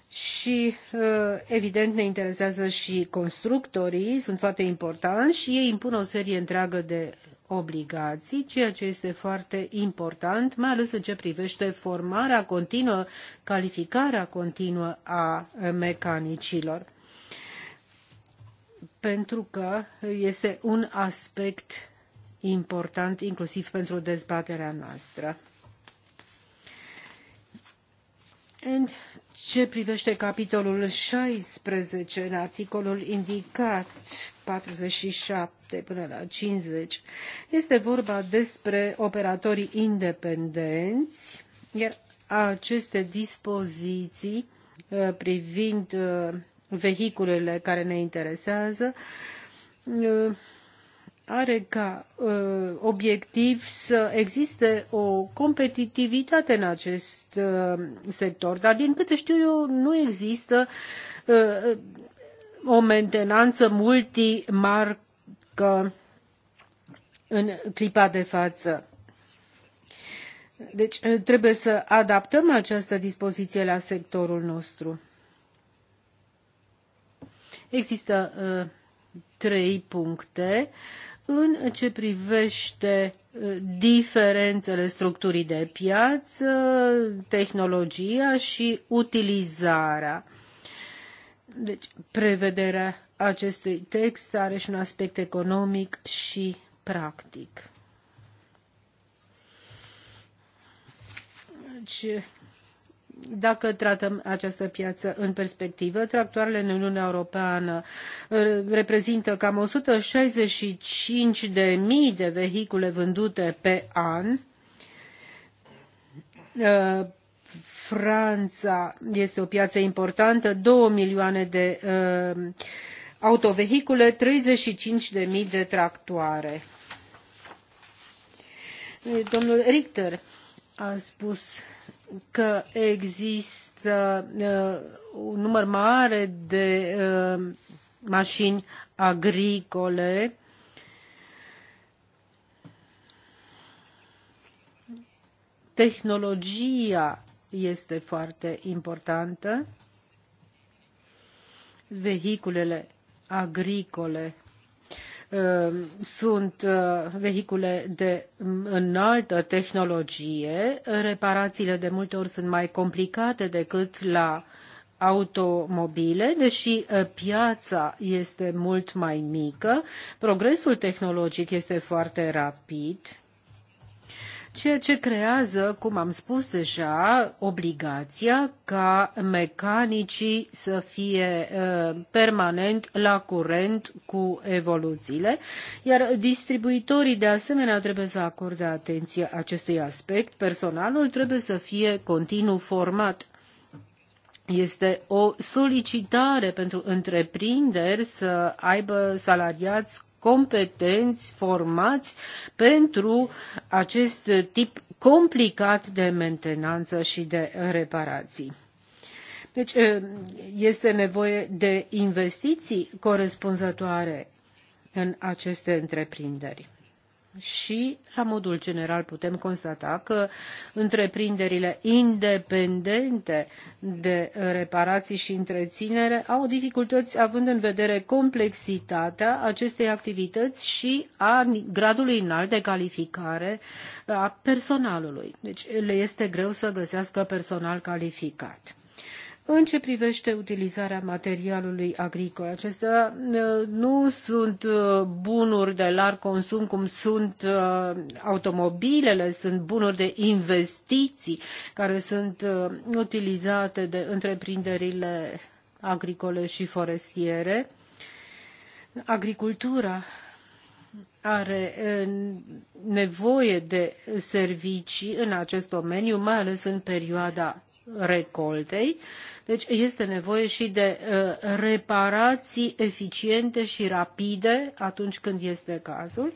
și uh, evident ne interesează și constructorii, sunt foarte importanți și ei impun o serie întreagă de obligații, ceea ce este foarte important, mai ales în ce privește formarea continuă, calificarea continuă a mecanicilor. Pentru că este un aspect important, inclusiv pentru dezbaterea noastră. În ce privește capitolul 16, în articolul indicat 47 până la 50, este vorba despre operatorii independenți, iar aceste dispoziții uh, privind uh, vehiculele care ne interesează uh, are ca uh, obiectiv să existe o competitivitate în acest uh, sector, dar din câte știu eu nu există uh, o mentenanță multimarcă în clipa de față. Deci uh, trebuie să adaptăm această dispoziție la sectorul nostru. Există uh, trei puncte în ce privește uh, diferențele structurii de piață, tehnologia și utilizarea. Deci, prevederea acestui text are și un aspect economic și practic. Deci, dacă tratăm această piață în perspectivă, tractoarele în Uniunea Europeană uh, reprezintă cam 165 de mii de vehicule vândute pe an. Uh, Franța este o piață importantă, 2 milioane de uh, autovehicule, 35 de mii de tractoare. Domnul Richter a spus că există uh, un număr mare de uh, mașini agricole tehnologia este foarte importantă vehiculele agricole Ehm, sunt eh, vehicule de înaltă tehnologie, reparațiile de multe ori sunt mai complicate decât la automobile, deși eh, piața este mult mai mică, progresul tehnologic este foarte rapid ceea ce creează, cum am spus deja, obligația ca mecanicii să fie permanent la curent cu evoluțiile, iar distribuitorii de asemenea trebuie să acorde atenție acestui aspect. Personalul trebuie să fie continuu format este o solicitare pentru întreprinderi să aibă salariați competenți, formați pentru acest tip complicat de mentenanță și de reparații. Deci eh, este nevoie de investiții corespunzătoare în aceste întreprinderi și, la modul general, putem constata că întreprinderile independente de reparații și întreținere au dificultăți având în vedere complexitatea acestei activități și a gradului înalt de calificare a personalului. Deci le este greu să găsească personal calificat. În ce privește utilizarea materialului agricol, acestea uh, nu sunt uh, bunuri de larg consum cum sunt uh, automobilele, sunt bunuri de investiții care sunt utilizate de întreprinderile agricole și forestiere. Agricultura are nevoie de servicii în acest domeniu, mai ales în perioada recoltei. Deci este nevoie și de uh, reparații eficiente și rapide atunci când este cazul.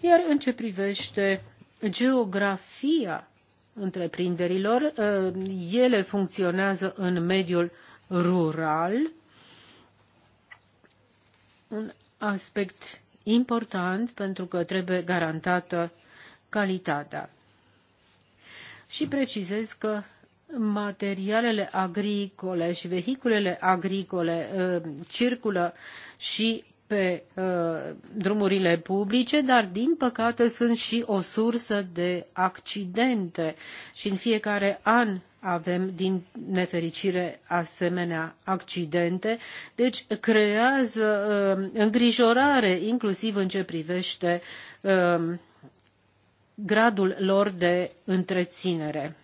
Iar în ce privește geografia întreprinderilor, uh, ele funcționează în mediul rural. Un aspect important pentru că trebuie garantată calitatea. Și precizez că materialele agricole și vehiculele agricole uh, circulă și pe uh, drumurile publice, dar din păcate sunt și o sursă de accidente și în fiecare an avem din nefericire asemenea accidente, deci creează uh, îngrijorare inclusiv în ce privește gradul lor de întreținere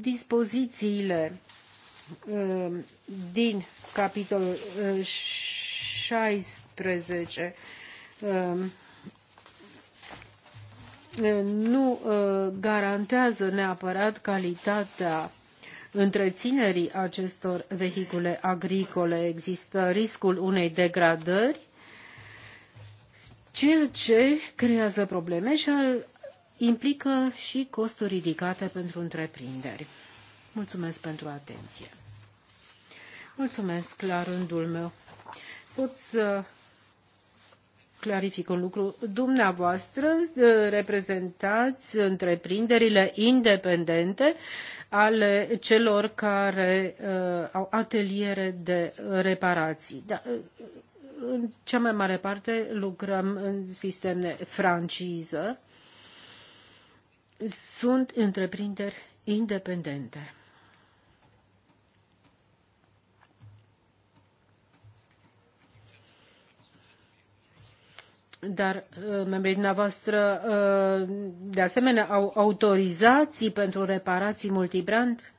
dispozițiile um, din capitolul 16 uh, um, nu uh, garantează neapărat calitatea întreținerii acestor vehicule agricole. Există riscul unei degradări, ceea ce creează probleme și implică și costuri ridicate pentru întreprinderi. Mulțumesc pentru atenție. Mulțumesc la rândul meu. Pot să clarific un lucru. Dumneavoastră reprezentați întreprinderile independente ale celor care uh, au ateliere de reparații. Da, uh, în cea mai mare parte lucrăm în sistem franciză sunt întreprinderi independente. dar uh, membrii dumneavoastră uh, de asemenea au autorizații pentru reparații multibrand?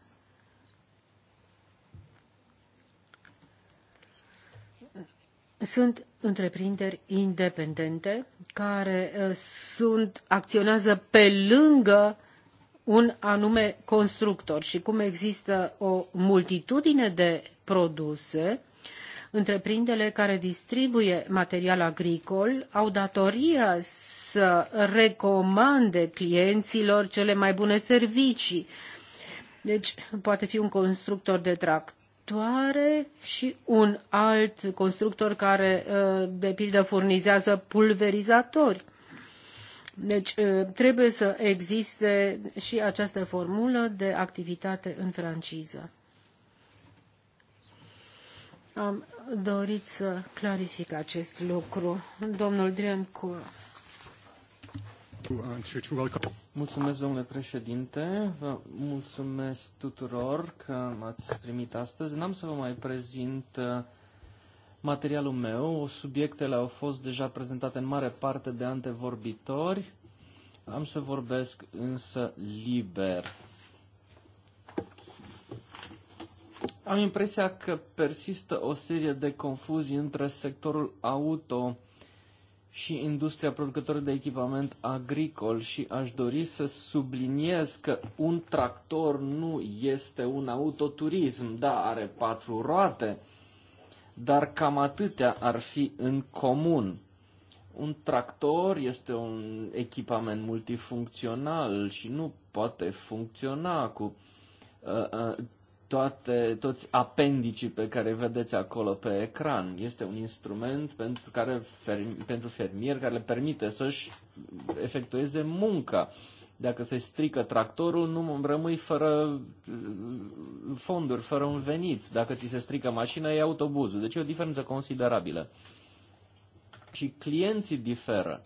sunt întreprinderi independente care uh, sunt, acționează pe lângă un anume constructor și cum există o multitudine de produse, întreprinderile care distribuie material agricol au datoria să recomande clienților cele mai bune servicii. Deci poate fi un constructor de tractor constructoare și un alt constructor care, uh, de pildă, furnizează pulverizatori. Deci uh, trebuie să existe și această formulă de activitate în franciză. Am dorit să clarific acest lucru. Domnul Dremcu. Mulțumesc, domnule președinte, vă mulțumesc tuturor că m-ați primit astăzi. N-am să vă mai prezint uh, materialul meu. Subiectele au fost deja prezentate în mare parte de antevorbitori. Am să vorbesc însă liber. Am impresia că persistă o serie de confuzii între sectorul auto și industria producătoare de echipament agricol și aș dori să subliniez că un tractor nu este un autoturism, da, are patru roate, dar cam atâtea ar fi în comun. Un tractor este un echipament multifuncțional și nu poate funcționa cu uh, uh, toate, toți apendicii pe care îi vedeți acolo pe ecran. Este un instrument pentru, care pentru fermier care le permite să-și efectueze munca. Dacă se strică tractorul, nu rămâi fără uh, fonduri, fără un venit. Dacă ți se strică mașina, e autobuzul. Deci e o diferență considerabilă. Și clienții diferă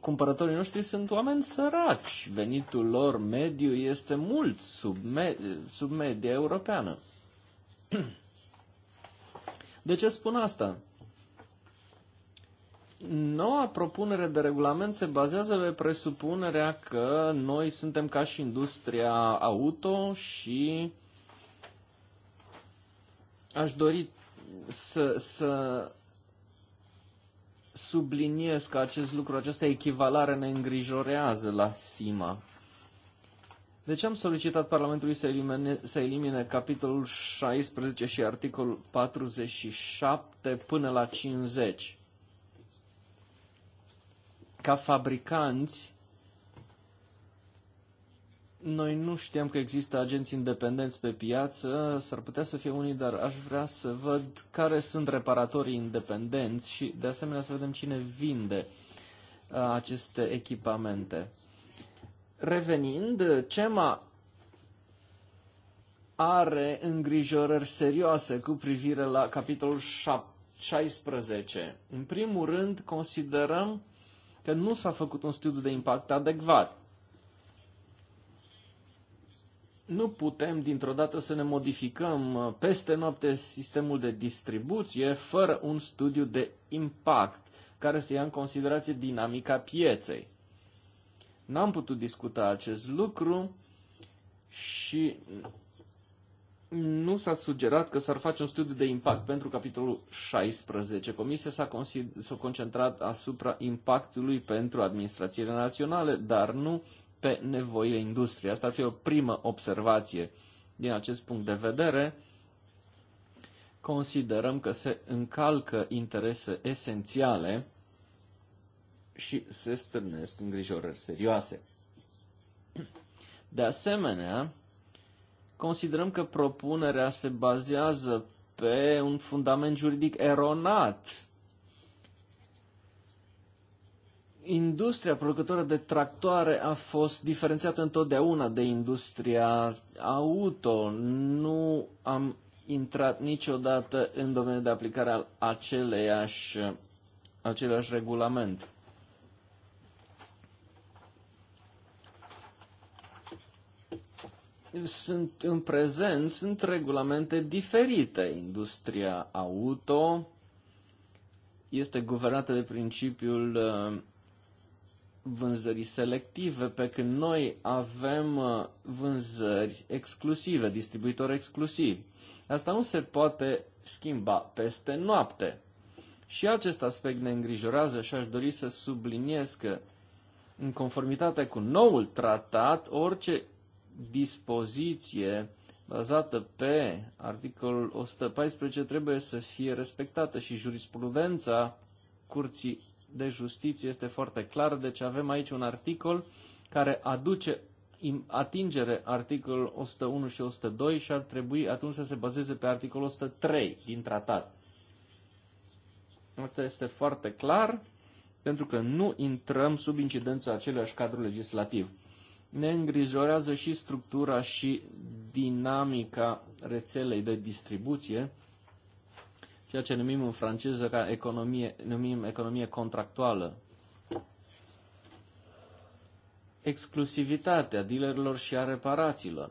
cumpărătorii noștri sunt oameni săraci. Venitul lor mediu este mult sub, me- sub media europeană. De ce spun asta? Noua propunere de regulament se bazează pe presupunerea că noi suntem ca și industria auto și aș dori să, să subliniez că acest lucru, această echivalare ne îngrijorează la SIMA. Deci am solicitat Parlamentului să elimine, să elimine capitolul 16 și articolul 47 până la 50. Ca fabricanți, noi nu știam că există agenți independenți pe piață, s-ar putea să fie unii, dar aș vrea să văd care sunt reparatorii independenți și de asemenea să vedem cine vinde uh, aceste echipamente. Revenind, CEMA are îngrijorări serioase cu privire la capitolul 16. În primul rând, considerăm că nu s-a făcut un studiu de impact adecvat nu putem dintr-o dată să ne modificăm uh, peste noapte sistemul de distribuție fără un studiu de impact care să ia în considerație dinamica pieței. N-am putut discuta acest lucru și nu s-a sugerat că s-ar face un studiu de impact pentru capitolul 16. Comisia s-a, concentrat asupra impactului pentru administrațiile naționale, dar nu pe nevoile industriei. Asta ar fi o primă observație. Din acest punct de vedere, considerăm că se încalcă interese esențiale și se stârnesc îngrijorări serioase. De asemenea, considerăm că propunerea se bazează pe un fundament juridic eronat industria producătoare de tractoare a fost diferențiată întotdeauna de industria auto. Nu am intrat niciodată în domeniul de aplicare al aceleiași, aceleiași regulament. Sunt în prezent, sunt regulamente diferite. Industria auto este guvernată de principiul uh, vânzării selective, pe când noi avem uh, vânzări exclusive, distribuitori exclusivi. Asta nu se poate schimba peste noapte. Și acest aspect ne îngrijorează și aș dori să subliniez că, în conformitate cu noul tratat, orice dispoziție bazată pe articolul 114 trebuie să fie respectată și jurisprudența Curții de Justiție este foarte clar, deci avem aici un articol care aduce atingere articolul 101 și 102 și ar trebui atunci să se bazeze pe articolul 103 din tratat. Asta este foarte clar, pentru că nu intrăm sub incidența aceleași cadru legislativ. Ne îngrijorează și structura și dinamica rețelei de distribuție, ceea ce numim în franceză ca economie, numim economie contractuală. Exclusivitatea dealerilor și a reparațiilor.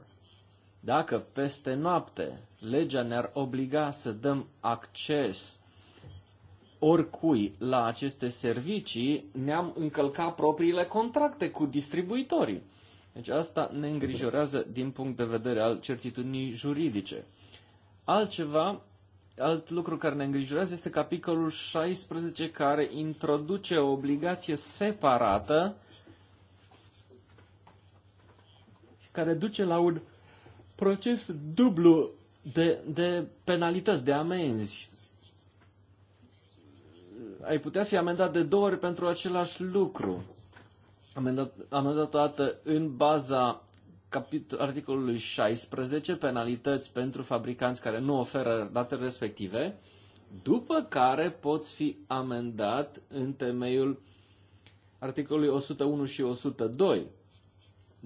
Dacă peste noapte legea ne-ar obliga să dăm acces oricui la aceste servicii, ne-am încălcat propriile contracte cu distribuitorii. Deci asta ne îngrijorează din punct de vedere al certitudinii juridice. Altceva Alt lucru care ne îngrijorează este capitolul 16 care introduce o obligație separată care duce la un proces dublu de, de penalități, de amenzi. Ai putea fi amendat de două ori pentru același lucru. Amendat, amendat o dată în baza articolului 16, penalități pentru fabricanți care nu oferă datele respective, după care poți fi amendat în temeiul articolului 101 și 102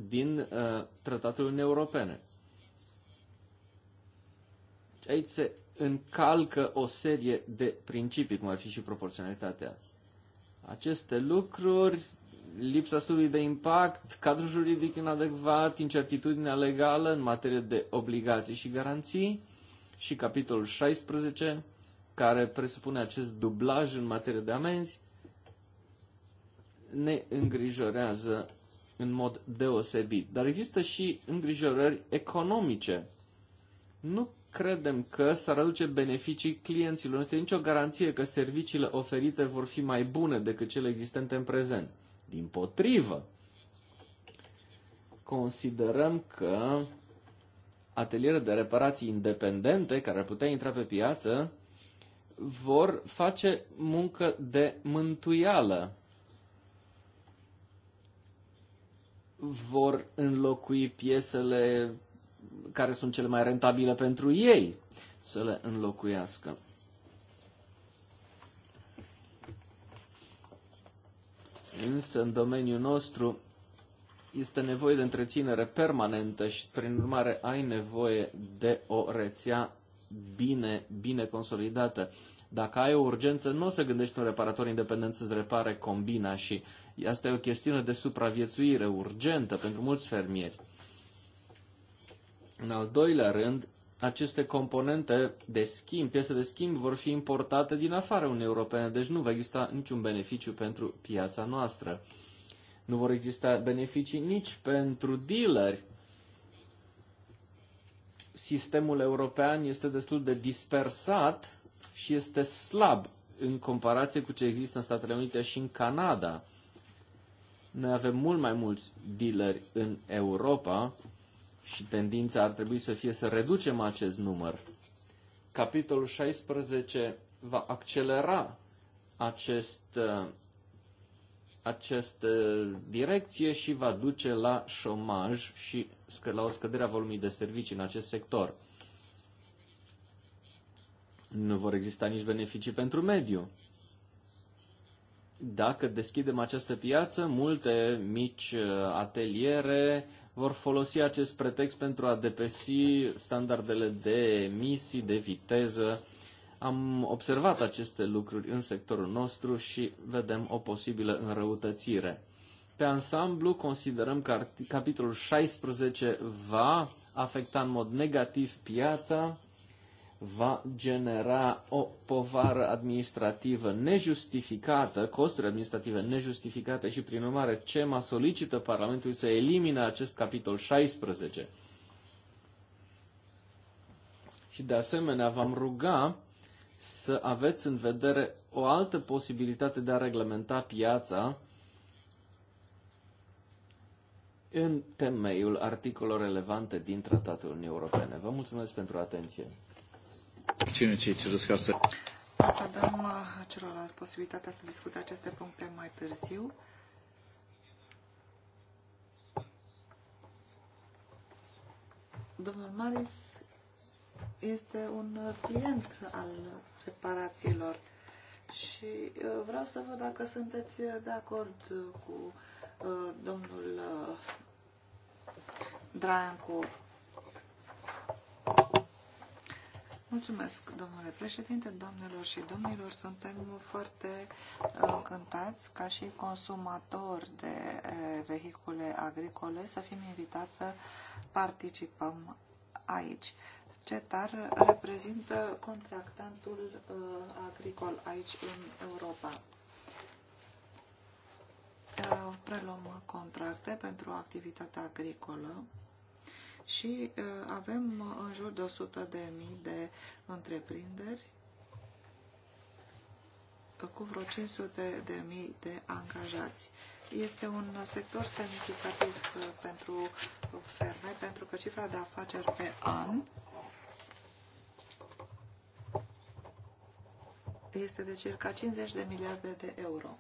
din uh, Tratatul Uniunii Europene. Aici se încalcă o serie de principii, cum ar fi și proporționalitatea. Aceste lucruri lipsa studiului de impact, cadrul juridic inadecvat, incertitudinea legală în materie de obligații și garanții și capitolul 16, care presupune acest dublaj în materie de amenzi, ne îngrijorează în mod deosebit. Dar există și îngrijorări economice. Nu credem că s-ar aduce beneficii clienților. Nu este nicio garanție că serviciile oferite vor fi mai bune decât cele existente în prezent. Din potrivă, considerăm că ateliere de reparații independente care ar putea intra pe piață vor face muncă de mântuială. Vor înlocui piesele care sunt cele mai rentabile pentru ei să le înlocuiască. Însă, în domeniul nostru, este nevoie de întreținere permanentă și, prin urmare, ai nevoie de o rețea bine, bine consolidată. Dacă ai o urgență, nu o să gândești un reparator independent să-ți repare combina și asta e o chestiune de supraviețuire urgentă pentru mulți fermieri. În al doilea rând, aceste componente de schimb, piese de schimb, vor fi importate din afara Uniunii Europene, deci nu va exista niciun beneficiu pentru piața noastră. Nu vor exista beneficii nici pentru dealeri. Sistemul european este destul de dispersat și este slab în comparație cu ce există în Statele Unite și în Canada. Noi avem mult mai mulți dealeri în Europa și tendința ar trebui să fie să reducem acest număr. Capitolul 16 va accelera acest, uh, această direcție și va duce la șomaj și la o scădere a volumului de servicii în acest sector. Nu vor exista nici beneficii pentru mediu. Dacă deschidem această piață, multe mici uh, ateliere, vor folosi acest pretext pentru a depăși standardele de emisii, de viteză. Am observat aceste lucruri în sectorul nostru și vedem o posibilă înrăutățire. Pe ansamblu, considerăm că capitolul 16 va afecta în mod negativ piața, va genera o povară administrativă nejustificată, costuri administrative nejustificate și, prin urmare, CEMA solicită Parlamentului să elimine acest capitol 16. Și, de asemenea, v-am ruga să aveți în vedere o altă posibilitate de a reglementa piața în temeiul articolelor relevante din Tratatul Uniunii Europene. Vă mulțumesc pentru atenție opportunity to discuss O să dăm uh, celorlalți posibilitatea să discute aceste puncte mai târziu. Domnul Maris este un uh, client al reparațiilor și uh, vreau să văd dacă sunteți de acord cu domnul Draiancu Mulțumesc, domnule președinte, doamnelor și domnilor. Suntem foarte uh, încântați ca și consumatori de uh, vehicule agricole să fim invitați să participăm aici. CETAR reprezintă contractantul uh, agricol aici în Europa. Preluăm contracte pentru activitatea agricolă și uh, avem uh, în jur de 100 de mii de întreprinderi uh, cu vreo 500 de mii de angajați. Este un sector semnificativ pentru ferme, pentru că cifra de afaceri pe an este de circa 50 de miliarde de euro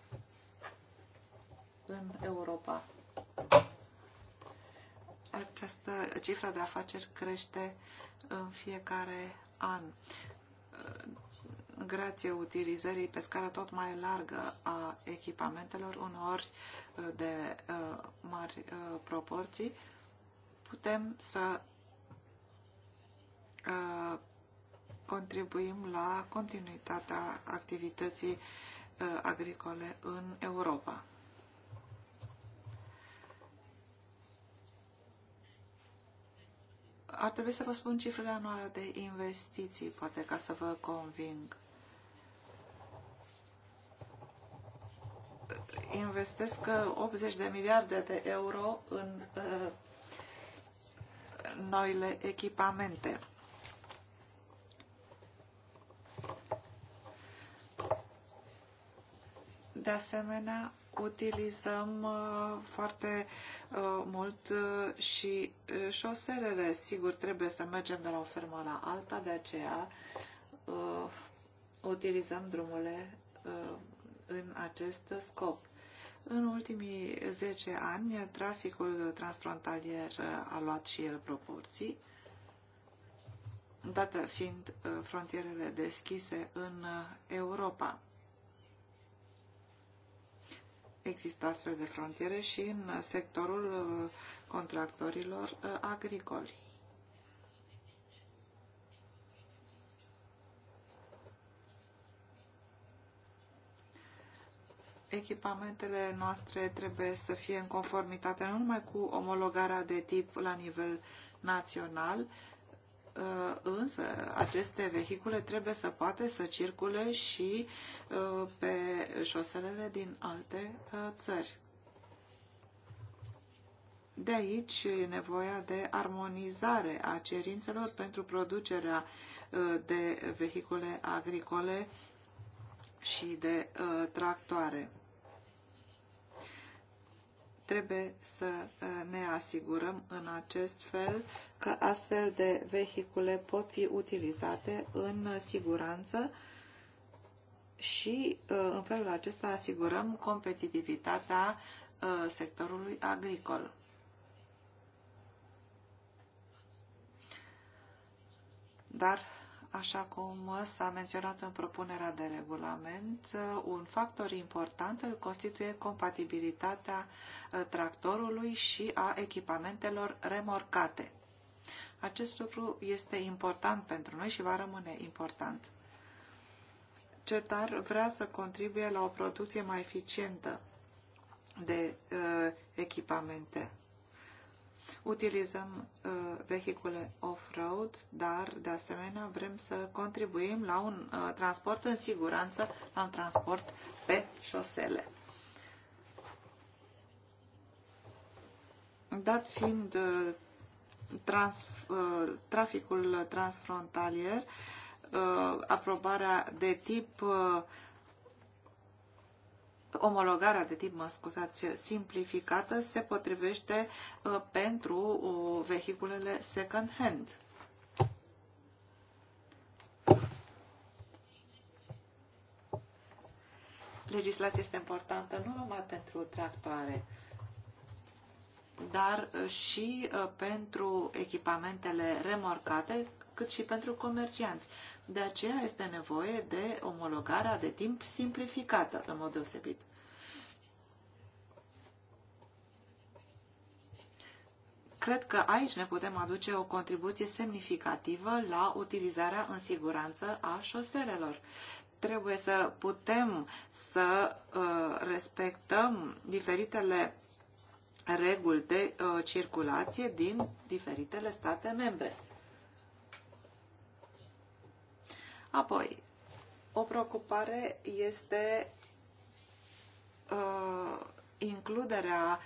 în Europa această cifră de afaceri crește în fiecare an. Grație utilizării pe scară tot mai largă a echipamentelor, uneori uh, de uh, mari uh, proporții, putem să contribuim la continuitatea activității agricole în Europa. ar trebui să vă spun cifrele anuale de investiții, poate ca să vă conving. Investesc 80 uh, de miliarde de euro în uh, noile echipamente. De asemenea, utilizăm uh, foarte uh, mult uh, și șoselele. Sigur, trebuie să mergem de la o fermă la alta, de aceea utilizăm drumurile în acest scop. În ultimii 10 ani, traficul transfrontalier a luat și el proporții, dată fiind frontierele deschise în Europa există astfel de frontiere și în sectorul uh, contractorilor uh, agricoli. Echipamentele noastre trebuie să fie în conformitate nu numai cu omologarea de tip la nivel național, Uh, însă aceste vehicule trebuie să poată să circule și uh, pe șoselele din alte uh, țări. De aici nevoia de armonizare a cerințelor pentru producerea de vehicule agricole și de tractoare. Trebuie să uh, ne asigurăm în acest fel că astfel de vehicule pot fi utilizate în siguranță și uh, în felul acesta asigurăm competitivitatea uh, sectorului agricol. Dar așa cum s-a menționat în propunerea de regulament, un factor important îl constituie compatibilitatea uh, tractorului și a echipamentelor remorcate. Acest lucru este important pentru noi și va rămâne important. CETAR vrea să contribuie la o producție mai eficientă de uh, echipamente utilizăm uh, vehicule off-road, dar de asemenea vrem să contribuim la un uh, transport în siguranță, la un transport pe șosele. Dat fiind uh, trans, uh, traficul transfrontalier, uh, aprobarea de tip uh, omologarea de tip, mă scuzați, simplificată se potrivește uh, pentru uh, vehiculele second-hand. Legislația este importantă nu numai pentru tractoare, dar uh, și pentru echipamentele remorcate cât și pentru comercianți. De aceea este nevoie de omologarea de timp simplificată în mod deosebit. Cred că aici ne putem aduce o contribuție semnificativă la utilizarea în siguranță a șoselelor trebuie să putem să uh, respectăm diferitele reguli de uh, circulație din diferitele state membre. Apoi, o preocupare este uh, includerea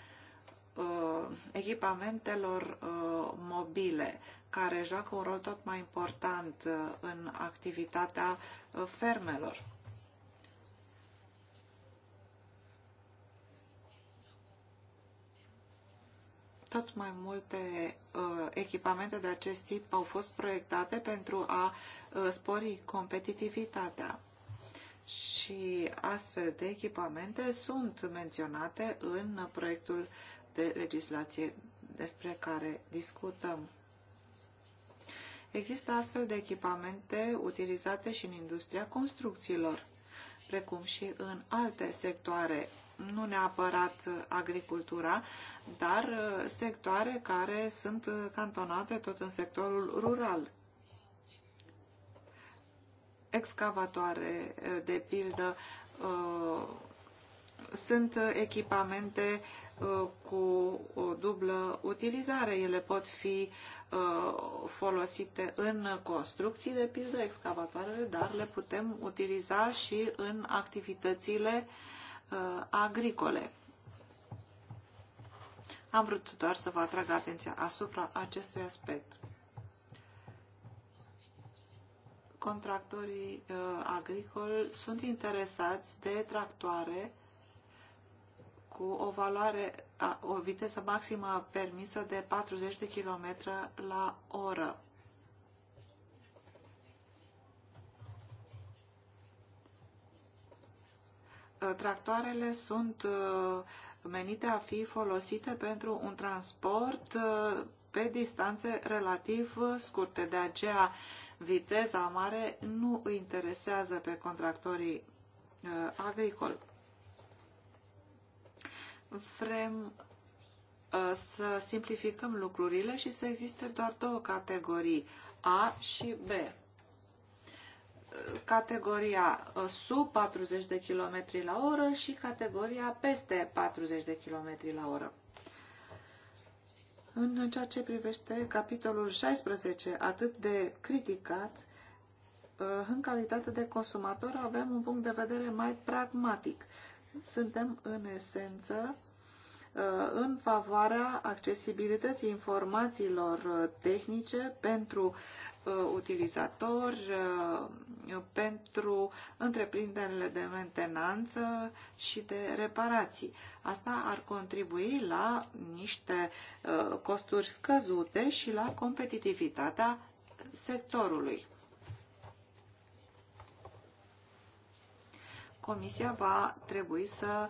uh, echipamentelor uh, mobile, care joacă un rol tot mai important uh, în activitatea uh, fermelor. tot mai multe uh, echipamente de acest tip au fost proiectate pentru a Uh, spori competitivitatea. Și astfel de echipamente sunt menționate în proiectul de legislație despre care discutăm. Există astfel de echipamente utilizate și în industria construcțiilor, precum și în alte sectoare, nu neapărat agricultura, dar uh, sectoare care sunt uh, cantonate tot în sectorul rural excavatoare, eh, de pildă, uh, sunt echipamente uh, cu o dublă utilizare. Ele pot fi uh, folosite în construcții, de pildă excavatoarele, dar le putem utiliza și în activitățile agricole. Am vrut doar să vă atrag atenția asupra acestui aspect. contractorii uh, agricoli sunt interesați de tractoare cu o valoare, a, o viteză maximă permisă de 40 de km la oră. Uh, tractoarele sunt uh, menite a fi folosite pentru un transport uh, pe distanțe relativ scurte. De aceea viteza mare nu îi interesează pe contractorii uh, agricoli. Vrem uh, să simplificăm lucrurile și să existe doar două categorii, A și B. Uh, categoria uh, sub 40 de km la oră și categoria peste 40 de km la oră. În ceea ce privește capitolul 16, atât de criticat, uh, în calitate de consumator avem un punct de vedere mai pragmatic. Suntem, în esență, uh, în favoarea accesibilității informațiilor tehnice pentru Uh, utilizator uh, pentru întreprinderile de mentenanță și de reparații. Asta ar contribui la niște uh, costuri scăzute și la competitivitatea sectorului. Comisia va trebui să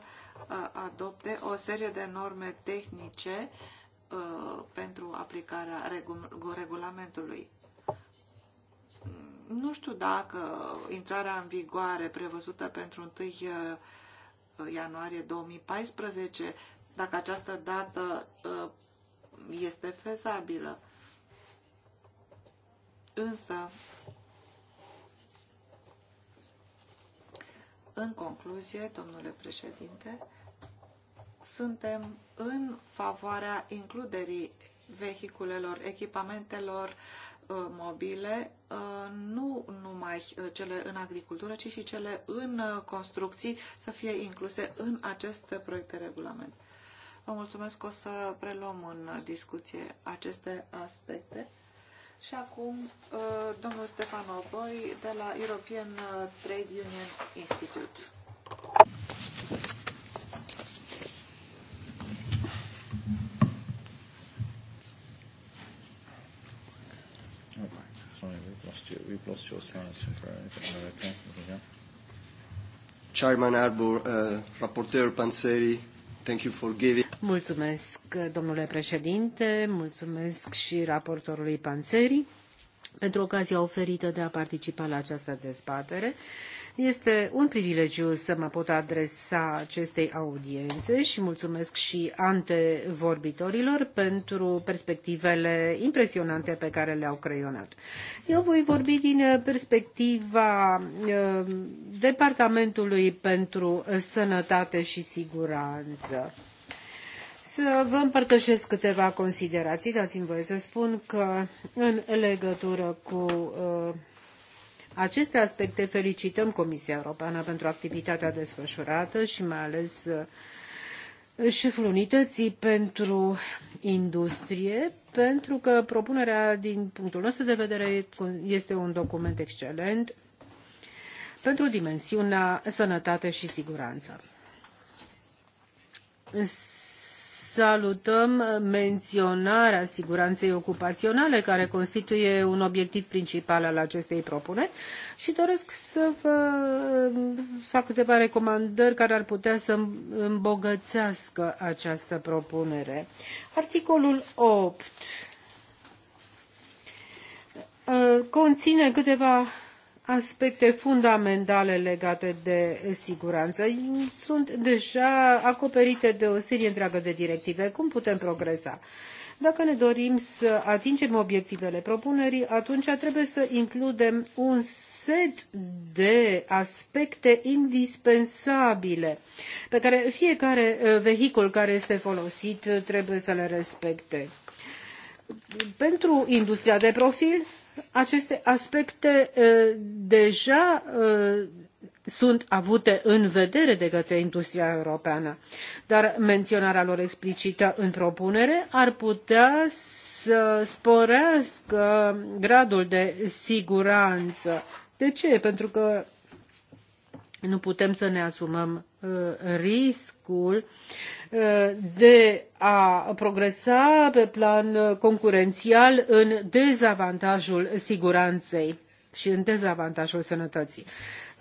adopte o serie de norme tehnice pentru aplicarea regulamentului nu știu dacă intrarea în vigoare prevăzută pentru 1 uh, ianuarie 2014, dacă această dată uh, este fezabilă. Însă, în concluzie, domnule președinte, suntem în favoarea includerii vehiculelor, echipamentelor uh, Uh, mobile, uh, nu numai uh, cele în agricultură, ci și cele în construcții să fie incluse în acest proiect de regulament. Vă mulțumesc că o să preluăm în discuție aceste aspecte. Și acum domnul Stefan Oboi de la European Trade Union Institute. lost you. We've lost your Okay. Chairman Arbor, uh, Panseri, thank you for giving. Mulțumesc, domnule președinte, mulțumesc și raportorului Panseri pentru ocazia oferită de a participa la această dezbatere. Uh, este un privilegiu să mă pot adresa acestei audiențe și mulțumesc și antevorbitorilor pentru perspectivele impresionante pe care le-au creionat. Eu voi vorbi din uh, perspectiva uh, Departamentului pentru Sănătate și Siguranță. Să vă împărtășesc câteva considerații, dați-mi voie să spun că în legătură cu uh, aceste aspecte felicităm Comisia Europeană pentru activitatea desfășurată și mai ales uh, șeful unității pentru industrie, pentru că propunerea din punctul nostru de vedere este un document excelent pentru dimensiunea sănătate și siguranță salutăm menționarea siguranței ocupaționale, care constituie un obiectiv principal al acestei propuneri și doresc să vă fac câteva recomandări care ar putea să îmbogățească această propunere. Articolul 8 uh, conține câteva aspecte fundamentale legate de siguranță sunt deja acoperite de o serie întreagă de directive. Cum putem progresa? Dacă ne dorim să atingem obiectivele propunerii, atunci trebuie să includem un set de aspecte indispensabile pe care fiecare uh, vehicul care este folosit trebuie să le respecte. Pentru industria de profil aceste aspecte deja sunt avute în vedere de către industria europeană, dar menționarea lor explicită în propunere ar putea să sporească gradul de siguranță. De ce? Pentru că nu putem să ne asumăm uh, riscul uh, de a progresa pe plan concurențial în dezavantajul siguranței și în dezavantajul sănătății.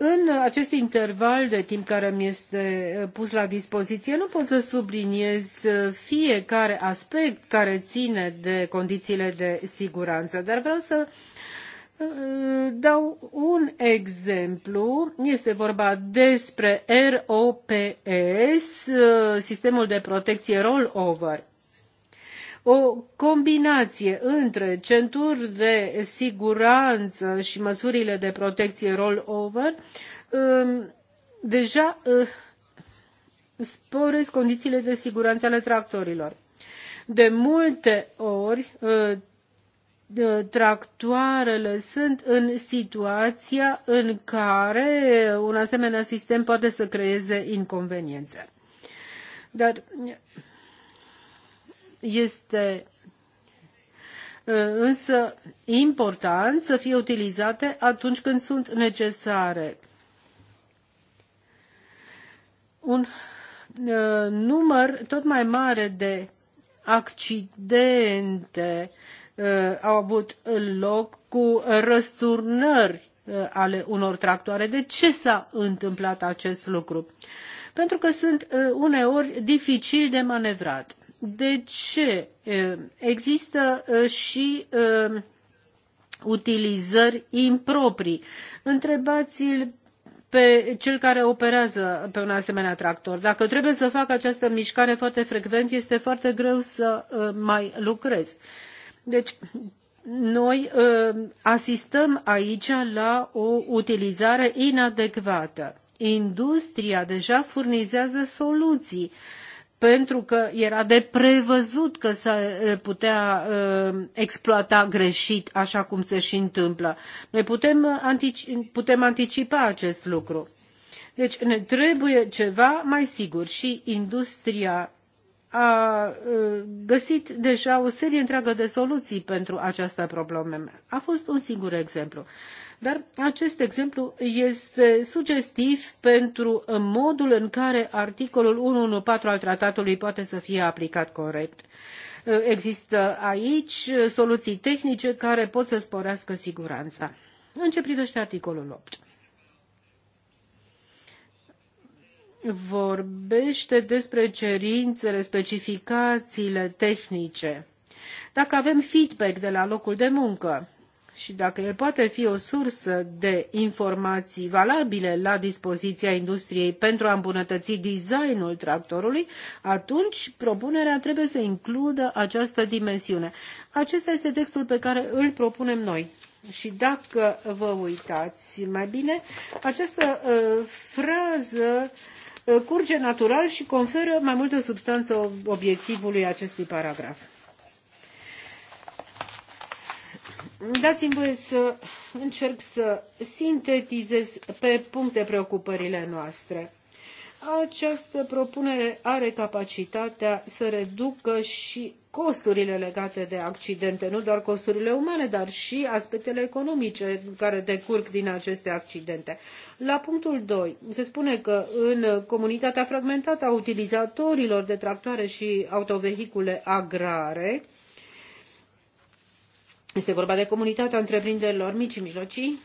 În acest interval de timp care mi este uh, pus la dispoziție, nu pot să subliniez fiecare aspect care ține de condițiile de siguranță, dar vreau să uh, dau un exemplu. Este vorba despre ROPS, sistemul de protecție rollover. O combinație între centuri de siguranță și măsurile de protecție rollover um, deja uh, sporesc condițiile de siguranță ale tractorilor. De multe ori, uh, tractoarele sunt în situația în care un asemenea sistem poate să creeze inconveniențe. Dar este uh, însă important să fie utilizate atunci când sunt necesare. Un uh, număr tot mai mare de accidente uh, Uh, au avut loc cu răsturnări uh, ale unor tractoare. De ce s-a întâmplat acest lucru? Pentru că sunt uh, uneori dificil de manevrat. De ce? Există și utilizări improprii. Întrebați-l pe cel care operează pe un asemenea tractor. Dacă trebuie să fac această mișcare foarte frecvent, este foarte greu să mai lucrez. Deci, noi ă, asistăm aici la o utilizare inadecvată. Industria deja furnizează soluții pentru că era de prevăzut că se ă, putea uh, exploata greșit, așa cum se și întâmplă. Noi putem, antici- putem anticipa acest lucru. Deci ne trebuie ceva mai sigur și industria a găsit deja o serie întreagă de soluții pentru această problemă. A fost un singur exemplu. Dar acest exemplu este sugestiv pentru modul în care articolul 114 al tratatului poate să fie aplicat corect. Există aici soluții tehnice care pot să sporească siguranța. În ce privește articolul 8 vorbește despre cerințele, specificațiile tehnice. Dacă avem feedback de la locul de muncă și dacă el poate fi o sursă de informații valabile la dispoziția industriei pentru a îmbunătăți designul tractorului, atunci propunerea trebuie să includă această dimensiune. Acesta este textul pe care îl propunem noi. Și dacă vă uitați mai bine, această uh, frază uh, Uh, curge natural și conferă mai multă substanță obiectivului acestui paragraf. Dați-mi voie să încerc să sintetizez pe puncte preocupările noastre. Această propunere are capacitatea să reducă și costurile legate de accidente, nu doar costurile umane, dar și aspectele economice care decurg din aceste accidente. La punctul 2 se spune că în comunitatea fragmentată a utilizatorilor de tractoare și autovehicule agrare, este vorba de comunitatea întreprinderilor mici și mijlocii,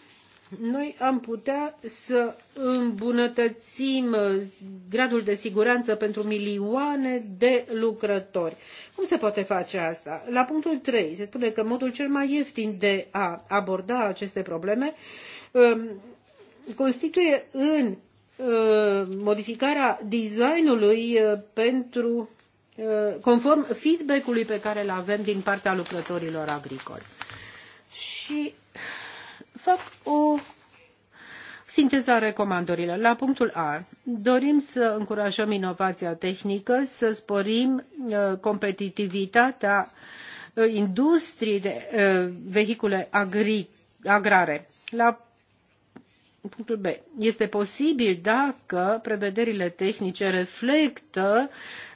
noi am putea să îmbunătățim uh, gradul de siguranță pentru milioane de lucrători. Cum se poate face asta? La punctul 3 se spune că modul cel mai ieftin de a aborda aceste probleme um, constituie în uh, modificarea designului uh, pentru conform feedback-ului pe care îl avem din partea lucrătorilor agricoli. Și Fac o sinteza recomandărilor. La punctul A, dorim să încurajăm inovația tehnică, să sporim uh, competitivitatea uh, industriei de uh, vehicule agri, agrare. La punctul B, este posibil dacă prevederile tehnice reflectă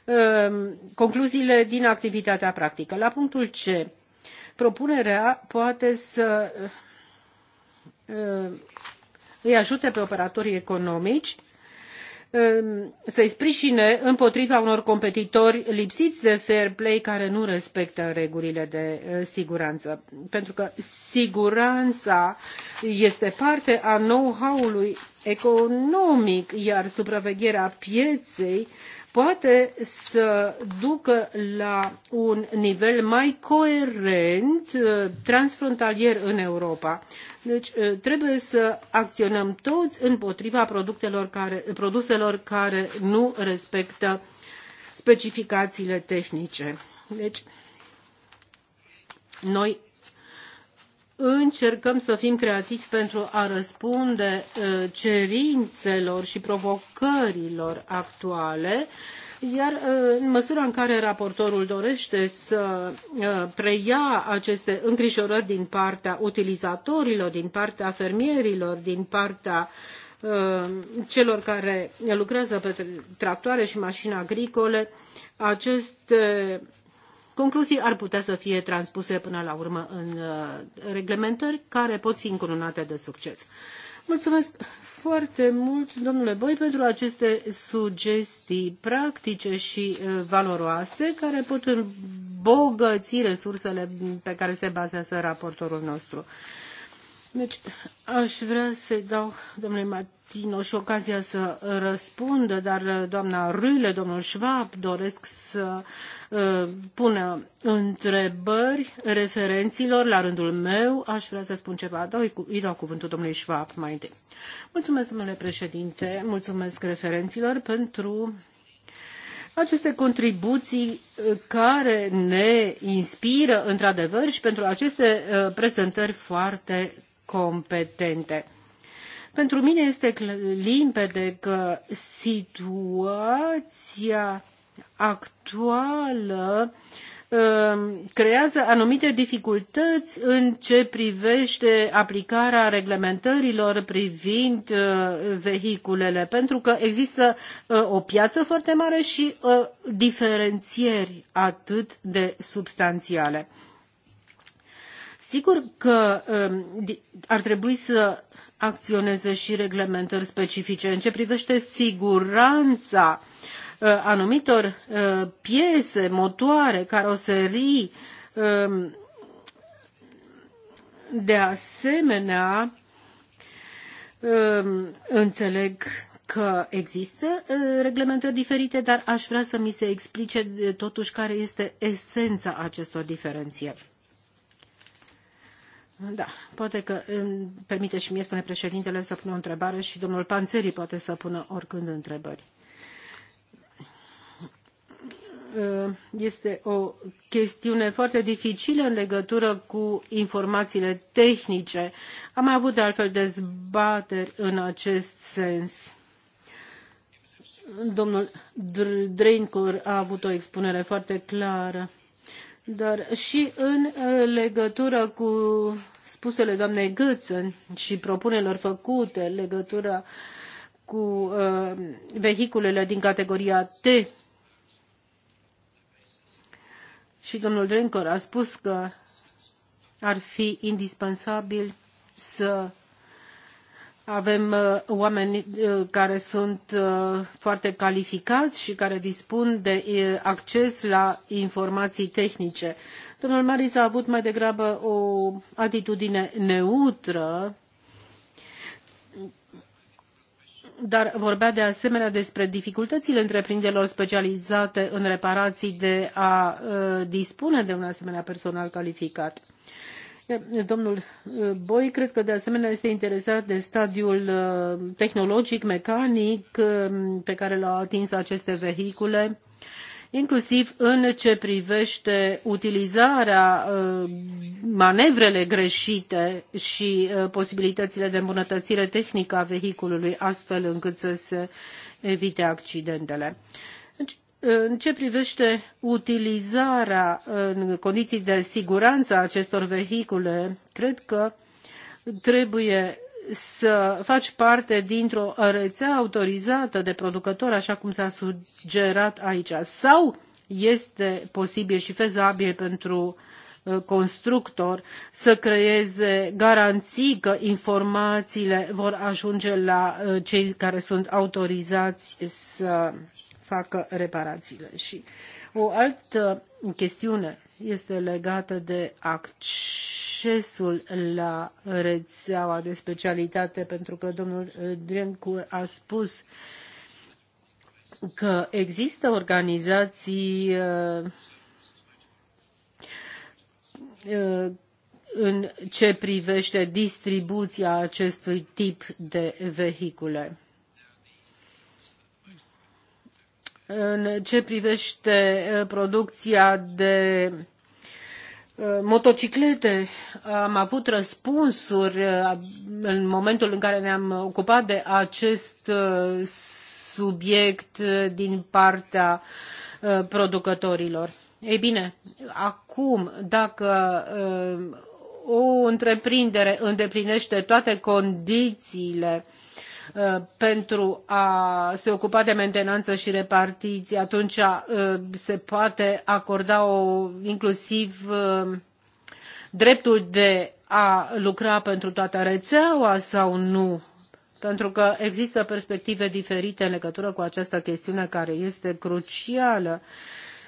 um, concluziile din activitatea practică. La punctul C, propunerea poate să Uh, îi ajute pe operatorii economici uh, să îi sprijine împotriva unor competitori lipsiți de fair play care nu respectă regulile de uh, siguranță. Pentru că siguranța este parte a know-how-ului economic, iar supravegherea pieței poate să ducă la un nivel mai coerent uh, transfrontalier în Europa. Deci uh, trebuie să acționăm toți împotriva produselor care, produselor care nu respectă specificațiile tehnice. Deci, noi încercăm să fim creativi pentru a răspunde uh, cerințelor și provocărilor actuale, iar uh, în măsura în care raportorul dorește să uh, preia aceste îngrijorări din partea utilizatorilor, din partea fermierilor, din partea celor care lucrează pe tractoare și mașini agricole, aceste concluzii ar putea să fie transpuse până la urmă în uh, reglementări care pot fi încununate de succes. Mulțumesc foarte mult, domnule Boi, pentru aceste sugestii practice și uh, valoroase care pot îmbogăți resursele pe care se bazează raportorul nostru. Deci, aș vrea să-i dau domnului Martino și ocazia să răspundă, dar uh, doamna Rüle, domnul Schwab doresc să uh, pună întrebări referenților. La rândul meu aș vrea să spun ceva. Dau, îi dau cuvântul domnului Schwab mai întâi. Mulțumesc, domnule președinte, mulțumesc referenților pentru aceste contribuții uh, care ne inspiră într-adevăr și pentru aceste prezentări foarte competente. Pentru mine este limpede că situația actuală um, creează anumite dificultăți în ce privește aplicarea reglementărilor privind uh, vehiculele, pentru că există uh, o piață foarte mare și uh, diferențieri atât de substanțiale. Sigur că um, ar trebui să acționeze și reglementări specifice în ce privește siguranța uh, anumitor uh, piese, motoare, caroserii. Um, de asemenea, um, înțeleg că există uh, reglementări diferite, dar aș vrea să mi se explice totuși care este esența acestor diferențieri. Da, poate că îmi permite și mie, spune președintele, să pun o întrebare și domnul Panțeri poate să pună oricând întrebări. Ă, este o chestiune foarte dificilă în legătură cu informațiile tehnice. Am mai avut de altfel dezbateri în acest sens. Domnul Dreincur a avut o expunere foarte clară dar și în uh, legătură cu spusele doamnei Gâțăn și propunerilor făcute în legătură cu uh, vehiculele din categoria T, și domnul Drencor a spus că ar fi indispensabil să avem uh, oameni uh, care sunt uh, foarte calificați și care dispun de acces la informații tehnice. Domnul Maris a avut mai degrabă o atitudine neutră dar vorbea de asemenea despre dificultățile întreprinderilor specializate în reparații de a dispune de un asemenea personal calificat. Domnul Boi cred că de asemenea este interesat de stadiul tehnologic, mecanic pe care l-au atins aceste vehicule, inclusiv în ce privește utilizarea manevrele greșite și posibilitățile de îmbunătățire tehnică a vehiculului, astfel încât să se evite accidentele. În ce privește utilizarea în condiții de siguranță a acestor vehicule, cred că trebuie să faci parte dintr-o rețea autorizată de producători, așa cum s-a sugerat aici, sau este posibil și fezabil pentru uh, constructor să creeze garanții că informațiile vor ajunge la uh, cei care sunt autorizați să facă reparațiile. Și o altă chestiune este legată de accesul la rețeaua de specialitate, pentru că domnul Drencu a spus că există organizații uh, uh, în ce privește distribuția acestui tip de vehicule. în ce privește uh, producția de uh, motociclete, am avut răspunsuri uh, în momentul în care ne-am ocupat de acest subiect din partea producătorilor. Ei bine, acum, dacă o întreprindere îndeplinește toate condițiile Uh, pentru a se ocupa de mentenanță și repartiții, atunci uh, se poate acorda o, inclusiv uh, dreptul de a lucra pentru toată rețeaua sau nu? Pentru că există perspective diferite în legătură cu această chestiune care este crucială.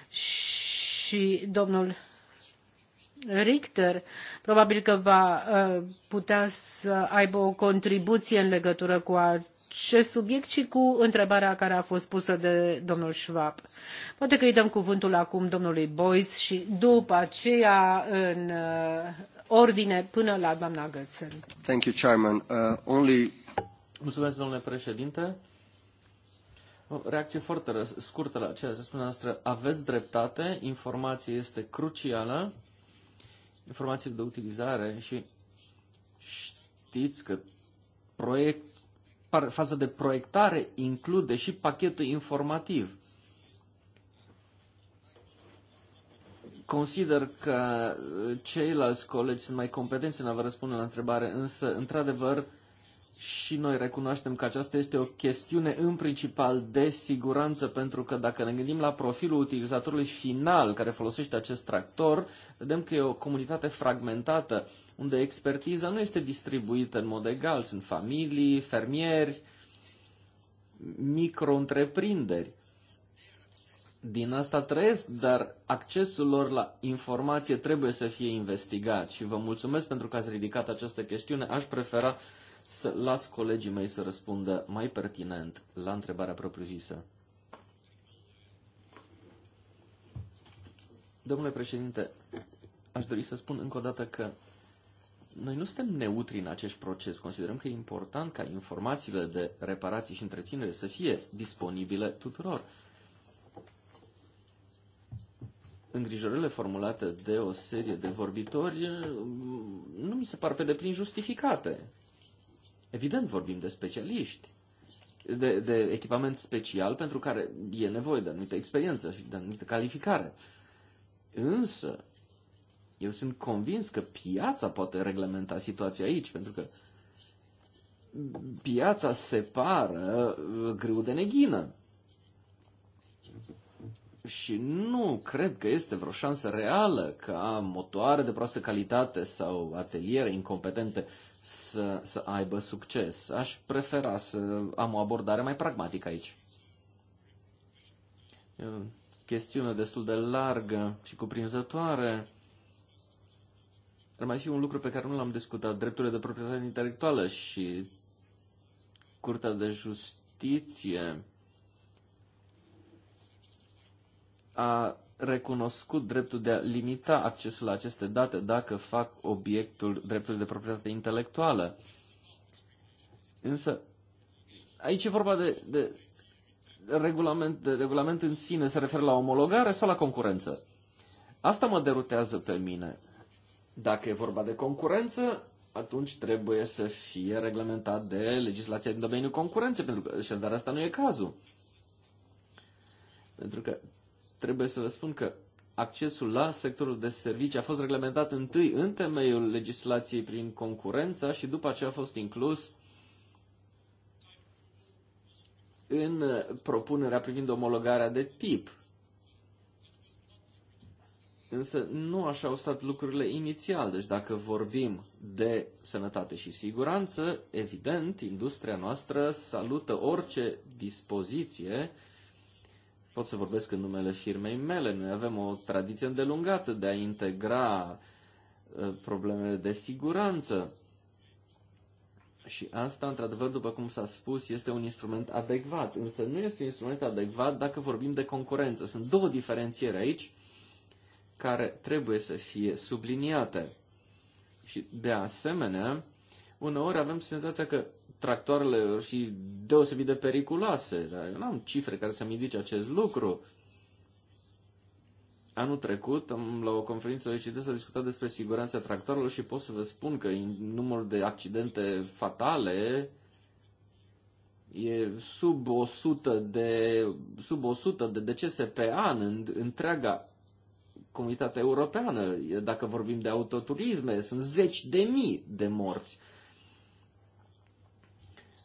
Și domnul Richter probabil că va uh, putea să aibă o contribuție în legătură cu acest subiect i cu întrebarea care a fost pusă de domnul Schwab. Poate că îi dăm cuvântul acum domnului Boyce și după aceea în uh, ordine până la doamna Gățel. Thank you, Chairman. Uh, only... Mulțumesc, domnule președinte. O reacție foarte scurtă la ceea ce spunea noastră. Aveți dreptate, informația este crucială informațiile de utilizare și știți că proiect, faza de proiectare include și pachetul informativ. Consider că uh, ceilalți colegi sunt mai competenți în a vă răspunde la întrebare, însă, într-adevăr, și noi recunoaștem că aceasta este o chestiune în principal de siguranță, pentru că dacă ne gândim la profilul utilizatorului final care folosește acest tractor, vedem că e o comunitate fragmentată, unde expertiza nu este distribuită în mod egal. Sunt familii, fermieri, micro-întreprinderi. Din asta trăiesc, dar accesul lor la informație trebuie să fie investigat și vă mulțumesc pentru că ați ridicat această chestiune. Aș prefera uh, să las colegii mei să răspundă mai pertinent la întrebarea propriu-zisă. Domnule președinte, aș dori să spun încă o dată că noi nu suntem neutri în acest proces. Considerăm că e important ca informațiile de reparații și întreținere să fie disponibile tuturor. Îngrijorările formulate de o serie de vorbitori mm, nu mi se par pe deplin justificate. Evident vorbim de specialiști, de, de echipament special pentru care e nevoie de anumită experiență și de anumită calificare. Însă, eu sunt convins că piața poate reglementa situația aici, pentru că piața separă uh, grâu de neghină. Și nu cred că este vreo șansă reală ca motoare de proastă calitate sau ateliere incompetente să, să aibă succes. Aș prefera să am o abordare mai pragmatică aici. E o chestiune destul de largă și cuprinzătoare. Ar mai fi un lucru pe care nu l-am discutat, drepturile de proprietate intelectuală și Curtea de Justiție a recunoscut dreptul de a limita accesul la aceste date dacă fac obiectul dreptului de proprietate intelectuală. Însă, aici e vorba de, de, regulament, de regulament în sine, se referă la omologare sau la concurență? Asta mă derutează pe mine. Dacă e vorba de concurență, atunci trebuie să fie reglementat de legislația din domeniul concurenței, pentru că și dar asta nu e cazul. Pentru că trebuie să vă spun că accesul la sectorul de servicii a fost reglementat întâi în temeiul legislației prin concurența și după aceea a fost inclus în uh, propunerea privind omologarea de tip. Însă nu așa au stat lucrurile inițial. Deci dacă vorbim de sănătate și siguranță, evident, industria noastră salută orice dispoziție pot să vorbesc în numele firmei mele. Noi avem o tradiție îndelungată de a integra ă, problemele de siguranță. Și asta, într-adevăr, după cum s-a spus, este un instrument adecvat. Însă nu este un instrument adecvat dacă vorbim de concurență. Sunt două diferențiere aici care trebuie să fie subliniate. Și, de asemenea, uneori avem senzația că tractoarele și fi deosebit de periculoase, dar eu n-am cifre care să-mi indice acest lucru. Anul trecut, am, la o conferință OECD, s-a discutat despre siguranța tractoarelor și pot să vă spun că numărul de accidente fatale e sub 100 de, sub 100 de decese pe an în întreaga comunitate europeană. Dacă vorbim de autoturisme, sunt zeci de mii de morți.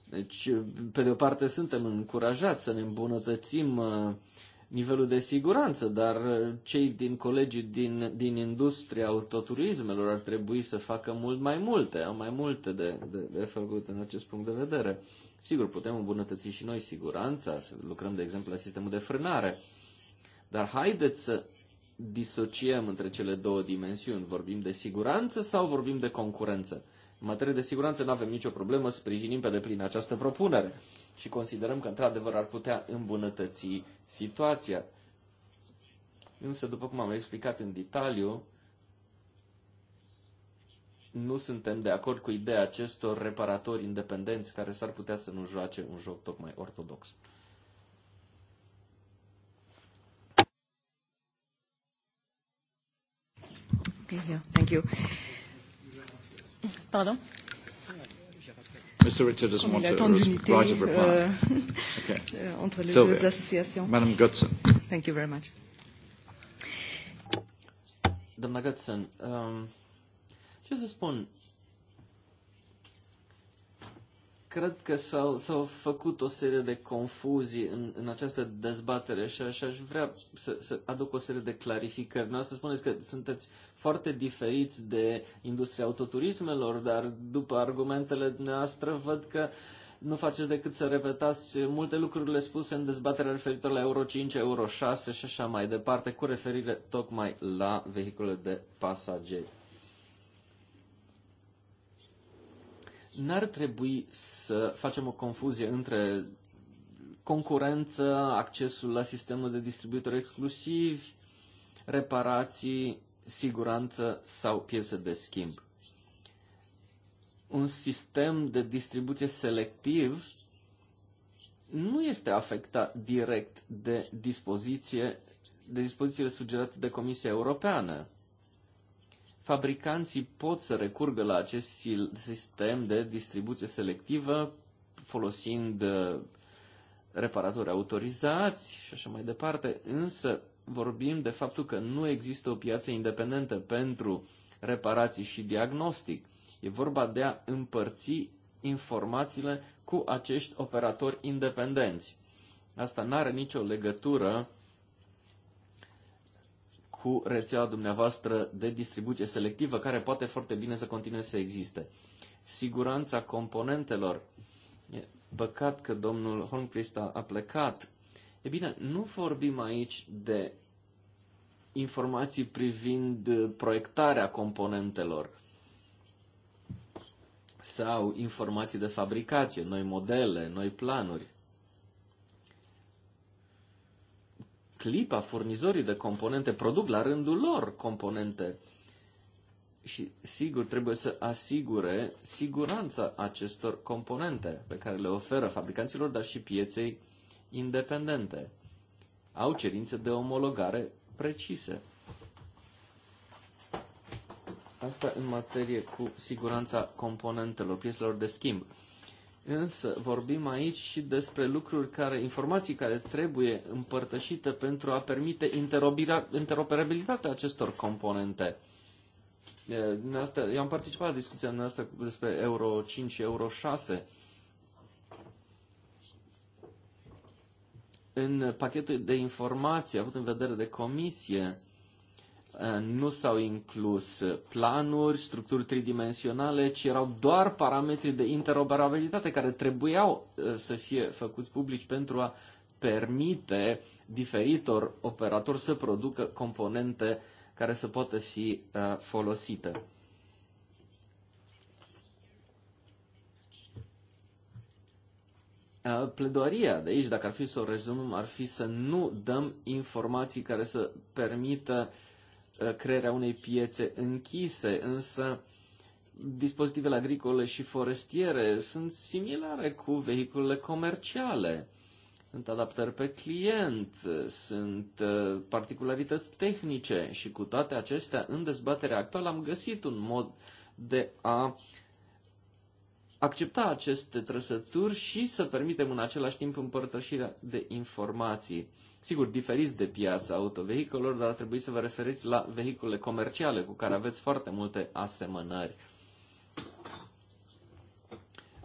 Deci, pe de o parte, suntem încurajați să ne îmbunătățim uh, nivelul de siguranță, dar uh, cei din colegii din, din industria autoturismelor ar trebui să facă mult mai multe, au mai multe de, de, de făcut în acest punct de vedere. Sigur, putem îmbunătăți și noi siguranța, să lucrăm, de exemplu, la sistemul de frânare, dar haideți să disociem între cele două dimensiuni. Vorbim de siguranță sau vorbim de concurență? În materie de siguranță nu avem nicio problemă, sprijinim pe deplin această propunere și considerăm că într-adevăr ar putea îmbunătăți situația. Însă, după cum am explicat în detaliu, nu suntem de acord cu ideea acestor reparatori independenți care s-ar putea să nu joace un joc tocmai ortodox. Okay, yeah, thank you. Pardon Mr. Richard doesn't want to write a reply. Uh, okay. Euh, entre les Sylvia. deux associations. Madam Goodson. Thank you very much. Doamna Goodson, um, ce să spun? cred că s-au, s-au făcut o serie de confuzii în, în această dezbatere și aș, aș vrea să, să aduc o serie de clarificări. Noi să spuneți că sunteți foarte diferiți de industria autoturismelor, dar după argumentele noastre văd că nu faceți decât să repetați multe lucrurile spuse în dezbaterea referitor la Euro 5, Euro 6 și așa mai departe, cu referire tocmai la vehicule de pasageri. N-ar trebui să facem o confuzie între concurență, accesul la sistemul de distribuitori exclusivi, reparații, siguranță sau piese de schimb. Un sistem de distribuție selectiv nu este afectat direct de dispoziție de dispozițiile sugerate de Comisia Europeană fabricanții pot să recurgă la acest sistem de distribuție selectivă folosind uh, reparatori autorizați și așa mai departe, însă vorbim de faptul că nu există o piață independentă pentru reparații și diagnostic. E vorba de a împărți informațiile cu acești operatori independenți. Asta nu are nicio legătură cu rețeaua dumneavoastră de distribuție selectivă, care poate foarte bine să continue să existe. Siguranța componentelor. E păcat că domnul Holmquist a, a plecat. E bine, nu vorbim aici de informații privind uh, proiectarea componentelor sau informații de fabricație, noi modele, noi planuri. clipa furnizorii de componente produc la rândul lor componente și sigur trebuie să asigure siguranța acestor componente pe care le oferă fabricanților, dar și pieței independente. Au cerințe de omologare precise. Asta în materie cu siguranța componentelor, pieselor de schimb. Însă vorbim aici și despre lucruri care, informații care trebuie împărtășite pentru a permite interoperabilitatea acestor componente. Eu am participat la discuția noastră despre Euro 5 și Euro 6. În pachetul de informații avut în vedere de comisie, Eh, nu s-au inclus planuri, structuri tridimensionale, ci erau doar parametri de interoperabilitate care trebuiau eh, să fie făcuți publici pentru a permite diferitor operatori să producă componente care să poată fi eh, folosite. pledoaria de aici, dacă ar fi să o rezumăm, ar fi să nu dăm informații care să permită Uh, crearea unei piețe închise, însă dispozitivele agricole și forestiere sunt similare cu vehiculele comerciale. Sunt adaptări pe client, sunt uh, particularități tehnice și cu toate acestea, în dezbaterea actuală am găsit un mod de a accepta aceste trăsături și să permitem în același timp împărtășirea de informații. Sigur, diferiți de piața autovehicolor, dar ar trebui să vă referiți la vehicule comerciale cu care aveți foarte multe asemănări.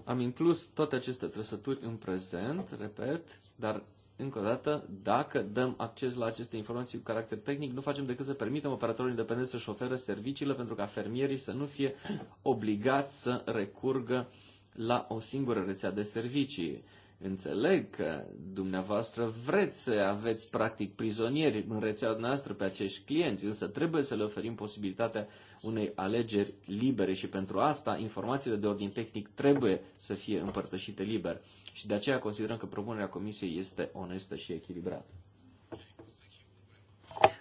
Am inclus toate aceste trăsături în prezent, repet, dar încă o dată, dacă dăm acces la aceste informații cu caracter tehnic, nu facem decât să permitem operatorului independent să-și ofere serviciile pentru ca fermierii să nu fie obligați să recurgă la o singură rețea de servicii. Înțeleg că dumneavoastră vreți să aveți practic prizonieri în rețeaua noastră pe acești clienți, însă trebuie să le oferim posibilitatea unei alegeri libere și pentru asta informațiile de ordin tehnic trebuie să fie împărtășite liber și de aceea considerăm că propunerea Comisiei este onestă și echilibrată.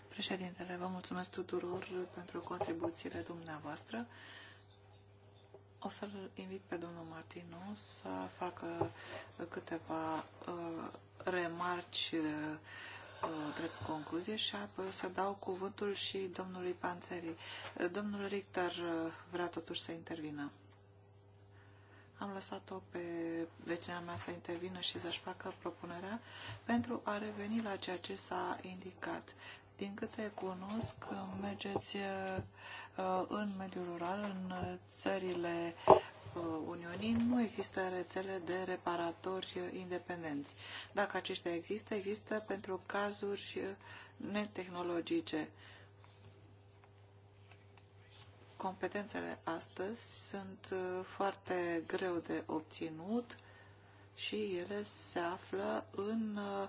Președintele, vă mulțumesc tuturor pentru contribuțiile dumneavoastră. O să-l invit pe domnul Martinu să facă câteva uh, remarci uh, uh drept concluzie și apoi o să dau cuvântul și domnului Panțeri. Domnul Richter uh, vrea totuși să intervină. Am lăsat-o pe vecina mea să intervină și să-și facă propunerea pentru a reveni la ceea ce s-a indicat. Din câte cunosc, mergeți uh, în mediul rural, în țările uh, Uniunii nu există rețele de reparatori independenți. Dacă aceștia există, există pentru cazuri uh, netehnologice competențele astăzi sunt uh, foarte greu de obținut și ele se află în uh,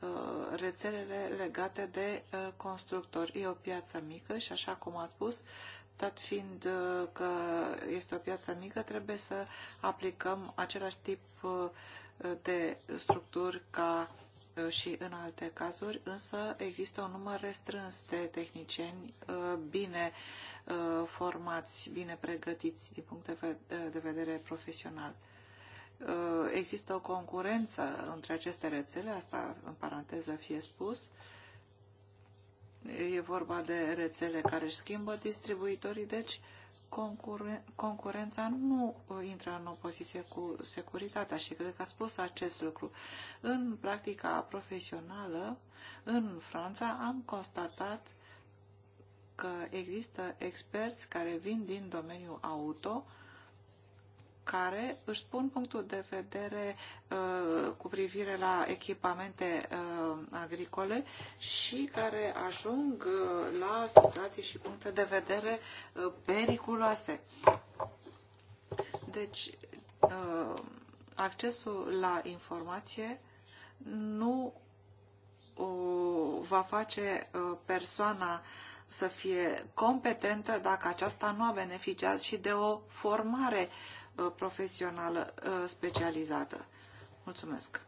uh, rețelele legate de constructori. E o piață mică și, așa cum am spus, dat fiind că este o piață mică, trebuie să aplicăm același tip de structuri ca uh, și în alte cazuri, însă există un număr restrâns de tehnicieni uh, bine uh, formați, bine pregătiți din punct de vedere profesional. Există o concurență între aceste rețele, asta în paranteză fie spus, E vorba de rețele care își schimbă distribuitorii, deci concuren- concurența nu intră în opoziție cu securitatea și cred că a spus acest lucru. În practica profesională, în Franța, am constatat că există experți care vin din domeniul auto care își spun punctul de vedere uh, cu privire la echipamente uh, agricole și care ajung uh, la situații și puncte de vedere uh, periculoase. Deci, uh, accesul la informație nu uh, va face persoana să fie competentă dacă aceasta nu a beneficiat și de o formare uh, Uh, profesională uh, specializată. Mulțumesc!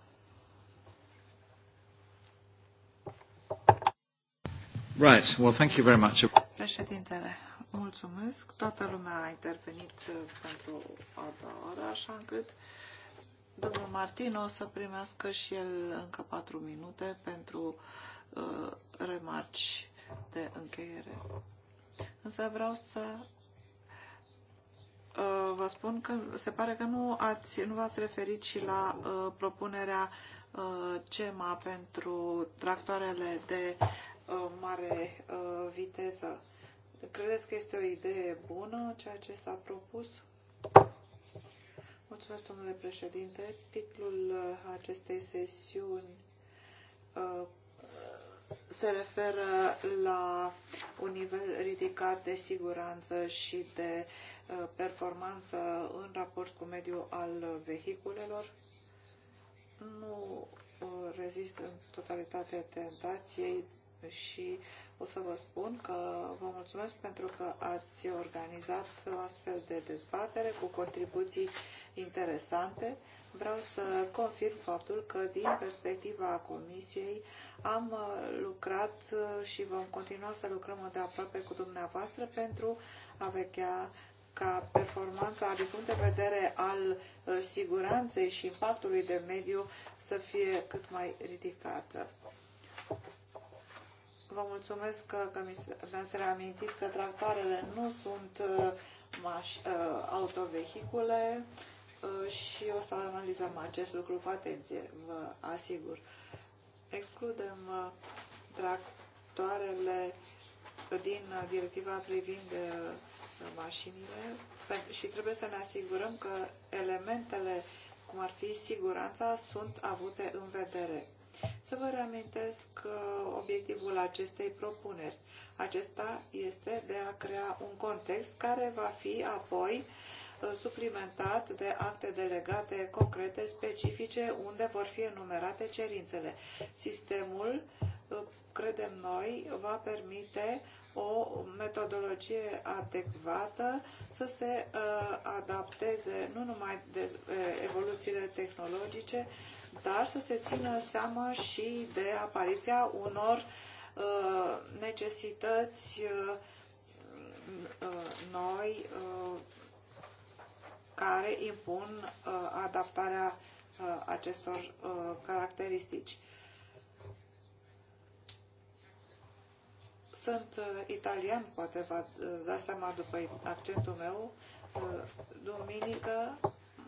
Right. Well, thank you very much. Președintele, mulțumesc. Toată lumea a intervenit uh, pentru a doua oră, așa încât domnul Martin o să primească și el încă patru minute pentru uh, remarci de încheiere. Însă vreau să Uh, vă spun că se pare că nu, ați, nu v-ați referit și la uh, propunerea uh, CEMA pentru tractoarele de uh, mare uh, viteză. Credeți că este o idee bună ceea ce s-a propus? Mulțumesc, domnule președinte. Titlul uh, acestei sesiuni uh, se referă la un nivel ridicat de siguranță și de uh, performanță în raport cu mediul al vehiculelor. Nu uh, rezist în totalitate tentației și o să vă spun că vă mulțumesc pentru că ați organizat o astfel de dezbatere cu contribuții interesante vreau să confirm faptul că din perspectiva Comisiei am uh, lucrat uh, și vom continua să lucrăm de aproape cu dumneavoastră pentru a vechea ca performanța din punct de vedere al uh, siguranței și impactului de mediu să fie cât mai ridicată. Vă mulțumesc că, că mi-ați reamintit că tractoarele nu sunt maș, autovehicule. Uh, și o să analizăm acest lucru cu atenție, vă asigur. Excludem uh, tractoarele din uh, directiva privind mașinile și trebuie să ne asigurăm că elementele, cum ar fi siguranța, sunt avute în vedere. Să vă reamintesc obiectivul acestei propuneri. Acesta este de a crea un context care va fi apoi uh, suplimentat de acte delegate concrete, specifice, unde vor fi enumerate cerințele. Sistemul, uh, credem noi, va permite o metodologie adecvată să se uh, adapteze nu numai de uh, evoluțiile tehnologice, dar să se țină seama și de apariția unor necesități noi care impun uh, adaptarea uh, acestor uh, caracteristici. Sunt italian, poate v-ați dat seama după accentul meu. Duminică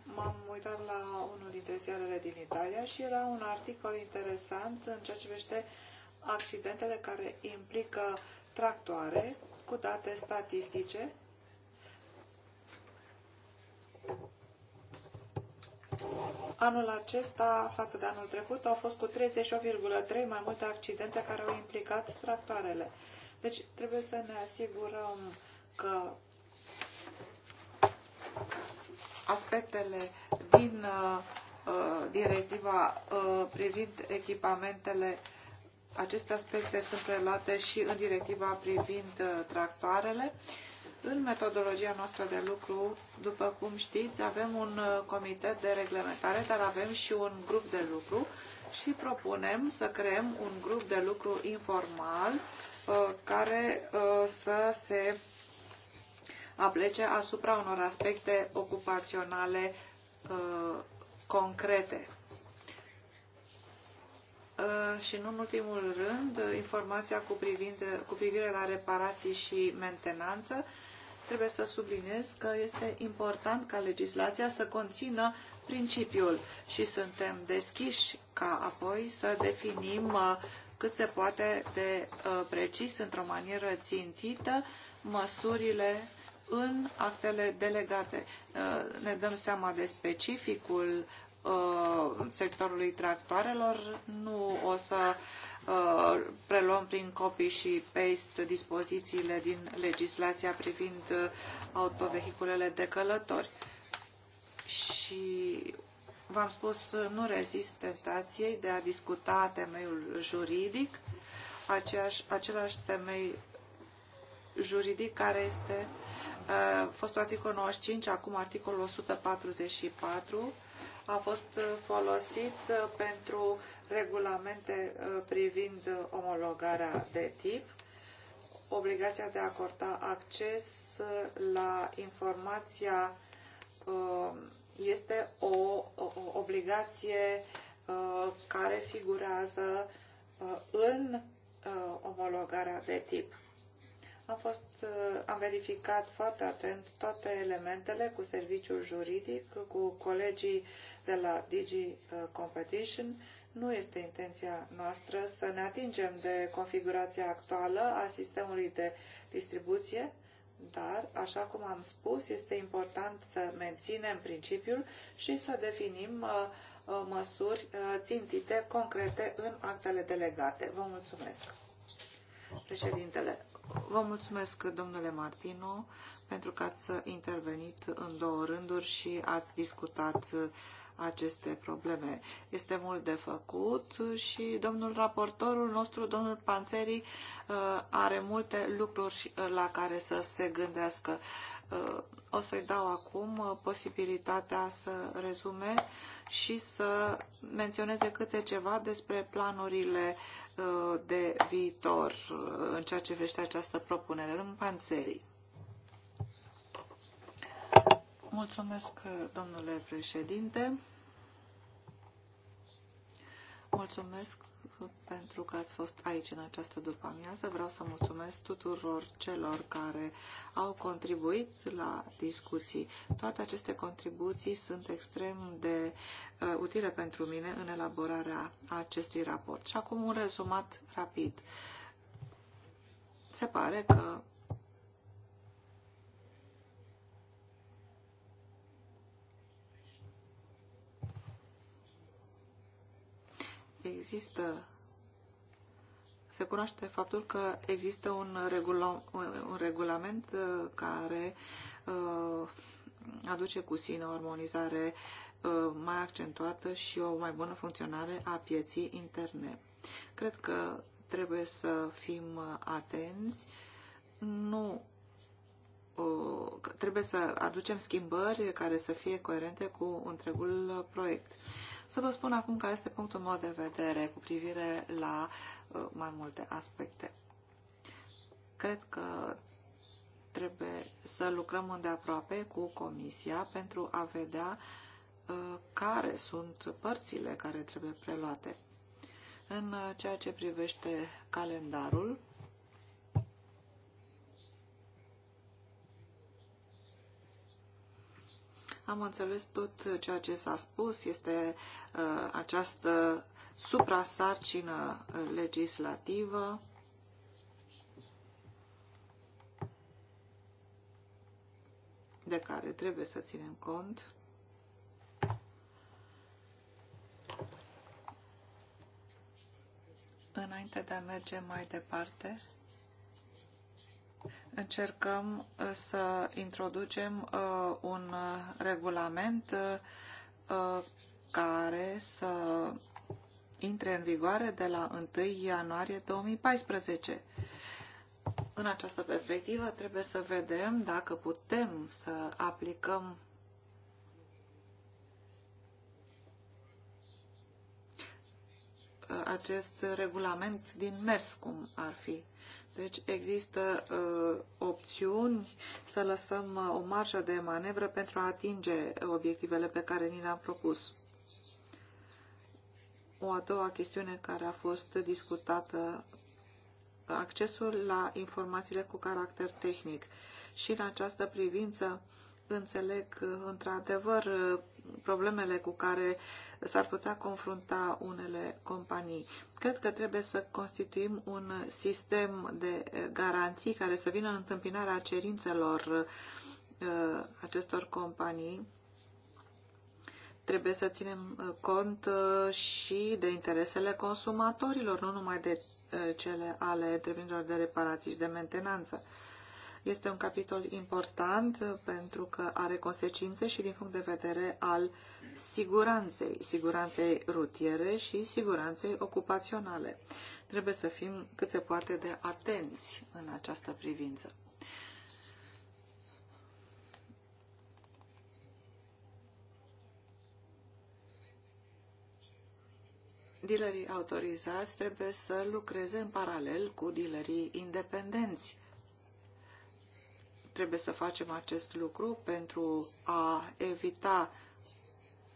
m-am uitat la unul dintre ziarele din Italia și era un articol interesant în ceea ce privește accidentele care implică tractoare cu date statistice Anul acesta, față de anul trecut, au fost cu 38,3 mai multe accidente care au implicat tractoarele. Deci trebuie să ne asigurăm că aspectele din uh, directiva uh, privind echipamentele, aceste aspecte sunt preluate și în directiva privind uh, tractoarele. Uh, în metodologia noastră de lucru, după cum știți, avem un uh, comitet de reglementare, dar avem și un grup de lucru și propunem să creăm un grup de lucru informal uh, care uh, să se aplece asupra unor aspecte ocupaționale concrete. Și nu în ultimul rând, informația cu, privind, cu privire la reparații și mentenanță, trebuie să subliniez că este important ca legislația să conțină principiul și suntem deschiși ca apoi să definim uh, cât se poate de uh, precis, într-o manieră țintită, măsurile în actele delegate. Uh, ne dăm seama de specificul sectorului tractoarelor, nu o să Uh, preluăm prin copy și paste dispozițiile din legislația privind uh, autovehiculele de călători. Și v-am spus, uh, nu rezist tentației de a discuta temeiul juridic, aceeași, același temei juridic care este uh, fost articolul 95, acum articolul 144, a fost uh, folosit uh, pentru regulamente uh, privind omologarea de tip, obligația de a acorda acces la informația este o obligație care figurează în omologarea de tip. Am, fost, am verificat foarte atent toate elementele cu serviciul juridic, cu colegii de la Digi uh, Competition, nu este intenția noastră să ne atingem de configurația actuală a sistemului de distribuție, dar, așa cum am spus, este important să menținem principiul și să definim uh, uh, măsuri țintite, concrete în actele delegate. Vă mulțumesc. Președintele, vă mulțumesc, domnule Martino pentru că ați intervenit în două rânduri și ați discutat aceste probleme. Este mult de făcut și domnul raportorul nostru, domnul Panțeri, uh, are multe lucruri uh, la care să se gândească. Uh, o să-i dau acum posibilitatea să rezume și să menționeze câte ceva despre planurile de viitor în ceea ce vește această propunere. Domnul Panțeri. Mulțumesc, domnule președinte. Mulțumesc pentru că ați fost aici în această după-amiază. Vreau să mulțumesc tuturor celor care au contribuit la discuții. Toate aceste contribuții sunt extrem de uh, utile pentru mine în elaborarea acestui raport. Și acum un rezumat rapid. Se pare că există se cunoaște faptul că există un, regula, un regulament uh, care uh, aduce cu sine o armonizare uh, mai accentuată și o mai bună funcționare a pieții interne. Cred că trebuie să fim atenți, nu trebuie să aducem schimbări care să fie coerente cu întregul proiect. Să vă spun acum care este punctul meu de vedere cu privire la uh, mai multe aspecte. Cred că trebuie să lucrăm îndeaproape cu Comisia pentru a vedea uh, care sunt părțile care trebuie preluate. În uh, ceea ce privește calendarul, Am înțeles tot ceea ce s-a spus. Este uh, această suprasarcină legislativă. de care trebuie să ținem cont. Înainte de a merge mai departe, Încercăm uh, să introducem uh, un uh, regulament care să intre în vigoare de la 1 ianuarie 2014. În această perspectivă trebuie să vedem dacă putem să aplicăm acest regulament din mers, cum ar fi. Deci există uh, opțiuni să lăsăm uh, o marjă de manevră pentru a atinge obiectivele pe care ni le-am propus. O a doua chestiune care a fost discutată, accesul la informațiile cu caracter tehnic. Și în această privință, uh, înțeleg într-adevăr problemele cu care s-ar putea confrunta unele companii. Cred că trebuie să constituim un sistem de garanții care să vină în întâmpinarea cerințelor uh, acestor companii trebuie să ținem uh, cont uh, și de interesele consumatorilor, nu numai de cele ale întreprinderilor de reparații și de mentenanță. Este un capitol important pentru că are consecințe și din punct de vedere al siguranței, siguranței rutiere și siguranței ocupaționale. Trebuie să fim cât se poate de atenți în această privință. Dilerii autorizați trebuie să lucreze în paralel cu dilerii independenți trebuie să facem acest lucru pentru a evita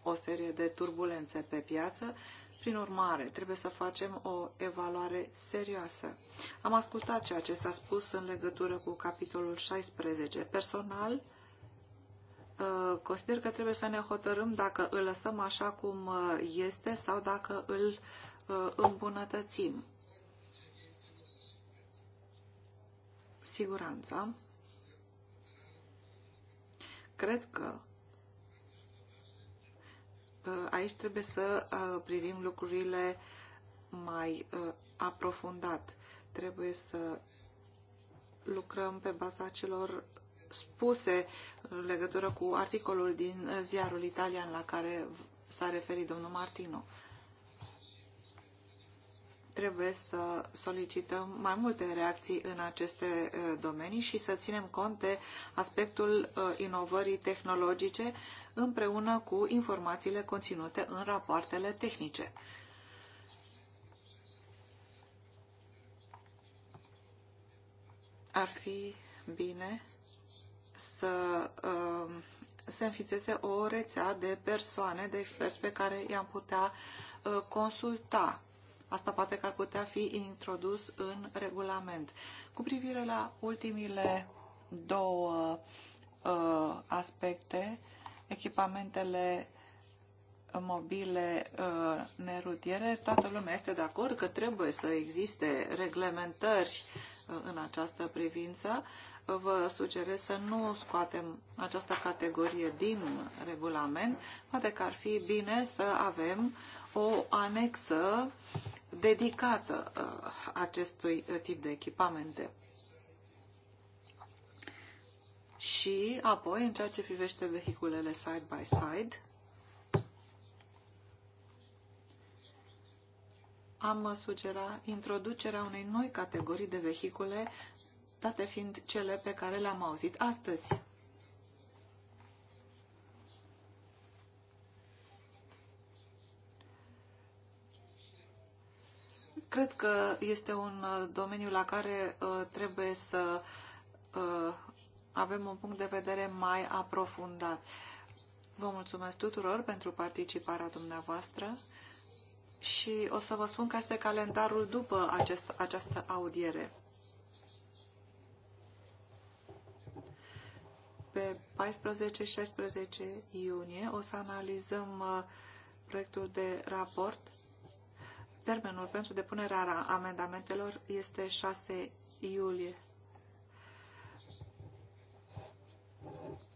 o serie de turbulențe pe piață. Prin urmare, trebuie să facem o evaluare serioasă. Am ascultat ceea ce s-a spus în legătură cu capitolul 16. Personal, uh, consider că trebuie să ne hotărâm dacă îl lăsăm așa cum uh, este sau dacă îl uh, îmbunătățim. Siguranța Cred că uh, aici trebuie să uh, privim lucrurile mai uh, aprofundat. Trebuie să lucrăm pe baza celor spuse în legătură cu articolul din ziarul italian la care s-a referit domnul Martino trebuie să solicităm mai multe reacții în aceste domenii și să ținem cont de aspectul inovării tehnologice împreună cu informațiile conținute în rapoartele tehnice. Ar fi bine să se înființeze o rețea de persoane, de experți pe care i-am putea consulta Asta poate că ar putea fi introdus în regulament. Cu privire la ultimile două uh, aspecte, echipamentele mobile uh, nerutiere, toată lumea este de acord că trebuie să existe reglementări uh, în această privință. Vă sugerez să nu scoatem această categorie din regulament. Poate că ar fi bine să avem o anexă dedicată uh, acestui uh, tip de echipamente. Și apoi, în ceea ce privește vehiculele side-by-side, -side, am sugera introducerea unei noi categorii de vehicule, date fiind cele pe care le-am auzit astăzi. Cred că este un uh, domeniu la care uh, trebuie să uh, avem un punct de vedere mai aprofundat. Vă mulțumesc tuturor pentru participarea dumneavoastră și o să vă spun că este calendarul după acest, această audiere. Pe 14-16 iunie o să analizăm proiectul de raport Termenul pentru depunerea amendamentelor este 6 iulie.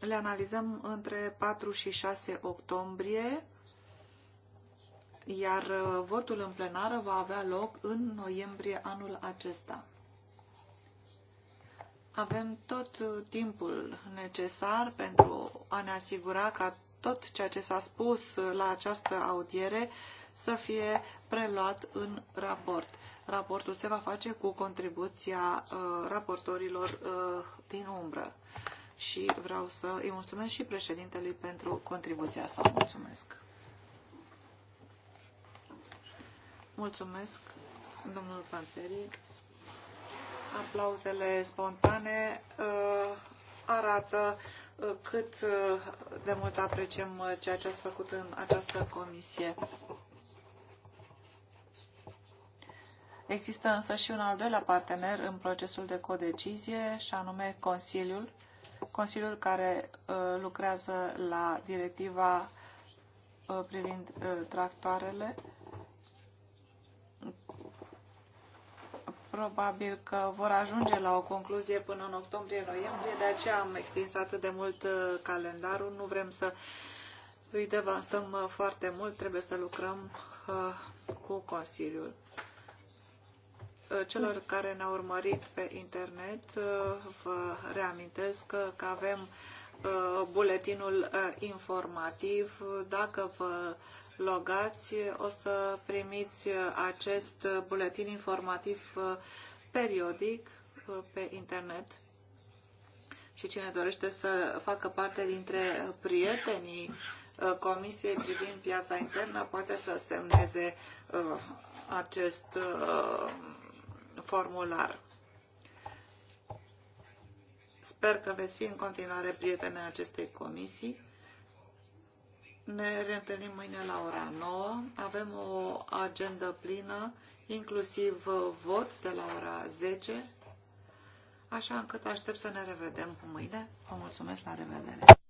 Le analizăm între 4 și 6 octombrie, iar uh, votul în plenară va avea loc în noiembrie anul acesta. Avem tot uh, timpul necesar pentru a ne asigura ca tot ceea ce s-a spus uh, la această audiere să fie preluat în raport. Raportul se va face cu contribuția uh, raportorilor uh, din umbră. Și vreau să îi mulțumesc și președintelui pentru contribuția sa. Mulțumesc! Mulțumesc, domnul Panțeri. Aplauzele spontane uh, arată uh, cât uh, de mult apreciem uh, ceea ce ați făcut în această comisie. Există însă și un al doilea partener în procesul de codecizie, și anume Consiliul, Consiliul care uh, lucrează la directiva uh, privind uh, tractoarele. Probabil că vor ajunge la o concluzie până în octombrie-noiembrie, de aceea am extins atât de mult uh, calendarul. Nu vrem să îi devansăm uh, foarte mult, trebuie să lucrăm uh, cu Consiliul. Eh, celor care ne-au urmărit pe internet, eh, vă reamintesc că, avem eh, buletinul informativ. Dacă vă logați, o să primiți acest buletin informativ periodic pe internet. Și cine dorește să facă parte dintre prietenii Comisiei privind piața internă poate să semneze acest formular. Sper că veți fi în continuare prietene acestei comisii. Ne reîntâlnim mâine la ora 9. Avem o agendă plină, inclusiv vot de la ora 10, așa încât aștept să ne revedem cu mâine. Vă mulțumesc, la revedere!